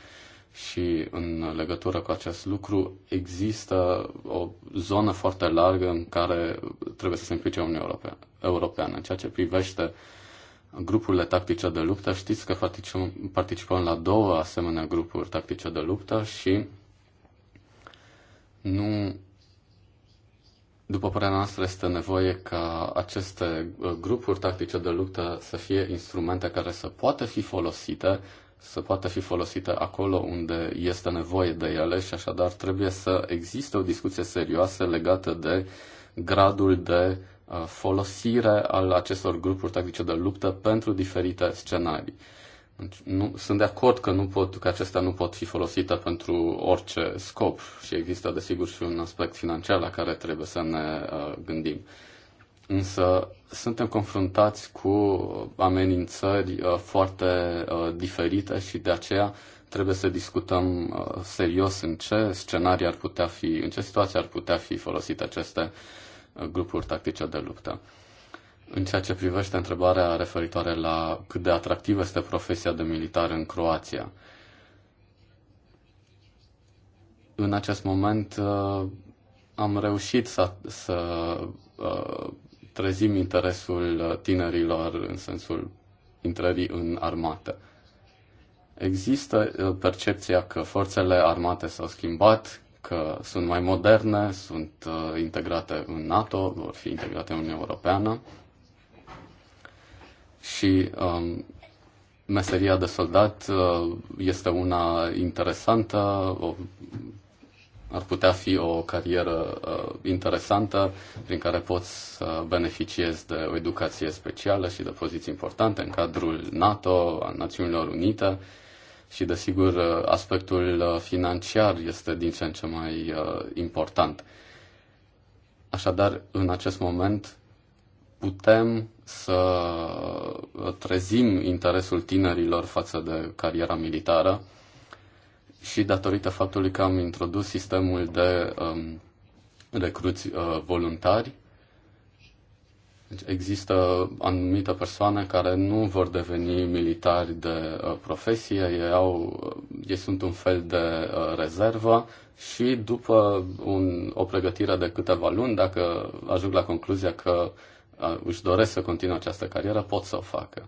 Și în legătură cu acest lucru există o zonă foarte largă în care trebuie să se implice Uniunea Europeană. În ceea ce privește grupurile tactice de luptă, știți că participăm la două asemenea grupuri tactice de luptă și nu după părerea noastră, este nevoie ca aceste uh, grupuri tactice de luptă să fie instrumente care să poată fi folosite, să poată fi folosite acolo unde este nevoie de ele și așadar trebuie să existe o discuție serioasă legată de gradul de uh, folosire al acestor grupuri tactice de luptă pentru diferite scenarii. Deci nu, sunt de acord că, nu pot, că acestea nu pot fi folosite pentru orice scop și există, desigur, și un aspect financiar la care trebuie să ne uh, gândim. Însă suntem confruntați cu amenințări uh, foarte uh, diferite și de aceea trebuie să discutăm uh, serios în ce scenarii ar putea fi, în ce situații ar putea fi folosite aceste uh, grupuri tactice de luptă. În ceea ce privește întrebarea referitoare la cât de atractivă este profesia de militar în Croația, în acest moment uh, am reușit să, să uh, trezim interesul tinerilor în sensul intrării în armată. Există uh, percepția că forțele armate s-au schimbat, că sunt mai moderne, sunt integrate în NATO, vor fi integrate în Uniunea Europeană și um, meseria de soldat uh, este una interesantă, o, ar putea fi o carieră uh, interesantă prin care poți să beneficiezi de o educație specială și de poziții importante în cadrul NATO, a Națiunilor Unite și, desigur, uh, aspectul uh, financiar este din ce în ce mai uh, important. Așadar, în acest moment, putem să trezim interesul tinerilor față de cariera militară și datorită faptului că am introdus sistemul de um, recruți uh, voluntari, deci există anumite persoane care nu vor deveni militari de uh, profesie, ei, au, ei sunt un fel de uh, rezervă și după un, o pregătire de câteva luni, dacă ajung la concluzia că uh, își doresc să continue această carieră, pot să o facă.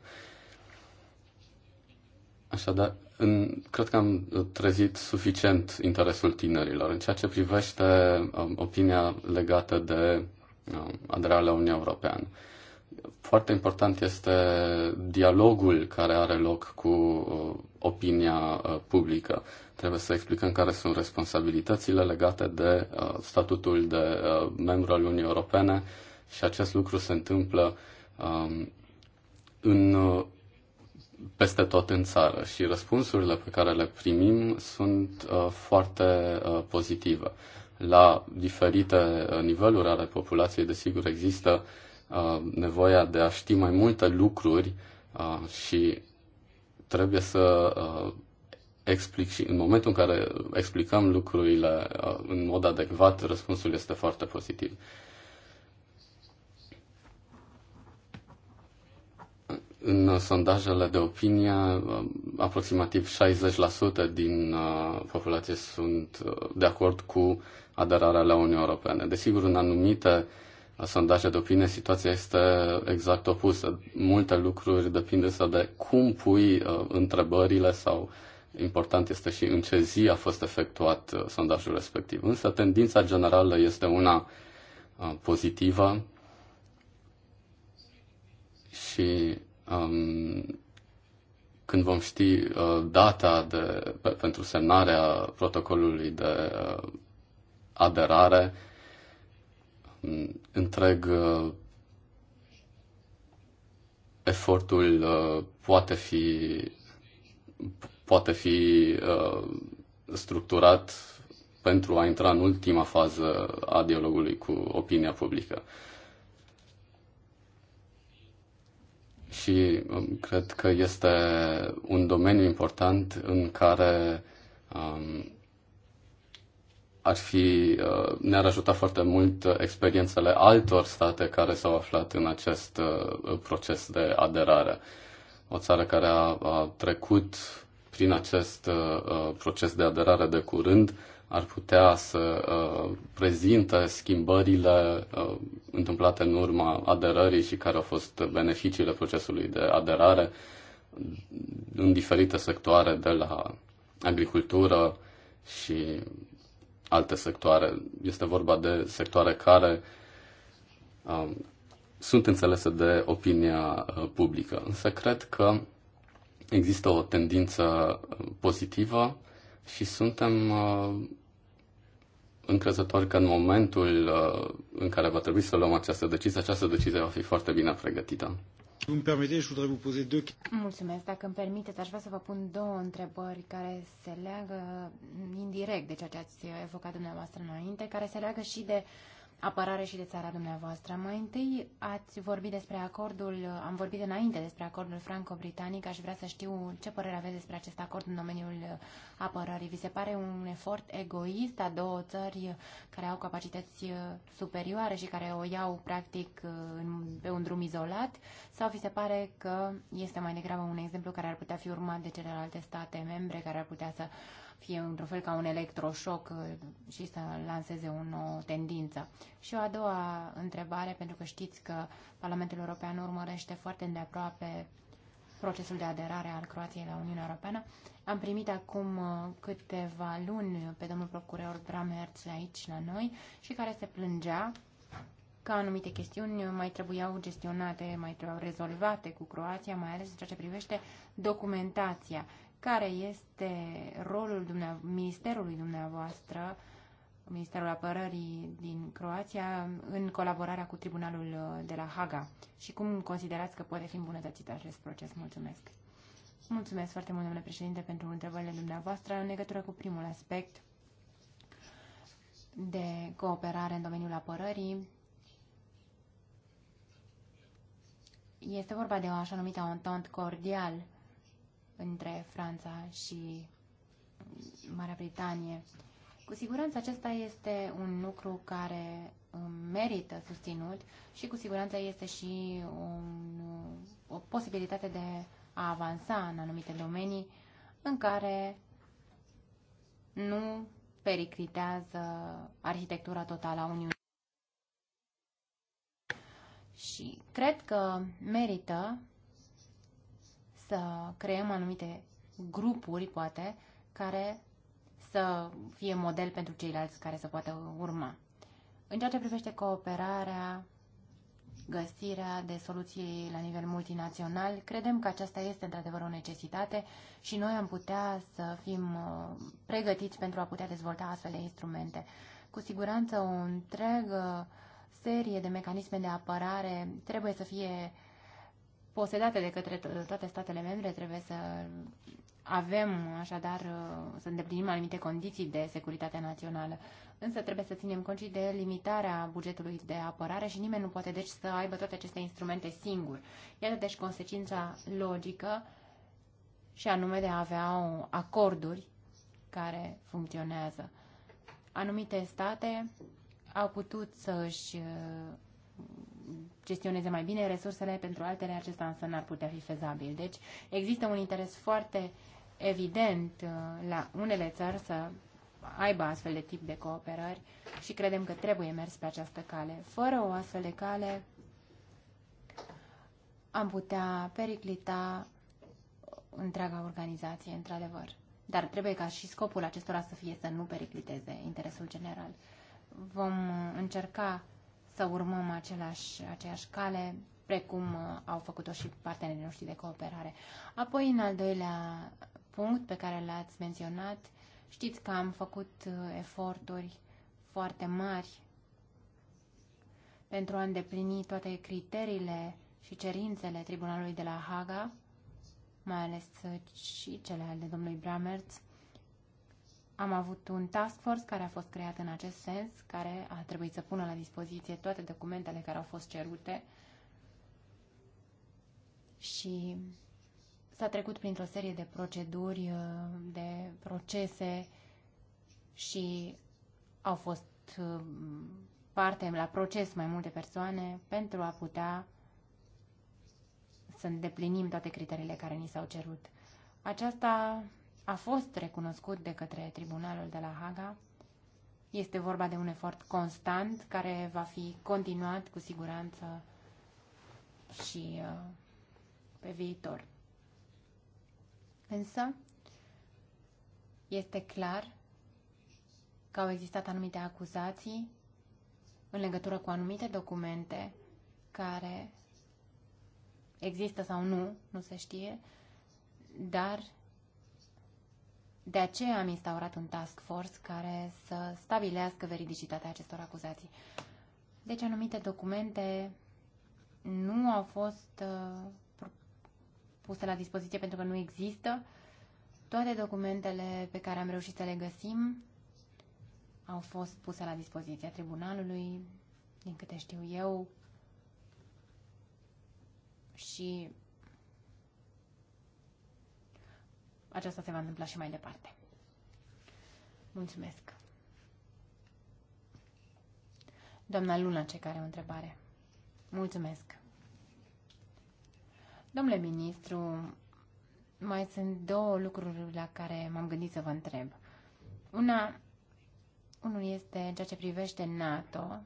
Așadar, în, cred că am trezit suficient interesul tinerilor. În ceea ce privește um, opinia legată de um, aderarea la Uniunea Europeană, foarte important este dialogul care are loc cu uh, opinia uh, publică. Trebuie să explicăm care sunt responsabilitățile legate de uh, statutul de uh, membru al Uniunii Europene, uh, și acest lucru se întâmplă um, în, uh, peste tot în țară și răspunsurile pe care le primim sunt uh, foarte uh, pozitive. La diferite uh, niveluri ale populației, desigur, există uh, nevoia de a ști mai multe lucruri uh, și trebuie să uh, explic și în momentul în care explicăm lucrurile uh, în mod adecvat, răspunsul este foarte pozitiv. Uh, În sondajele de opinie, um, aproximativ 60% din uh, populație sunt uh, de acord cu aderarea la Uniunea Europeană. Desigur, în anumite uh, sondaje de opinie, situația este exact opusă. Multe lucruri depind însă de cum pui întrebările sau important este și în ce zi a fost efectuat sondajul respectiv. Însă tendința generală este una pozitivă și um, când vom ști uh, data de, pe, pentru semnarea protocolului de uh, aderare, um, întreg uh, efortul uh, poate fi poate fi uh, structurat pentru a intra în ultima fază a dialogului cu opinia publică. și um, cred că este un domeniu important în care um, ar fi, uh, ne-ar ajuta foarte mult experiențele altor state care s-au aflat în acest uh, proces de aderare. O țară care a, a trecut prin acest uh, uh proces de aderare de curând uh, ar putea să uh, prezinte schimbările uh, întâmplate în urma aderării și care au fost beneficiile procesului de aderare în diferite sectoare, de la agricultură și alte sectoare. Este vorba de sectoare care um, sunt înțelese de opinia uh, publică. Însă cred că există o tendință uh, pozitivă și suntem uh, încrezător că în momentul uh, în care va trebui să luăm această decizie, această decizie va fi foarte bine pregătită. Mulțumesc. Dacă îmi permiteți, aș vrea să vă pun două întrebări care se leagă uh, indirect de ceea ce ați evocat dumneavoastră înainte, care se leagă și de uh, apărare și de țara dumneavoastră. Mai întâi ați vorbit despre acordul, am vorbit înainte despre acordul franco-britanic, aș vrea să știu ce părere aveți despre acest acord în domeniul apărării. Vi se pare un efort egoist a două țări care au capacități uh, superioare și care o iau practic uh, pe un drum izolat sau vi se pare că este mai degrabă un exemplu care ar putea fi urmat de celelalte state membre care ar putea să fie într-un fel ca un electroșoc uh, și să lanseze o nouă tendință. Și o a doua întrebare, pentru că știți că Parlamentul European urmărește foarte îndeaproape procesul de aderare al Croației la Uniunea Europeană. Am primit acum uh, câteva luni pe domnul procuror Bramhertz aici la noi și care se plângea că anumite chestiuni mai trebuiau gestionate, mai trebuiau rezolvate cu Croația, mai ales în ceea ce privește documentația care este rolul dumneavoastră, ministerului dumneavoastră, Ministerul Apărării din Croația, în colaborarea cu Tribunalul uh, de la Haga și cum considerați că poate fi îmbunătățit acest proces. Mulțumesc! Mulțumesc foarte mult, domnule președinte, pentru întrebările dumneavoastră în legătură cu primul aspect de cooperare în domeniul apărării. Este vorba de o așa numită entente cordial între Franța și Marea Britanie. Cu siguranță acesta este un lucru care merită susținut și cu siguranță este și un, o posibilitate de a avansa în anumite domenii în care nu periclitează arhitectura totală a Uniunii. Și cred că merită să creăm anumite grupuri, poate, care să fie model pentru ceilalți care să poată urma. În ceea ce privește cooperarea, găsirea de soluții la nivel multinațional, credem că aceasta este într-adevăr o necesitate și noi am putea să fim uh, pregătiți pentru a putea dezvolta astfel de instrumente. Cu siguranță o întreagă serie de mecanisme de apărare trebuie să fie posedate de către toate statele membre, trebuie să avem, așadar, uh, să îndeplinim anumite condiții de securitate națională. Însă trebuie să ținem cont și de limitarea bugetului de apărare și nimeni nu poate, deci, să aibă toate aceste instrumente singur. Iată, deci, consecința logică și anume de a avea acorduri care funcționează. Anumite state au putut să își uh, gestioneze mai bine resursele, pentru altele acesta însă n-ar putea fi fezabil. Deci există un interes foarte evident uh, la unele țări să aibă astfel de tip de cooperări și credem că trebuie mers pe această cale. Fără o astfel de cale am putea periclita întreaga organizație, într-adevăr. Dar trebuie ca și scopul acestora să fie să nu pericliteze interesul general. Vom uh, încerca să urmăm aceleași, aceeași cale precum uh, au făcut-o și partenerii noștri de cooperare. Apoi, în al doilea punct pe care l-ați menționat, știți că am făcut uh, eforturi foarte mari pentru a îndeplini toate criteriile și cerințele Tribunalului de la Haga, mai ales uh, și cele ale domnului Bramertz, am avut un task force care a fost creat în acest sens, care a trebuit să pună la dispoziție toate documentele care au fost cerute și s-a trecut printr-o serie de proceduri, uh, de procese și au fost uh, parte la proces mai multe persoane pentru a putea să îndeplinim toate criteriile care ni s-au cerut. Aceasta a fost recunoscut de către Tribunalul de la Haga. Este vorba de un efort constant care va fi continuat cu siguranță și uh, pe viitor. Însă, este clar că au existat anumite acuzații în legătură cu anumite documente care există sau nu, nu se știe, dar de aceea am instaurat un task force care să stabilească veridicitatea acestor acuzații. Deci anumite documente nu au fost uh, puse la dispoziție pentru că nu există. Toate documentele pe care am reușit să le găsim au fost puse la dispoziția tribunalului, din câte știu eu, și aceasta se va întâmpla și mai departe. Mulțumesc. Doamna Luna, ce care o întrebare. Mulțumesc. Domnule ministru, mai sunt două lucruri la care m-am gândit să vă întreb. Una, unul este în ceea ce privește NATO.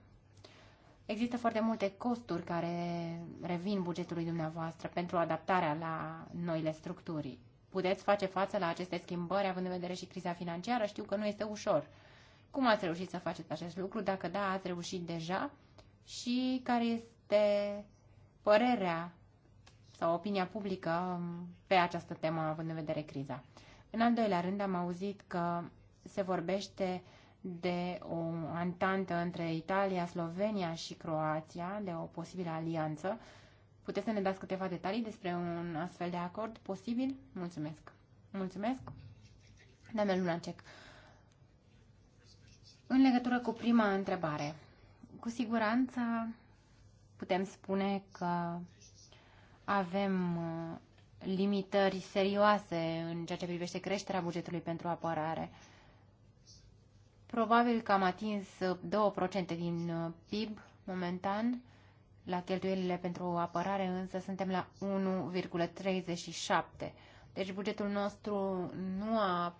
Există foarte multe costuri care revin bugetului dumneavoastră pentru adaptarea la noile structuri puteți face față la aceste schimbări, având în vedere și criza financiară? Știu că nu este ușor. Cum ați reușit să faceți acest lucru? Dacă da, ați reușit deja? Și care este părerea sau opinia publică um, pe această temă, având în vedere criza? În al doilea rând, am auzit că se vorbește de o antantă între Italia, Slovenia și Croația, de o posibilă alianță. Uh, Puteți să ne dați câteva detalii despre un astfel de acord posibil? Mulțumesc! Mulțumesc! Doamna Lunacek, în legătură cu prima întrebare, cu siguranță putem spune că avem uh, limitări serioase în ceea ce privește creșterea bugetului pentru apărare. Probabil că am atins 2% din uh, PIB momentan la cheltuielile pentru apărare însă suntem la 1,37. Deci bugetul nostru nu a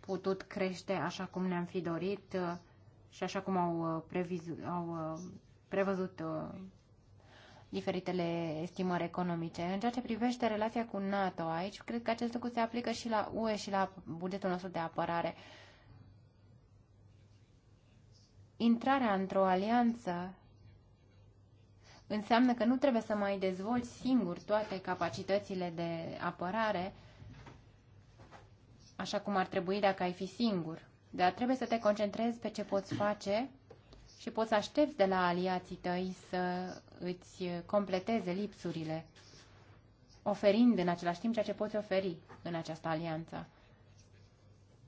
putut crește așa cum ne-am fi dorit uh, și așa cum au, uh, previz, au uh, prevăzut diferitele estimări economice. În ceea ce privește relația cu NATO aici, cred că acest lucru se aplică și la UE și la bugetul nostru de apărare. Intrarea într-o alianță înseamnă că nu trebuie să mai dezvolți singur toate capacitățile de apărare, așa cum ar trebui dacă ai fi singur. Dar trebuie să te concentrezi pe ce poți face și poți aștepți de la aliații tăi să îți completeze lipsurile, oferind în același timp ceea ce poți oferi în această alianță.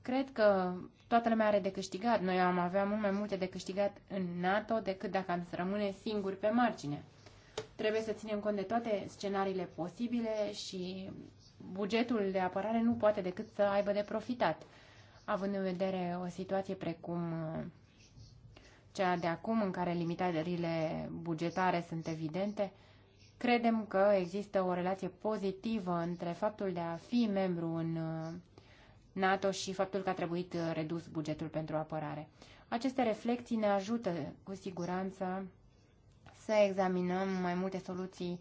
Cred că toată lumea are de câștigat. Noi am avea mult mai multe de câștigat în NATO decât dacă am să rămâne singuri pe margine. Trebuie să ținem cont de toate scenariile posibile și bugetul de apărare nu poate decât să aibă de profitat. Având în vedere o situație precum uh, cea de acum, în care limitările bugetare sunt evidente, credem că există o relație pozitivă între faptul de a fi membru în uh, NATO și faptul că a trebuit uh, redus bugetul pentru apărare. Aceste reflexii ne ajută cu siguranță să examinăm mai multe soluții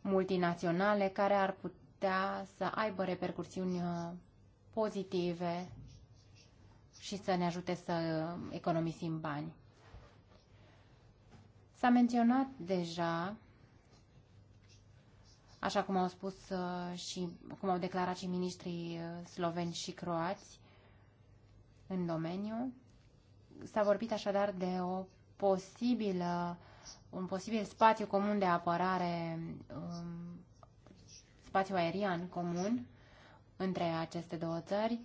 multinaționale care ar putea să aibă repercursiuni uh, pozitive și să ne ajute să uh, economisim bani. S-a menționat deja așa cum au spus uh, și cum au declarat și ministrii uh, sloveni și croați în domeniu. S-a vorbit așadar de o posibilă, un posibil spațiu comun de apărare, um, spațiu aerian comun între aceste două țări.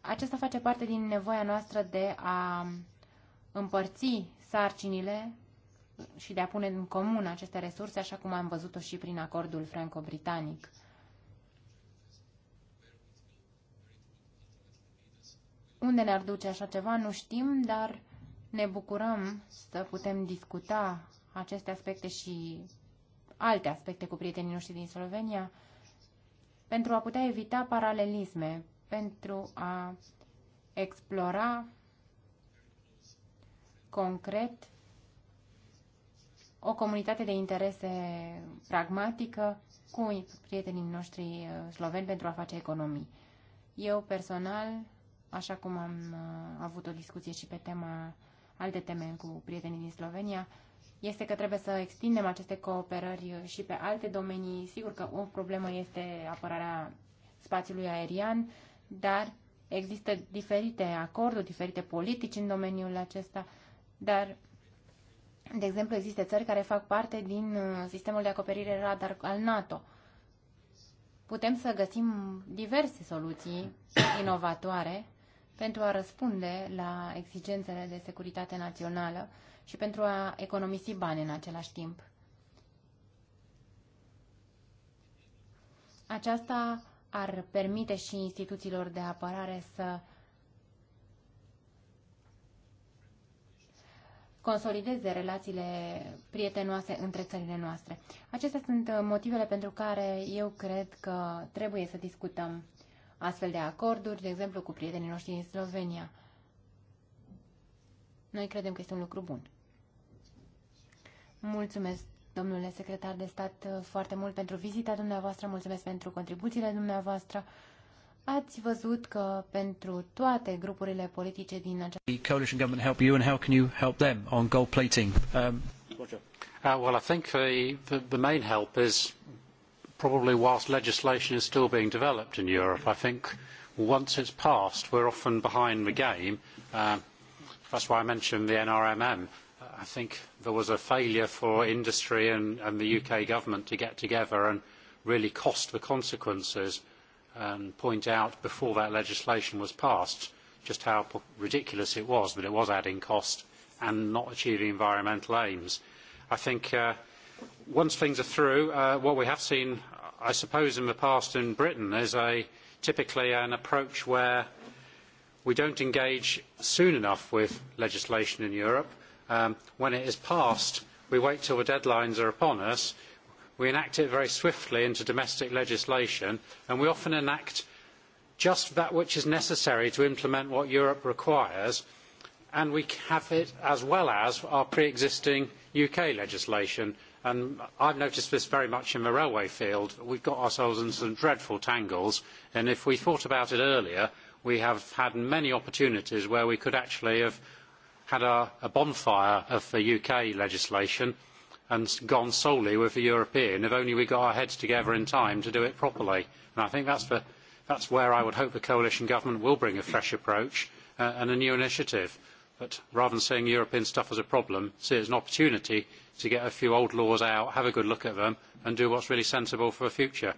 Acesta face parte din nevoia noastră de a împărți sarcinile și de a pune în comun aceste resurse, așa cum am văzut-o și prin acordul franco-britanic. Unde ne-ar duce așa ceva, nu știm, dar ne bucurăm să putem discuta aceste aspecte și alte aspecte cu prietenii noștri din Slovenia pentru a putea evita paralelisme, pentru a explora concret o comunitate de interese pragmatică cu prietenii noștri uh, sloveni pentru a face economii. Eu personal, așa cum am uh, avut o discuție și pe tema alte teme cu prietenii din Slovenia, este că trebuie să extindem aceste cooperări uh, și pe alte domenii. Sigur că o problemă este apărarea spațiului aerian, dar există diferite acorduri, diferite politici în domeniul acesta, dar de exemplu, există țări care fac parte din uh, sistemul de acoperire radar al NATO. Putem să găsim diverse soluții inovatoare pentru a răspunde la exigențele de securitate națională și pentru a economisi bani în același timp. Aceasta ar permite și instituțiilor de apărare să consolideze relațiile prietenoase între țările noastre. Acestea sunt uh, motivele pentru care eu cred că trebuie să discutăm astfel de acorduri, de exemplu cu prietenii noștri din Slovenia. Noi credem că este un lucru bun. Mulțumesc, domnule secretar de stat, uh, foarte mult pentru vizita dumneavoastră, mulțumesc pentru contribuțiile dumneavoastră. Ați văzut că pentru toate grupurile politice din această The coalition government help you and how can you help them on gold plating? Um... Uh, well, I think the, the, the main help is probably whilst legislation is still being developed in Europe. I think once it's passed, we're often behind the game. Uh, that's why I mentioned the NRMM. I think there was a failure for industry and, and the UK government to get together and really cost the consequences and um, point out before that legislation was passed just how ridiculous it was that it was adding cost and not achieving environmental aims. I think uh, once things are through, uh, what we have seen, I suppose, in the past in Britain is a typically an approach where we don't engage soon enough with legislation in Europe. Um, when it is passed, we wait till the deadlines are upon us we enact it very swiftly into domestic legislation, and we often enact just that which is necessary to implement what Europe requires, and we have it as well as our pre-existing UK legislation. And I've noticed this very much in the railway field. We've got ourselves in some dreadful tangles, and if we thought about it earlier, we have had many opportunities where we could actually have had a, a bonfire of the UK legislation and gone solely with the European if only we got our heads together in time to do it properly. And I think that's, the, that's where I would hope the coalition government will bring a fresh approach uh, and a new initiative. But rather than seeing European stuff as a problem, see it as an opportunity to get a few old laws out, have a good look at them, and do what's really sensible for the future.